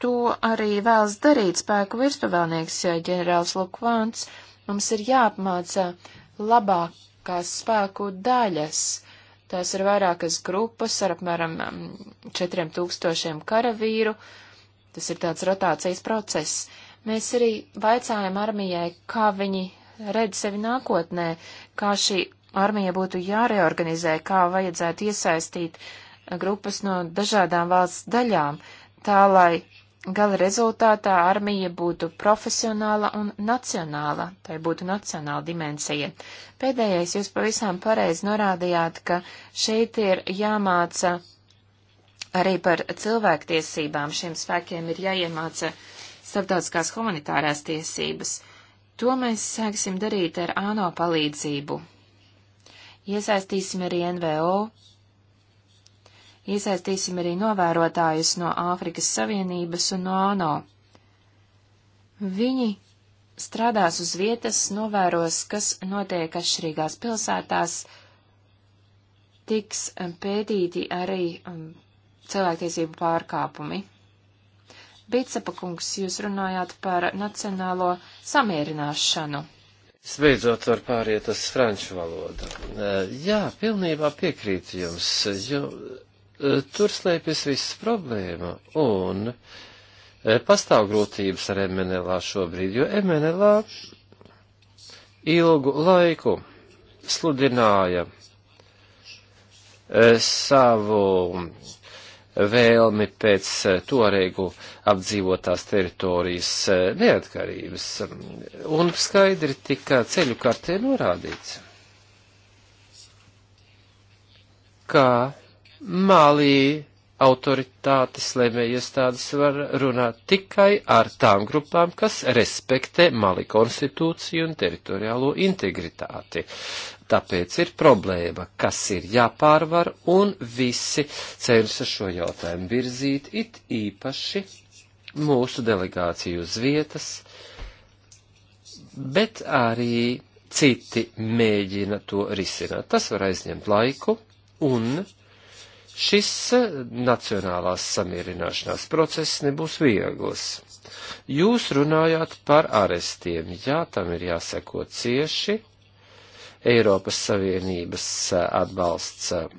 to arī vēlas darīt spēku virspavēlnieks eh, ģenerālis Lukvants. Mums ir jāapmāca uh, labākās spēku daļas. Tās ir vairākas grupas ar apmēram 4000 um, karavīru. Tas ir tāds rotācijas process. Mēs arī vaicājam armijai, kā viņi redz sevi nākotnē, kā šī armija būtu jāreorganizē, kā vajadzētu iesaistīt grupas no dažādām valsts daļām, tā lai Gala rezultātā armija būtu profesionāla un nacionāla, tai būtu nacionāla dimensija. Pēdējais jūs pavisam pareizi norādījāt, ka šeit ir jāmāca arī par cilvēktiesībām, šiem spēkiem ir jāiemāca starptautiskās humanitārās tiesības. To mēs sāksim darīt ar ANO palīdzību. Iesaistīsim arī NVO, Iesaistīsim arī novērotājus no Āfrikas Savienības un no ANO. Viņi strādās uz vietas, novēros, kas notiek atšķirīgās pilsētās, tiks um, pētīti arī um, cilvēktiesību pārkāpumi. Bitsapakungs, jūs runājāt par nacionālo samierināšanu. Sveidzot var pāriet uz franču valodu. Uh, jā, pilnībā piekrītu jums, jo tur slēpjas viss problēma, un e, pastāv grūtības ar MNLā šobrīd, jo MNLā ilgu laiku sludināja e, savu vēlmi pēc e, toreigu apdzīvotās teritorijas neatkarības, un skaidri tika ceļu kartē norādīts, kā Mālī autoritātes lēmēja iestādes var runāt tikai ar tām grupām, kas respektē Mali konstitūciju un teritoriālo integritāti. Tāpēc ir problēma, kas ir jāpārvar, un visi cenšas šo jautājumu virzīt, it īpaši mūsu delegāciju uz vietas, bet arī citi mēģina to risināt. Tas var aizņemt laiku, un Šis nacionālās samierināšanās process nebūs viegls. Jūs runājāt par arestiem. Jā, tam ir jāseko cieši. Eiropas Savienības eh, atbalsts eh,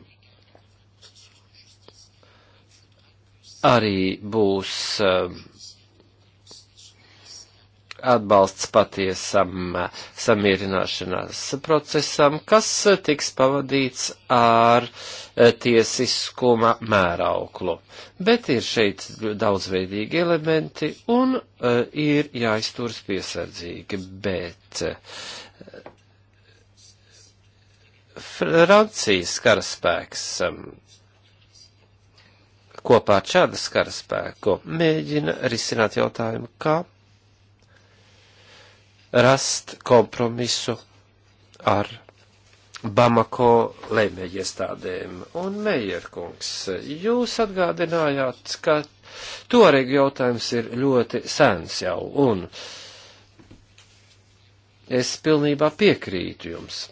arī būs eh, atbalsts patiesam samierināšanās procesam, kas tiks pavadīts ar uh, Eh, tiesiskuma mērauklu. Bet ir šeit daudzveidīgi elementi un uh, ir jāizturas piesardzīgi, bet eh, Francijas karaspēks um, kopā ar Čādas karaspēku mēģina risināt jautājumu, kā rast kompromisu ar Bamako lēmēja iestādēm. Un Meierkungs, jūs atgādinājāt, ka toreig jautājums ir ļoti sens jau, un es pilnībā piekrītu jums.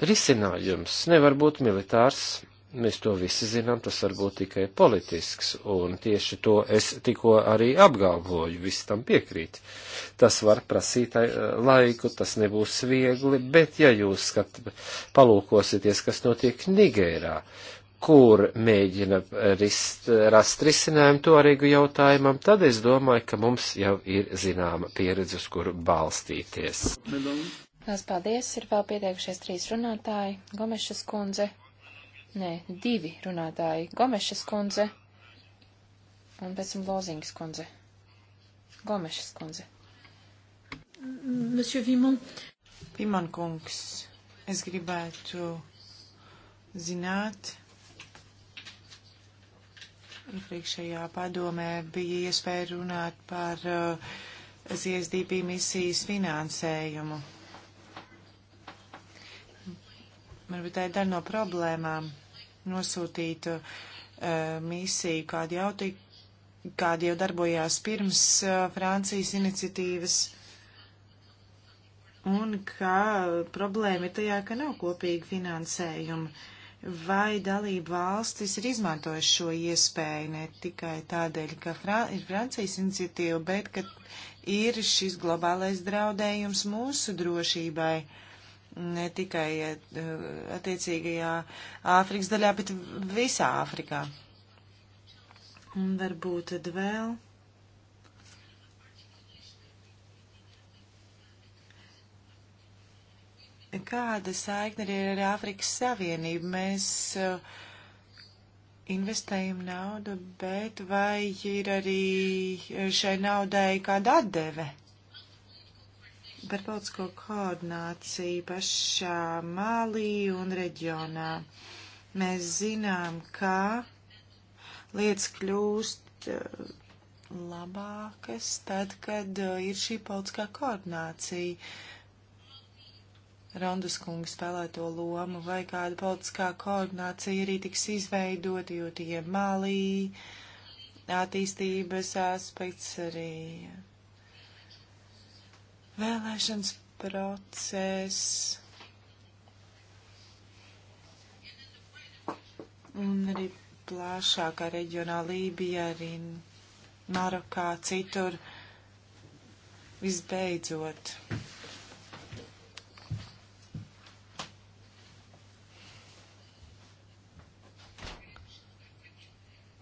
Risinājums nevar būt militārs, Mēs to visi zinām, tas var būt tikai politisks, un tieši to es tikko arī apgalvoju, viss tam piekrīt. Tas var prasīt eh, laiku, tas nebūs viegli, bet ja jūs skat, palūkosieties, kas notiek Nigērā, kur mēģina rist, rast risinājumu to arīgu jautājumam, tad es domāju, ka mums jau ir zināma pieredze, uz kuru balstīties. Lielas paldies, ir vēl pieteikušies trīs runātāji - Gomešas kundze, Nē, divi runātāji. Gomešas kundze un pēc tam Lozingas kundze. Gomešas kundze. Monsieur Vimon. Vimon kungs, es gribētu zināt, iepriekšējā padomē bija iespēja runāt par uh, ZSDP misijas finansējumu. Man bija tā ir daļa no problēmām nosūtīt uh, misiju, kāda jau, tik, kāda jau darbojās pirms uh, Francijas iniciatīvas. Un kā problēma ir tajā, ka nav kopīgi finansējumi. Vai dalība valstis ir izmantojuši šo iespēju ne tikai tādēļ, ka Fra ir Francijas iniciatīva, bet ka ir šis globālais draudējums mūsu drošībai? Uh, ne tikai eh, attiecīgajā Āfrikas daļā, bet visā Āfrikā. Un varbūt tad vēl. Kāda saikne ir ar Āfrikas Savienību? Mēs eh, investējam naudu, bet vai ir arī eh, šai naudai kāda atdeve? par politisko koordināciju pašā Malī un reģionā. Mēs zinām, ka lietas kļūst eh, labākas tad, kad eh, ir šī politiskā koordinācija. Rondas kungs spēlē to lomu, vai kāda politiskā koordinācija arī tiks izveidota, jo tie malī, attīstības aspekts arī Vēlēšanas process. Un arī plašākā reģionā Lībija, arī Marokā, citur. Visbeidzot.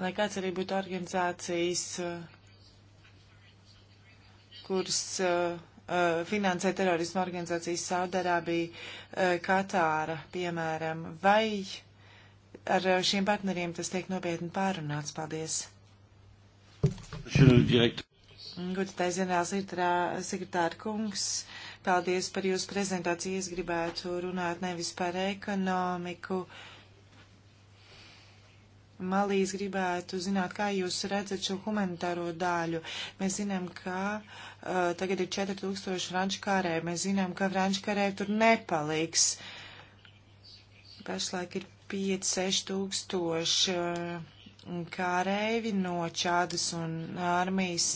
lai kāds arī būtu organizācijas, uh, kuras uh, Eh, finansē terorismu organizācijas Saudarābija, eh, Katāra, piemēram, vai ar šiem partneriem tas tiek nopietni pārunāts? Paldies! Gudrītais ģenerāls sekretāra kungs, paldies par jūsu prezentāciju. Es gribētu runāt nevis par ekonomiku. Malīs gribētu zināt, kā jūs redzat šo humanitāro daļu. Mēs zinām, ka uh, uh, tagad ir 4000 frančkārē. Mēs zinām, ka frančkārē tur nepaliks. Pašlaik ir 5-6 tūkstoši eh, kārēvi no Čādas un armijas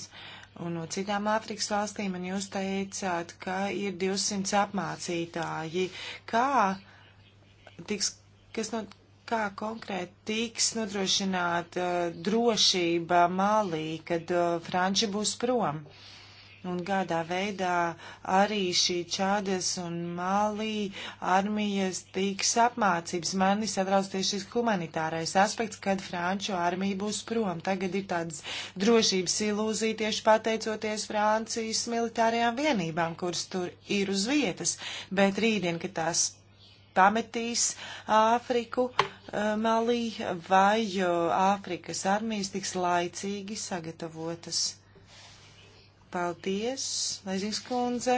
un no citām Āfrikas valstīm, un jūs teicāt, ka ir 200 apmācītāji. Kā tiks, kas no, kā konkrēti tiks nodrošināta uh, eh, drošība Malī, kad uh, Franči būs prom? Uh, Un kādā veidā arī šī čādas un malī armijas tiks apmācības. Mani satrauc tieši šis humanitārais aspekts, kad Franču armija būs prom. Tagad ir tādas drošības ilūzija tieši pateicoties Francijas militārajām vienībām, kuras tur ir uz vietas. Bet rītdien, kad tās pametīs Āfriku, eh, Malī vai eh, Āfrikas armijas tiks laicīgi sagatavotas. Paldies, Leizings kundze.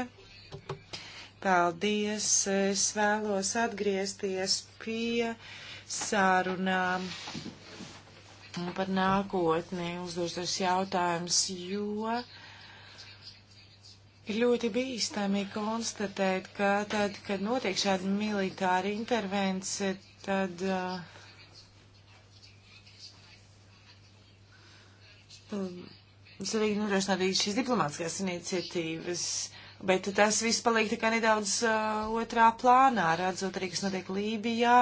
Paldies. Es vēlos atgriezties pie sārunām par nākotni uzdošas jautājums, jo ir ļoti bīstami konstatēt, ka tad, kad notiek šāda militāra intervence, tad uh, Mums arī nodrošināt arī šīs diplomātiskās iniciatīvas, bet tas viss paliek tikai nedaudz uh, otrā plānā, redzot arī, kas notiek Lībijā.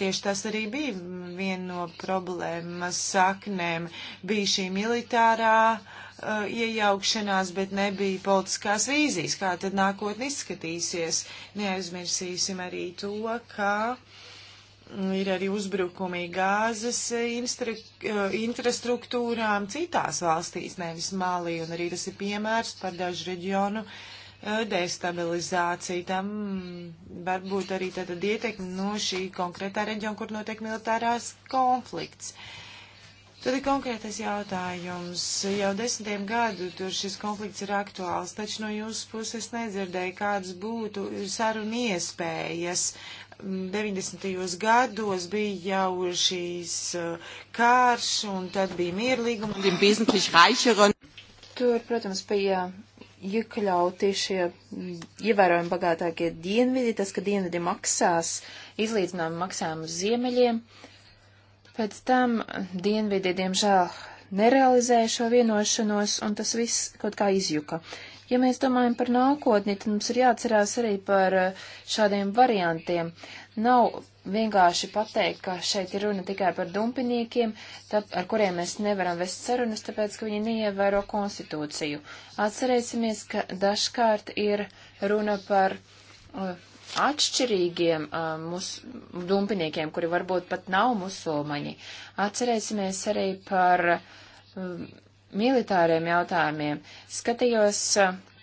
Tieši tas arī bija viena no problēmas saknēm. Bija šī militārā uh, iejaukšanās, bet nebija politiskās vīzijas, kā tad nākotnē izskatīsies. Neaizmirsīsim arī to, ka. Mm, ir arī uzbrukumi gāzes eh, eh, infrastruktūrām citās valstīs, nevis Malī, un arī tas ir piemērs par dažu reģionu eh, destabilizāciju. Tam varbūt arī tad ietekmi no šī konkrētā reģiona, kur notiek militārās konflikts. Tad ir konkrētais jautājums. Jau desmitiem gadu tur šis konflikts ir aktuāls, taču no jūsu puses nedzirdēju, kādas būtu sarunu iespējas, 90. gados bija jau šīs eh, kārš un tad bija mierlīguma. Tur, protams, bija iekļauti šie ievērojami bagātākie dienvidi, tas, ka dienvidi maksās izlīdzinām maksājumu ziemeļiem. Pēc tam dienvidi, diemžēl, nerealizēja šo vienošanos, un tas viss kaut kā izjuka. Ja mēs domājam par nākotni, tad mums ir jāatcerās arī par eh, šādiem variantiem. Nav vienkārši pateikt, ka šeit ir runa tikai par dumpiniekiem, tad, ar kuriem mēs nevaram vest sarunas, tāpēc, ka viņi neievēro konstitūciju. Atcerēsimies, ka dažkārt ir runa par eh, atšķirīgiem uh, mus, dumpiniekiem, kuri varbūt pat nav musulmaņi. Atcerēsimies arī par uh, militāriem jautājumiem. Skatījos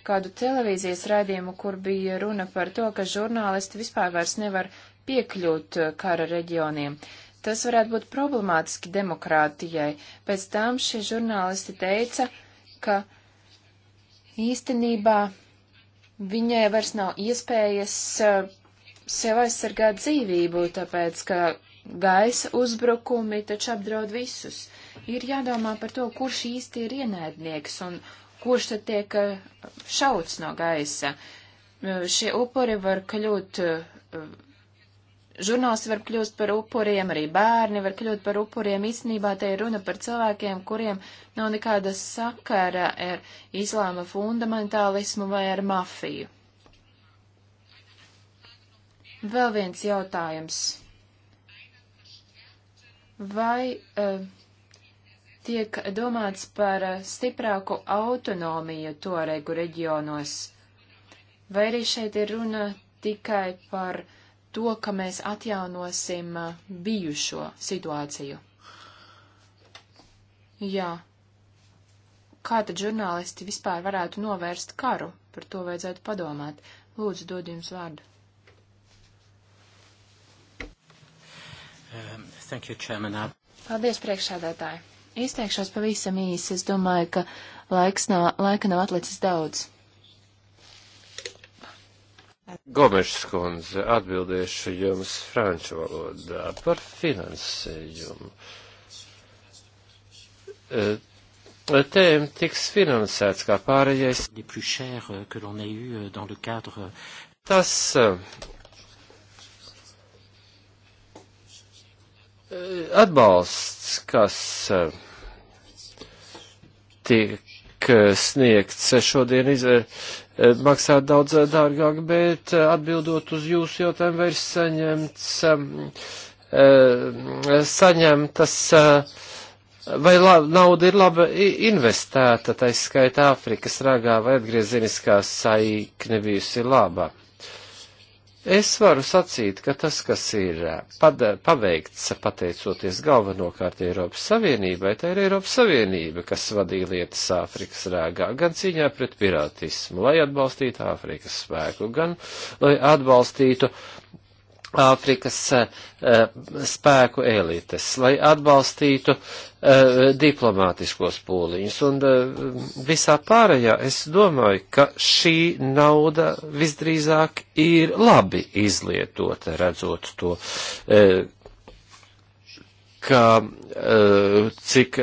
kādu televīzijas raidījumu, kur bija runa par to, ka žurnālisti vispār vairs nevar piekļūt kara reģioniem. Tas varētu būt problemātiski demokrātijai. Pēc tam šie žurnālisti teica, ka īstenībā viņai vairs nav iespējas sev aizsargāt dzīvību, tāpēc, ka gaisa uzbrukumi taču apdraud visus ir jādomā par to, kurš īsti ir ienaidnieks un kurš tad tiek eh, šauts no gaisa. Eh, šie upuri var kļūt, eh, žurnālisti var kļūt par upuriem, arī bērni var kļūt par upuriem. Īstenībā te ir runa par cilvēkiem, kuriem nav nekāda sakara ar islāma fundamentālismu vai ar mafiju. Vēl viens jautājums. Vai uh, tiek domāts par eh, stiprāku autonomiju Tuaregu reģionos? Vai arī šeit ir runa tikai par to, ka mēs atjaunosim eh, bijušo situāciju? Jā. Kā tad žurnālisti vispār varētu novērst karu? Par to vajadzētu padomāt. Lūdzu, dod jums vārdu. Um, you, Chairman. Uh, Paldies, priekšsēdētāji. Izteikšos pavisam īsi. Es domāju, ka laiks nav, laika nav atlicis daudz. Gomešs kundze, atbildēšu jums franču valodā par finansējumu. E, Tēm tiks finansēts kā pārējais. Euh, euh, euh, Tas e, e, atbalsts, kas tiek sniegts šodien izver, eh, maksā daudz dārgāk, bet eh, atbildot uz jūsu jautājumu, vairs saņemts, eh, saņemtas, vai la, nauda ir laba investēta, taisa skaitā Āfrikas ragā, vai atgriezeniskā saikne bijusi laba. Es varu sacīt, ka tas, kas ir eh, paveikts pateicoties galvenokārt Eiropas Savienībai, tā ir Eiropas Savienība, kas vadīja lietas Āfrikas rāgā, gan cīņā pret pirātismu, lai atbalstītu Āfrikas spēku, gan lai atbalstītu uh, Āfrikas eh, eh, spēku elites, lai atbalstītu eh, diplomātiskos pūliņus. Un visā pārējā es domāju, ka šī nauda visdrīzāk ir labi izlietota, redzot to, kā, cik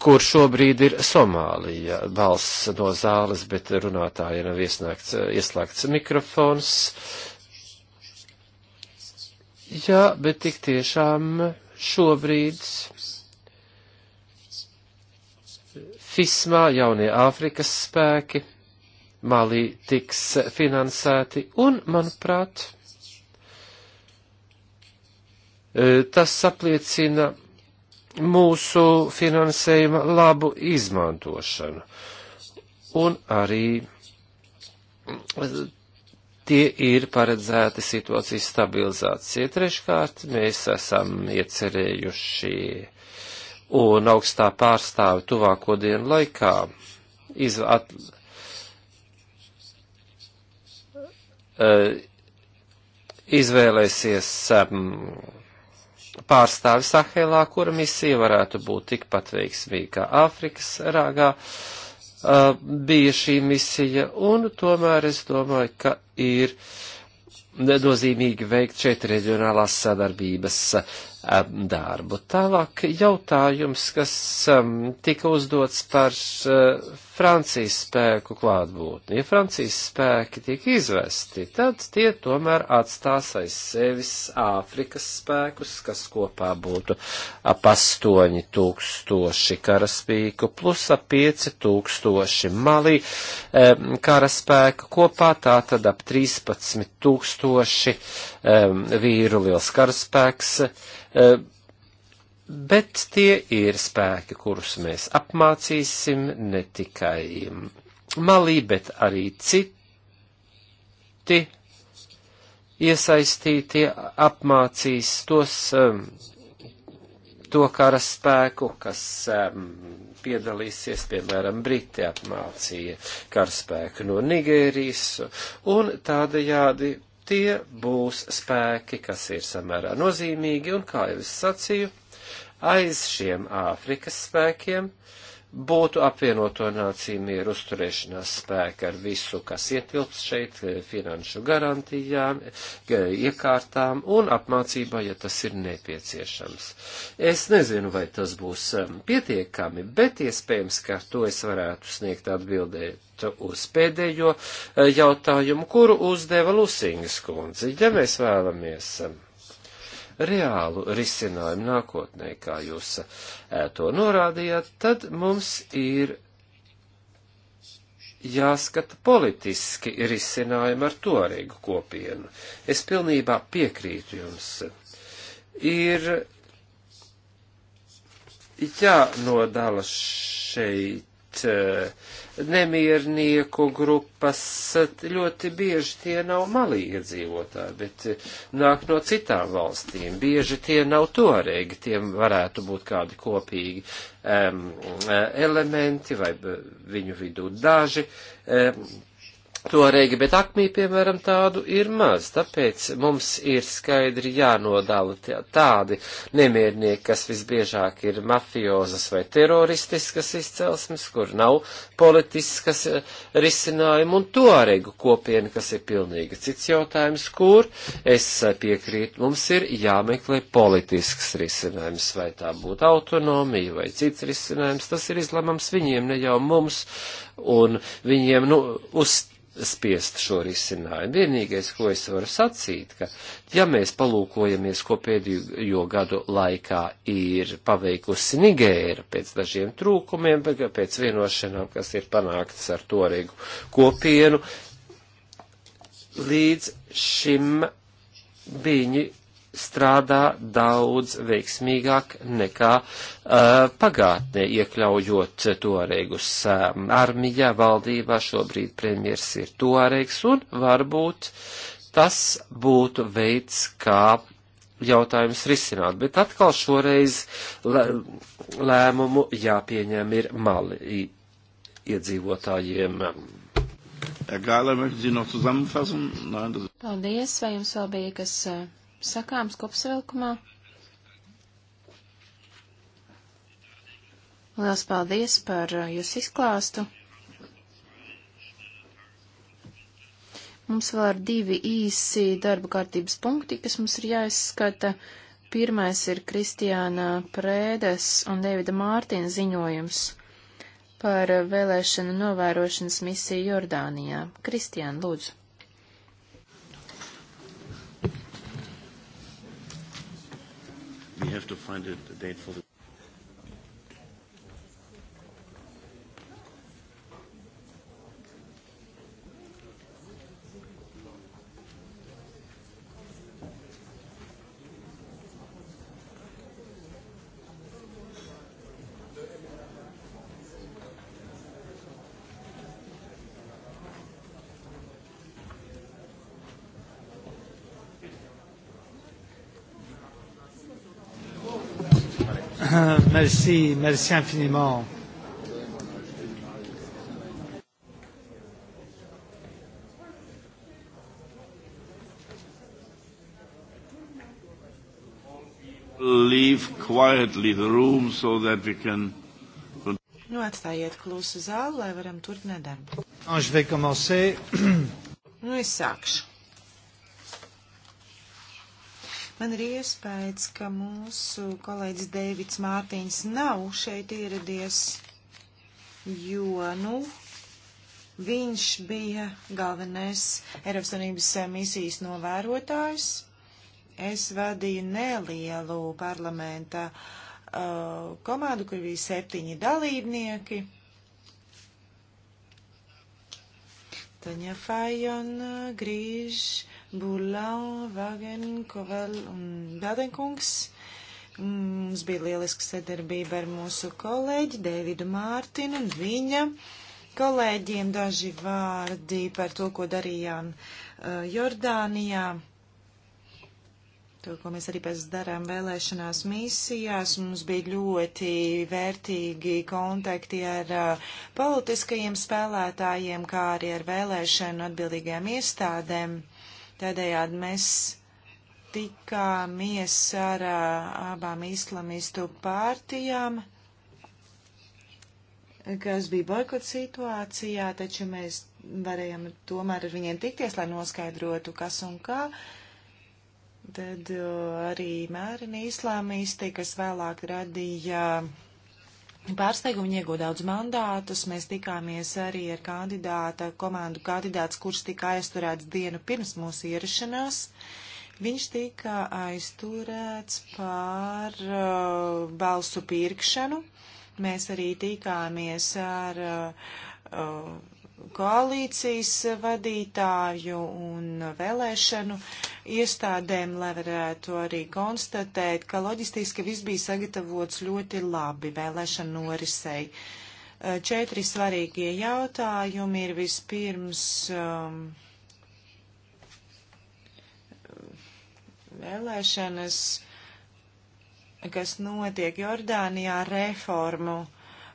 kur šobrīd ir Somālija. Balss no zāles, bet runātāja nav iesnākts, ieslēgts mikrofons. Jā, bet tik tiešām šobrīd FISMā jaunie Āfrikas spēki Malī tiks finansēti un, manuprāt, tas apliecina mūsu finansējuma labu izmantošanu. Un arī tie ir paredzēti situācijas stabilizācija. Treškārt, mēs esam iecerējuši un augstā pārstāvi tuvāko dienu laikā izvat, uh, eh, izvēlēsies um, pārstāvi Sahelā, kura misija varētu būt tikpat veiksmīga kā Āfrikas rāgā uh, bija šī misija, un tomēr es domāju, ka ir nozīmīgi veikt šeit reģionālās sadarbības darbu. Tālāk jautājums, kas um, tika uzdots par uh, Francijas spēku klātbūtni. Ja Francijas spēki tiek izvesti, tad tie tomēr atstās aiz sevis Āfrikas spēkus, kas kopā būtu ap 8 tūkstoši karaspīku plus ap 5 tūkstoši malī um, karaspēku kopā, tā tad ap 13 tūkstoši um, vīru liels karaspēks Eh, bet tie ir spēki, kurus mēs apmācīsim ne tikai Malī, bet arī citi iesaistītie apmācīs tos, eh, to kara spēku, kas eh, piedalīsies, piemēram, Briti apmācīja karaspēku no Nigērijas, un tādajādi Tie būs spēki, kas ir samērā nozīmīgi, un, kā jau es sacīju, aiz šiem Āfrikas spēkiem uh, būtu apvienoto nāciju mieru uzturēšanās spēka ar visu, kas ietilps šeit, eh, finanšu garantijām, eh, iekārtām un apmācībā, ja tas ir nepieciešams. Es nezinu, vai tas būs eh, pietiekami, bet iespējams, ka to es varētu sniegt atbildēt uz pēdējo jautājumu, kuru uzdeva Lusingas kundze. Ja mēs vēlamies reālu risinājumu nākotnē, kā jūs eh, to norādījāt, tad mums ir jāskata politiski risinājumi ar torīgu kopienu. Es pilnībā piekrītu jums. Ir jānodala šeit Eh, nemiernieku grupas, ļoti bieži tie nav malīgi dzīvotāji, bet eh, nāk no citām valstīm. Bieži tie nav torēgi, tiem varētu būt kādi kopīgi um, elementi vai viņu vidū daži. Um, toreigi, bet akmī, piemēram, tādu ir maz, tāpēc mums ir skaidri jānodala tādi nemiernieki, kas visbiežāk ir mafiozas vai teroristiskas izcelsmes, kur nav politiskas eh, risinājuma, un toreigu kopiena, kas ir pilnīgi cits jautājums, kur, es piekrītu, mums ir jāmeklē politisks risinājums, vai tā būtu autonomija vai cits risinājums, tas ir izlemams viņiem, ne jau mums, un viņiem, nu, uz spiest šo risinājumu. Vienīgais, ko es varu sacīt, ka ja mēs palūkojamies, ko pēdējo gadu laikā ir paveikusi Nigēra pēc dažiem trūkumiem, pēc vienošanām, kas ir panāktas ar torīgu kopienu, līdz šim viņi strādā daudz veiksmīgāk nekā uh, pagātnē, iekļaujot Tuaregus uh, armijā, valdībā, šobrīd premjers ir Tuaregs, un varbūt tas būtu veids, kā jautājums risināt, bet atkal šoreiz lē, lēmumu jāpieņem ir mali iedzīvotājiem. Paldies, vai jums vēl bija kas? Uh sakāms kopsavilkumā? Liels paldies par uh, jūsu izklāstu. Mums vēl ir divi īsi darba kārtības punkti, kas mums ir jāizskata. Pirmais ir Kristiāna Prēdes un Davida Mārtiņa ziņojums par uh, vēlēšanu novērošanas misiju Jordānijā. Kristiāna, lūdzu. we have to find a, a date for the merci, merci infiniment. Leave quietly the room so that we can. Nu, atstājiet klusu zāli, lai varam turpināt darbu. [CLEARS THROAT] Nu, es sākšu. Man ir iespējas, ka mūsu kolēģis Deivids Mārtiņš nav šeit ieradies, jo, nu, viņš bija galvenais Eiropas Unības misijas novērotājs. Es vadīju nelielu parlamenta uh, komandu, kur bija septiņi dalībnieki. Taņa Fajon, Grīž, Bulau, Vagen, Kovel un Bēdenkungs. Mums bija lieliska sadarbība ar mūsu kolēģi Dēvidu Mārtinu un viņa kolēģiem daži vārdi par to, ko darījām uh, Jordānijā. To, ko mēs arī pēc darām vēlēšanās misijās, mums bija ļoti vērtīgi kontakti ar uh, politiskajiem spēlētājiem, kā arī ar vēlēšanu atbildīgajām iestādēm. Tādējādi mēs tikāmies ar abām islamistu pārtijām, kas bija boikot situācijā, taču mēs varējām tomēr ar viņiem tikties, lai noskaidrotu, kas un kā. Tad arī mērni islāmisti, kas vēlāk radīja uh, pārsteigumu iegūda daudz mandātus. Mēs tikāmies arī ar kandidāta, komandu kandidāts, kurš tika aizturēts dienu pirms mūsu ierašanās. Viņš tika aizturēts par uh, balsu pirkšanu. Mēs arī tikāmies ar uh, uh, koalīcijas vadītāju un vēlēšanu iestādēm, lai varētu arī konstatēt, ka loģistiski viss bija sagatavots ļoti labi vēlēšanu norisei. Eh, četri svarīgie jautājumi ir vispirms um, vēlēšanas, kas notiek Jordānijā reformu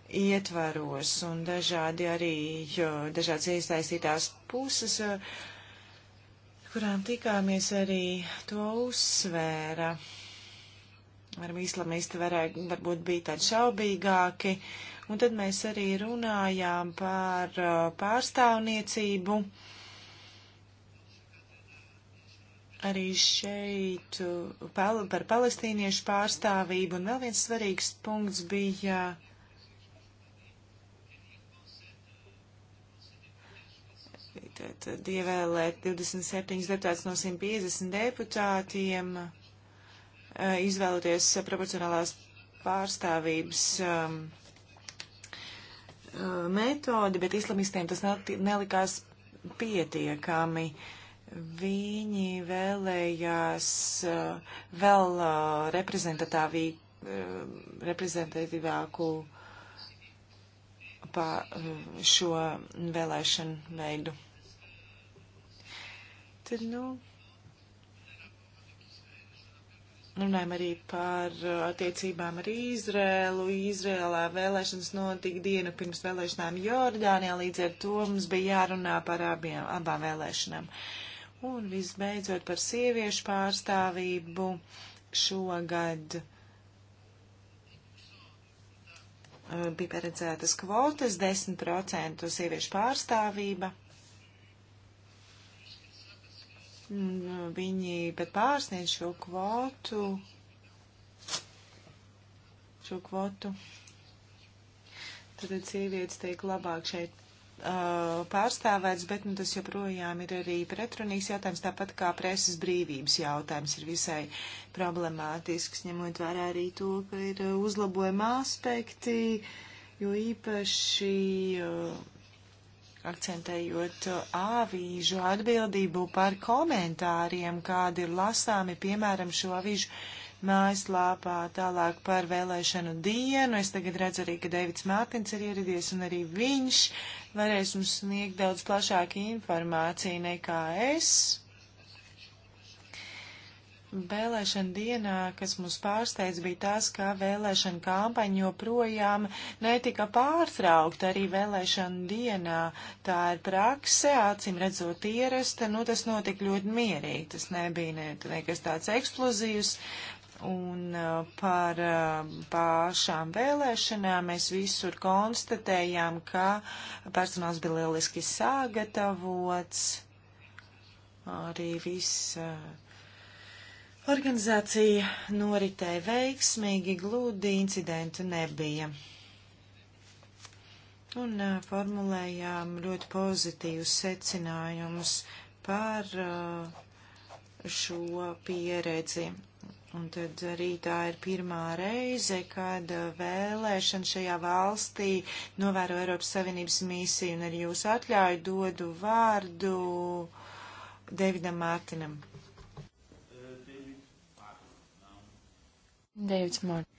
ietvaros un dažādi arī dažādas iesaistītās puses, eh, kurām tikāmies arī to uzsvēra. Ar islamisti varēja, varbūt bija tādi šaubīgāki, un tad mēs arī runājām par eh, pārstāvniecību. Arī šeit eh, par palestīniešu pārstāvību, un vēl viens svarīgs punkts bija uh, Tad ievēlēt 27 deputātus no 150 deputātiem, eh, izvēloties proporcionālās pārstāvības um, eh, metodi, bet islamistiem tas nelikās pietiekami. Viņi vēlējās uh, vēl uh, reprezentatīvāku reprezentatīvāku pa šo vēlēšanu veidu tad, nu, runājam arī par uh, attiecībām ar Izrēlu. Izrēlā vēlēšanas notika dienu pirms vēlēšanām Jordānijā, līdz ar to mums bija jārunā par abiem, abām vēlēšanām. Un visbeidzot par sieviešu pārstāvību šogad uh, bija paredzētas kvotas, 10% sieviešu pārstāvība. Uh, viņi pat pārsniedz šo kvotu. Šo kvotu. Tad sievietes tiek labāk šeit uh, pārstāvēts, bet nu, tas joprojām ir arī pretrunīgs jautājums, tāpat kā preses brīvības jautājums ir visai problemātisks, ņemot vērā arī to, ka ir uh, uzlabojuma aspekti, jo īpaši uh, akcentējot avīžu atbildību par komentāriem, kādi ir lasāmi, piemēram, šo avīžu mājaslāpā, tālāk par vēlēšanu dienu. Es tagad redzu arī, ka Deivids Mārtins ir ieradies, un arī viņš varēs mums sniegt daudz plašāku informāciju nekā es. Vēlēšana dienā, kas mums pārsteidz, bija tas, ka vēlēšana kampaņa joprojām netika pārtraukta arī vēlēšana dienā. Tā ir prakse, acīm redzot ierasta, nu tas notika ļoti mierīgi, tas nebija ne, nekas tāds eksplozīvs. Un par pašām vēlēšanām mēs visur konstatējām, ka personāls bija lieliski sagatavots, arī viss Organizācija noritēja veiksmīgi, glūdi incidentu nebija. Un uh, formulējām ļoti pozitīvus secinājumus par uh, šo pieredzi. Un tad arī tā ir pirmā reize, kad uh, vēlēšana šajā valstī novēro Eiropas Savienības misiju un ar jūsu atļauju dodu vārdu Davidam Mārtinam. Davids Mārtiņš.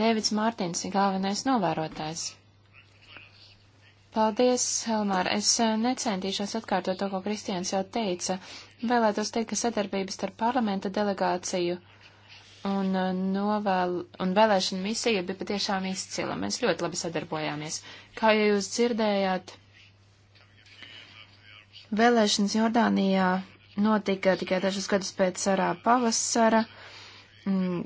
Davids Mārtiņš ir galvenais novērotājs. Paldies, Elmār. Es eh, necentīšos atkārtot to, ko Kristians jau teica. Vēlētos teikt, ka sadarbības starp parlamenta delegāciju un, eh, novēl, un vēlēšana misija bija patiešām izcila. Mēs ļoti labi sadarbojāmies. Kā jau jūs dzirdējāt, vēlēšanas Jordānijā notika tikai dažus gadus pēc sarā pavasara. Mm,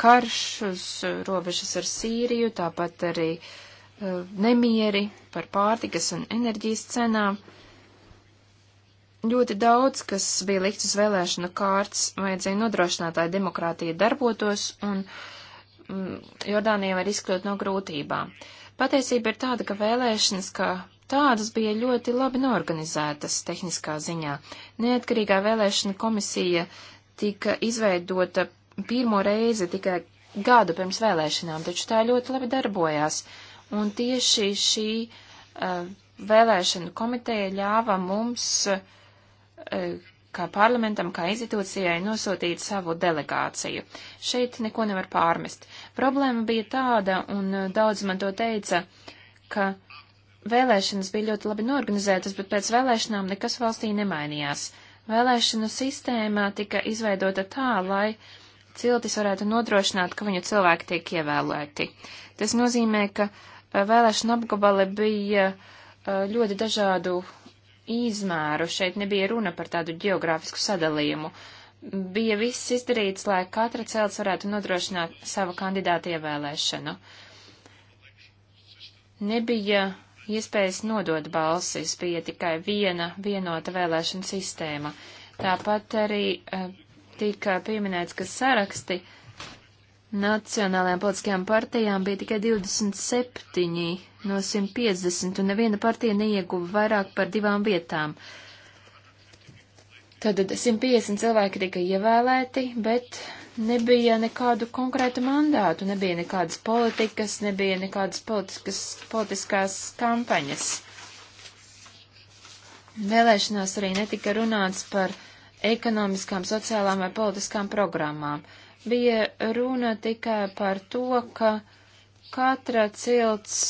karš uz robežas ar Sīriju, tāpat arī e, nemieri par pārtikas un enerģijas cenām. Ļoti daudz, kas bija likts uz vēlēšanu kārtas, vajadzēja nodrošināt, lai demokrātija darbotos un mm, Jordānija var izkļūt no grūtībām. Patiesība ir tāda, ka vēlēšanas, kā tādas bija ļoti labi norganizētas tehniskā ziņā. Neatkarīgā vēlēšana komisija tika izveidota pirmo reizi tikai gadu pirms vēlēšanām, taču tā ļoti labi darbojās. Un tieši šī uh, eh, vēlēšanu komiteja ļāva mums, uh, kā parlamentam, kā institūcijai, nosūtīt savu delegāciju. Šeit neko nevar pārmest. Problēma bija tāda, un eh, daudz man to teica, ka uh, Vēlēšanas bija ļoti labi norganizētas, bet pēc vēlēšanām nekas valstī nemainījās. Vēlēšanu sistēmā tika izveidota tā, lai ciltis varētu nodrošināt, ka viņu cilvēki tiek ievēlēti. Tas nozīmē, ka eh, vēlēšana apgabali bija eh, ļoti dažādu izmēru. Šeit nebija runa par tādu geogrāfisku sadalījumu. Bija viss izdarīts, lai katra celts varētu nodrošināt savu kandidātu ievēlēšanu. Nebija iespējas nodot balsis, bija tikai viena vienota vēlēšana sistēma. Tāpat arī eh, tika pieminēts, ka saraksti nacionālajām politiskajām partijām bija tikai 27 no 150, un neviena partija neieguva vairāk par divām vietām. Tad 150 cilvēki tika ievēlēti, bet nebija nekādu konkrētu mandātu, nebija nekādas politikas, nebija nekādas politiskas, politiskās kampaņas. Vēlēšanās arī netika runāts par ekonomiskām, sociālām vai politiskām programmām. Bija runa tikai par to, ka katra cilts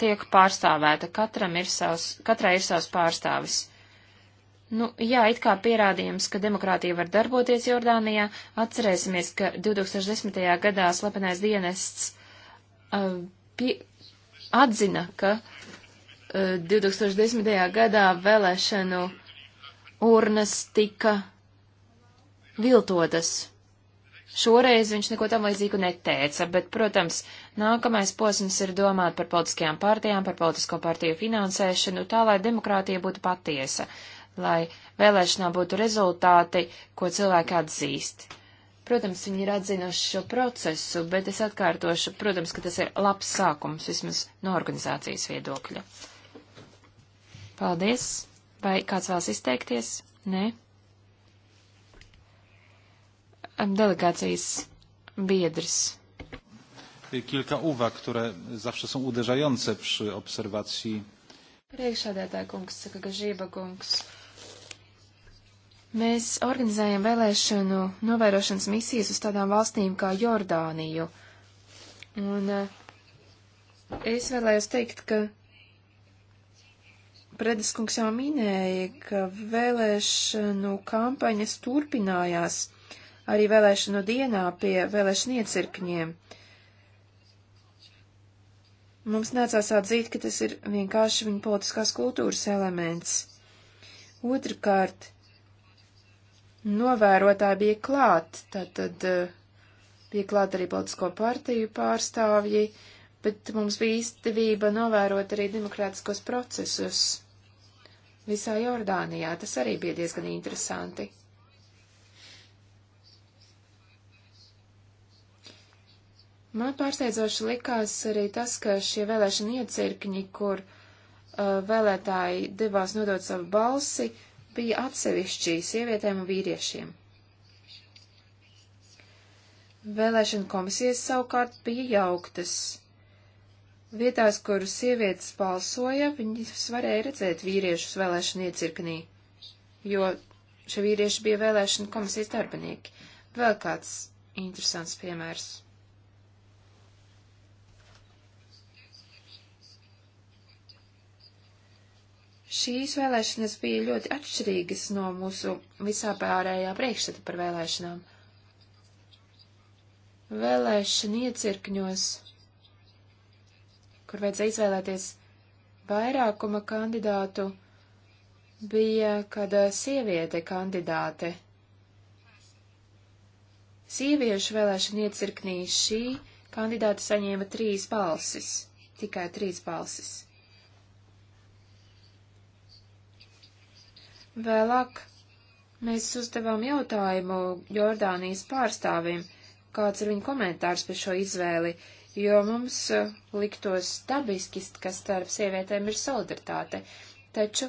tiek pārstāvēta, katram ir savs, katrai ir savs pārstāvis. Nu, jā, it kā pierādījums, ka demokrātija var darboties Jordānijā. Atcerēsimies, ka 2010. gadā slepenais dienests uh, pie, atzina, ka uh, 2010. gadā vēlēšanu urnas tika viltotas. Šoreiz viņš neko tam līdzīgu neteica, bet, protams, nākamais posms ir domāt par politiskajām partijām, par politisko partiju finansēšanu, tā lai demokrātija būtu patiesa. Uh, lai vēlēšanā būtu rezultāti, ko cilvēki atzīst. Protams, viņi ir atzinuši šo procesu, bet es atkārtošu, protams, ka tas ir labs sākums vismaz no organizācijas viedokļa. Paldies! Vai kāds vēlas izteikties? Nē? Delegācijas biedrs. Kilka uwag, które zawsze są uderzające przy obserwacji. Priekšādētāja kungs, saka Gažība kungs. Mēs organizējam vēlēšanu novērošanas misijas uz tādām valstīm kā Jordāniju. Un eh, es vēlējos teikt, ka Predeskungs jau minēja, ka vēlēšanu kampaņas turpinājās arī vēlēšanu dienā pie vēlēšanu iecirkņiem. Mums nācās atzīt, ka tas ir vienkārši viņa politiskās kultūras elements. Otrakārt, novērotāji bija klāt, tātad eh, bija klāt arī politisko partiju pārstāvji, bet mums bija izdevība novērot arī demokrātiskos procesus visā Jordānijā. Tas arī bija diezgan interesanti. Man pārsteidzoši likās arī tas, ka šie vēlēšana iecirkņi, kur uh, vēlētāji devās nodot savu balsi, uh, bija atsevišķi sievietēm un vīriešiem. Vēlēšana komisijas savukārt bija jauktas. Vietās, kur sievietes balsoja, viņas varēja redzēt vīriešus vēlēšana iecirknī, jo šie vīrieši bija vēlēšana komisijas darbinieki. Vēl kāds interesants piemērs. Šīs vēlēšanas bija ļoti atšķirīgas no mūsu visā pārējā priekšstata par vēlēšanām. Vēlēšana iecirkņos, kur vajadzēja izvēlēties vairākuma kandidātu, bija kāda eh, sieviete kandidāte. Sieviešu vēlēšana iecirknī šī kandidāte saņēma trīs balsis, tikai trīs balsis. Vēlāk mēs uzdevām jautājumu Jordānijas pārstāvim, kāds ir viņa komentārs par šo izvēli, jo mums eh, liktos dabiski, ka starp sievietēm ir solidaritāte, taču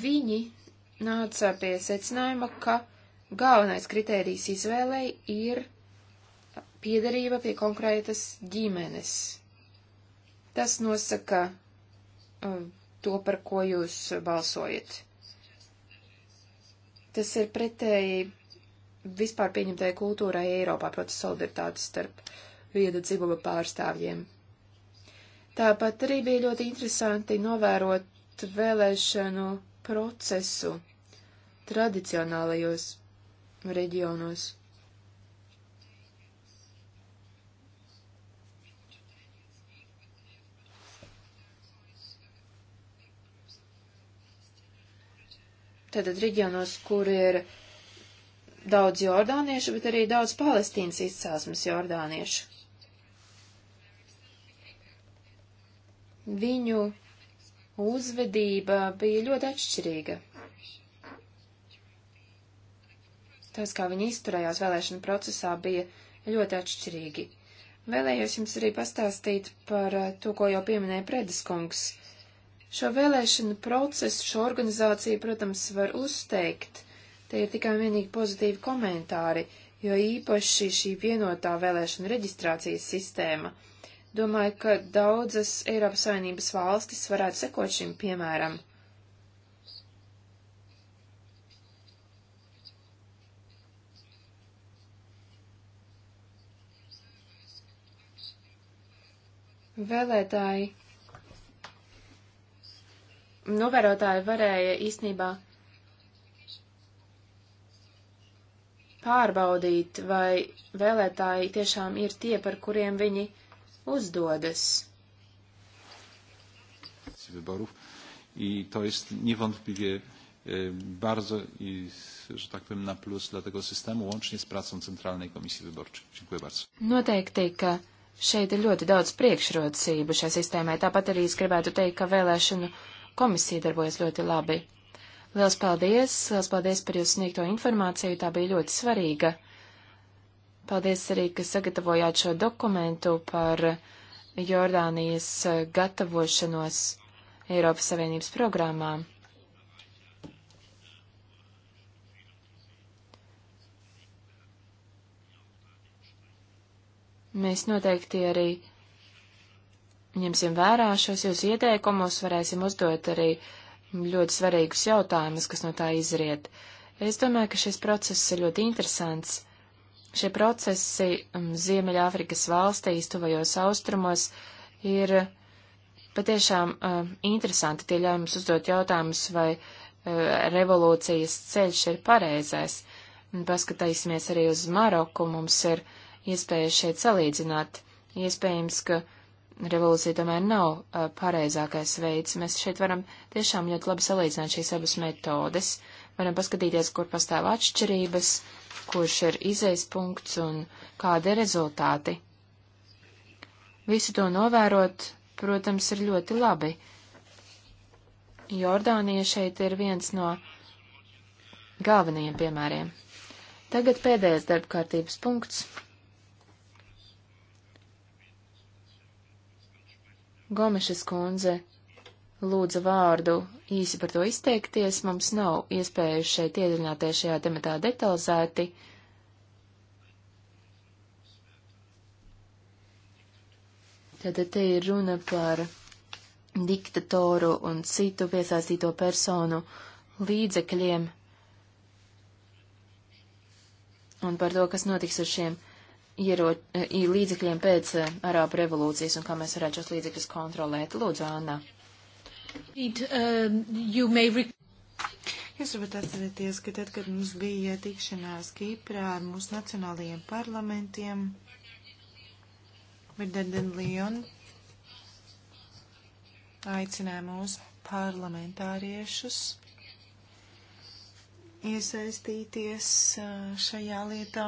viņi nāca pie secinājuma, ka galvenais kritērijs izvēlei ir piederība pie konkrētas ģimenes. Tas nosaka eh, to, par ko jūs balsojat. Tas ir pretēji vispār pieņemtajai kultūrai Eiropā, proti solidaritātes starp vieda dzimuma pārstāvjiem. Tāpat arī bija ļoti interesanti novērot vēlēšanu procesu tradicionālajos reģionos. Tātad reģionos, kur ir daudz jordāniešu, bet arī daudz palestīnas izcelsmes jordāniešu. Viņu uzvedība bija ļoti atšķirīga. Tas, kā viņi izturējās vēlēšana procesā, bija ļoti atšķirīgi. Vēlējos jums arī pastāstīt par uh, to, ko jau pieminēja Predeskungs Šo vēlēšanu procesu, šo organizāciju, protams, var uzteikt. Te ir tikai vienīgi pozitīvi komentāri, jo īpaši šī vienotā vēlēšana reģistrācijas sistēma. Domāju, ka daudzas Eiropas Savienības valstis varētu sekot šim piemēram. Vēlētāji novērotāji varēja īstenībā pārbaudīt, vai vēlētāji tiešām ir tie, par kuriem viņi uzdodas. Wyborów i to jest niewątpliwie e, bardzo, że tak powiem, na plus dla tego systemu, łącznie z pracą Centralnej Komisji Wyborczej. Dziękuję bardzo. Noteikti, ka šeit ir ļoti daudz priekšrocību šai sistēmai. Tāpat arī es gribētu teikt, ka vēlēšanu komisija darbojas ļoti labi. Liels paldies! Liels paldies par jūsu sniegto informāciju, tā bija ļoti svarīga. Paldies arī, ka sagatavojāt šo dokumentu par Jordānijas gatavošanos Eiropas Savienības programmām. Mēs noteikti arī ņemsim vērā šos jūsu ieteikumus, varēsim uzdot arī ļoti svarīgus jautājumus, kas no tā izriet. Es domāju, ka šis process ir ļoti interesants. Šie procesi um, Ziemeļāfrikas valstīs, tuvajos austrumos, ir patiešām uh, interesanti. Tie ļauj mums uzdot jautājumus, vai uh, revolūcijas ceļš ir pareizais. Un paskatīsimies arī uz Maroku, mums ir iespēja šeit salīdzināt. Iespējams, ka uh, revolūcija tomēr nav uh, pareizākais veids. Mēs šeit varam tiešām ļoti labi salīdzināt šīs abas metodes, varam paskatīties, kur pastāv atšķirības, kurš ir izejas punkts un kādi ir rezultāti. Visu to novērot, protams, ir ļoti labi. Jordānija šeit ir viens no galvenajiem piemēriem. Tagad pēdējais darbkārtības punkts. Gomešas kundze lūdza vārdu īsi par to izteikties. Mums nav iespēju šeit iedziļināties šajā tematā detalizēti. Tad te ir runa par diktatoru un citu piesaistīto personu līdzekļiem un par to, kas notiks ar šiem līdzekļiem iero, līdzekļiem pēc e, Arābu revolūcijas un kā mēs varētu šos līdzekļus kontrolēt. Lūdzu, Anna. It, uh, um, re... Jūs varat atcerēties, ka tad, kad mums bija tikšanās Kīprā ar mūsu nacionālajiem parlamentiem, Verdaden Leon aicināja mūsu parlamentāriešus iesaistīties e, šajā lietā.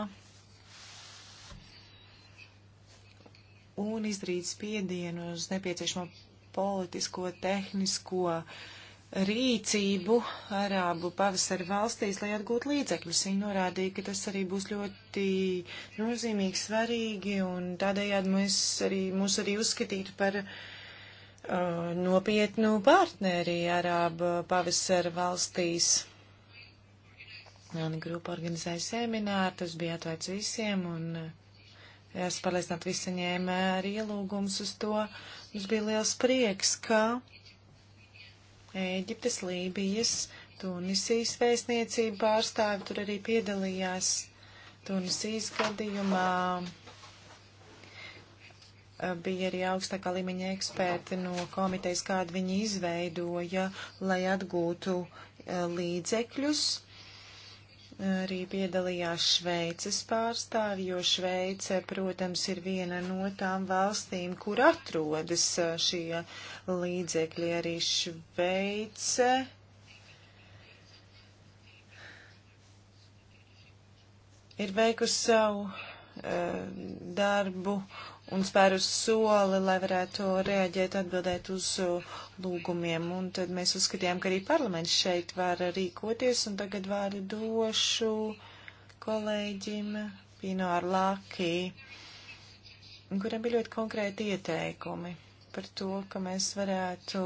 un izdarīt spiedienu uz nepieciešamo politisko, tehnisko rīcību Arābu pavasara valstīs, lai atgūtu līdzekļus. Viņi norādīja, ka tas arī būs ļoti nozīmīgi, svarīgi, un tādējādi mēs arī, mūs arī uzskatītu par uh, nopietnu partneri Arābu pavasara valstīs. Jauna grupa organizēja semināru, tas bija atvērts visiem, un uh, Es pārliecināt visi ņēmē arī ielūgums uz to. Mums bija liels prieks, ka Ēģiptes, Lībijas, Tunisijas vēstniecība pārstāvi tur arī piedalījās Tunisijas gadījumā bija arī augstākā līmeņa eksperti no komitejas, kādu viņi izveidoja, lai atgūtu eh, līdzekļus Arī piedalījās Šveices pārstāvi, jo Šveice, protams, ir viena no tām valstīm, kur atrodas uh, šie līdzekļi. Arī Šveice ir veikusi savu uh, darbu un spēru soli, lai varētu reaģēt, atbildēt uz uh, lūgumiem. Un tad mēs uzskatījām, ka arī parlaments šeit var rīkoties, un tagad vārdu došu kolēģim Pino Arlākī, kuram bija ļoti konkrēti ieteikumi par to, ka mēs varētu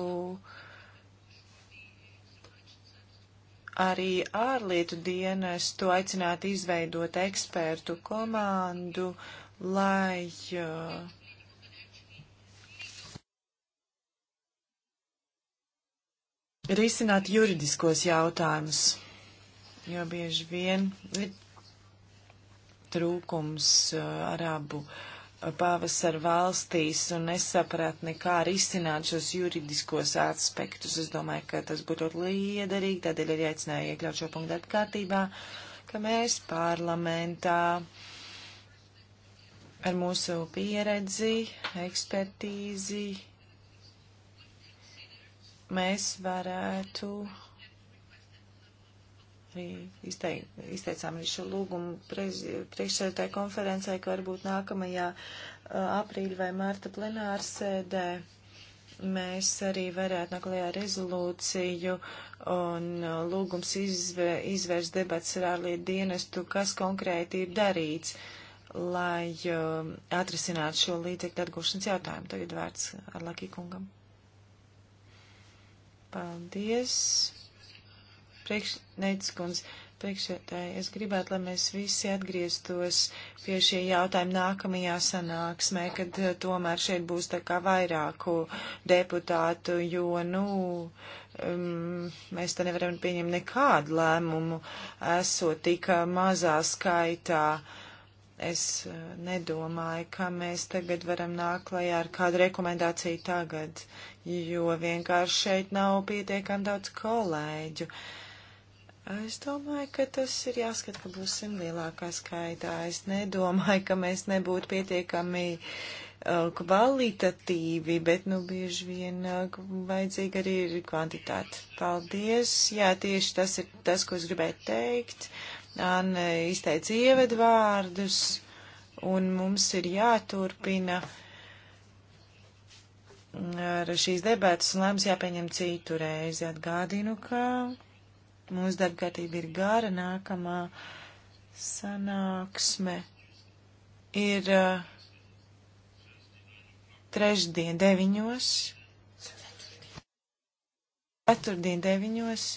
arī ārlietu dienestu aicināt izveidot ekspertu komandu, uh, lai uh, risināt juridiskos jautājumus, jo bieži vien ir trūkums uh, arabu uh, pavasara valstīs un nesapratni, kā risināt šos juridiskos aspektus. Es domāju, ka tas būtu ļoti liederīgi, tādēļ arī aicināju iekļaut šo punktu darba kārtībā, ka mēs parlamentā uh, ar mūsu pieredzi, ekspertīzi mēs varētu arī izteikt, izteicām arī šo lūgumu priekšsēdētāju konferencē, ka varbūt nākamajā aprīļa vai marta plenārsēdē mēs arī varētu naklējā rezolūciju un lūgums izvē, izvērst debats ar ārlietu dienestu, kas konkrēti ir darīts. Uh, lai uh, atrisinātu šo līdzekļu atgūšanas jautājumu. Tagad vērts Arlakī kungam. Paldies. Priekšneicis kundze, priekšētāji, es gribētu, lai mēs visi atgrieztos pie šī jautājuma nākamajā sanāksmē, kad uh, tomēr šeit būs tā kā vairāku deputātu, jo, nu, um, mēs te nevaram pieņemt nekādu lēmumu, esot tik uh, mazā skaitā. Uh, es eh, nedomāju, ka mēs tagad varam nākt klajā ar kādu rekomendāciju tagad, jo vienkārši šeit nav pietiekami daudz kolēģu. Es domāju, ka tas ir jāskat, ka būsim lielākā skaitā. Es nedomāju, ka mēs nebūtu pietiekami uh, kvalitatīvi, bet, nu, bieži vien uh, vajadzīga arī ir kvantitāte. Paldies! Jā, tieši tas ir tas, ko es gribēju teikt. Uh, Anne izteica ievedvārdus, un mums ir jāturpina ar šīs debatas un lēmums jāpieņem citu reizi. Atgādinu, ka mūsu darbkārtība ir gara, nākamā sanāksme ir uh, trešdien deviņos, ceturtdien deviņos.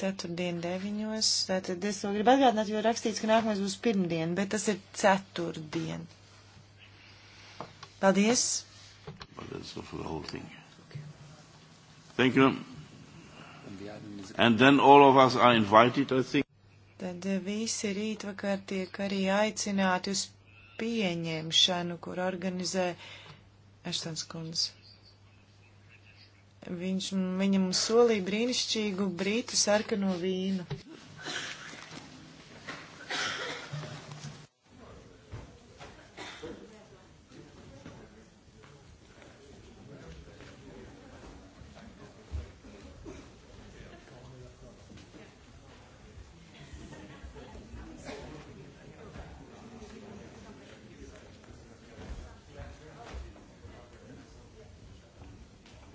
Ceturtdien deviņos. Tātad es to gribu atgādināt, jo rakstīts, ka nākamais būs pirmdien, bet tas ir ceturtdien. Paldies! Paldies for the whole thing. Thank you. And then all of us are invited, I think. Tad eh, visi rītvakar tiek arī aicināti uz pieņemšanu, kur organizē Eštans kundze. Viņš, viņa mums solīja brīnišķīgu brītu sarkano vīnu.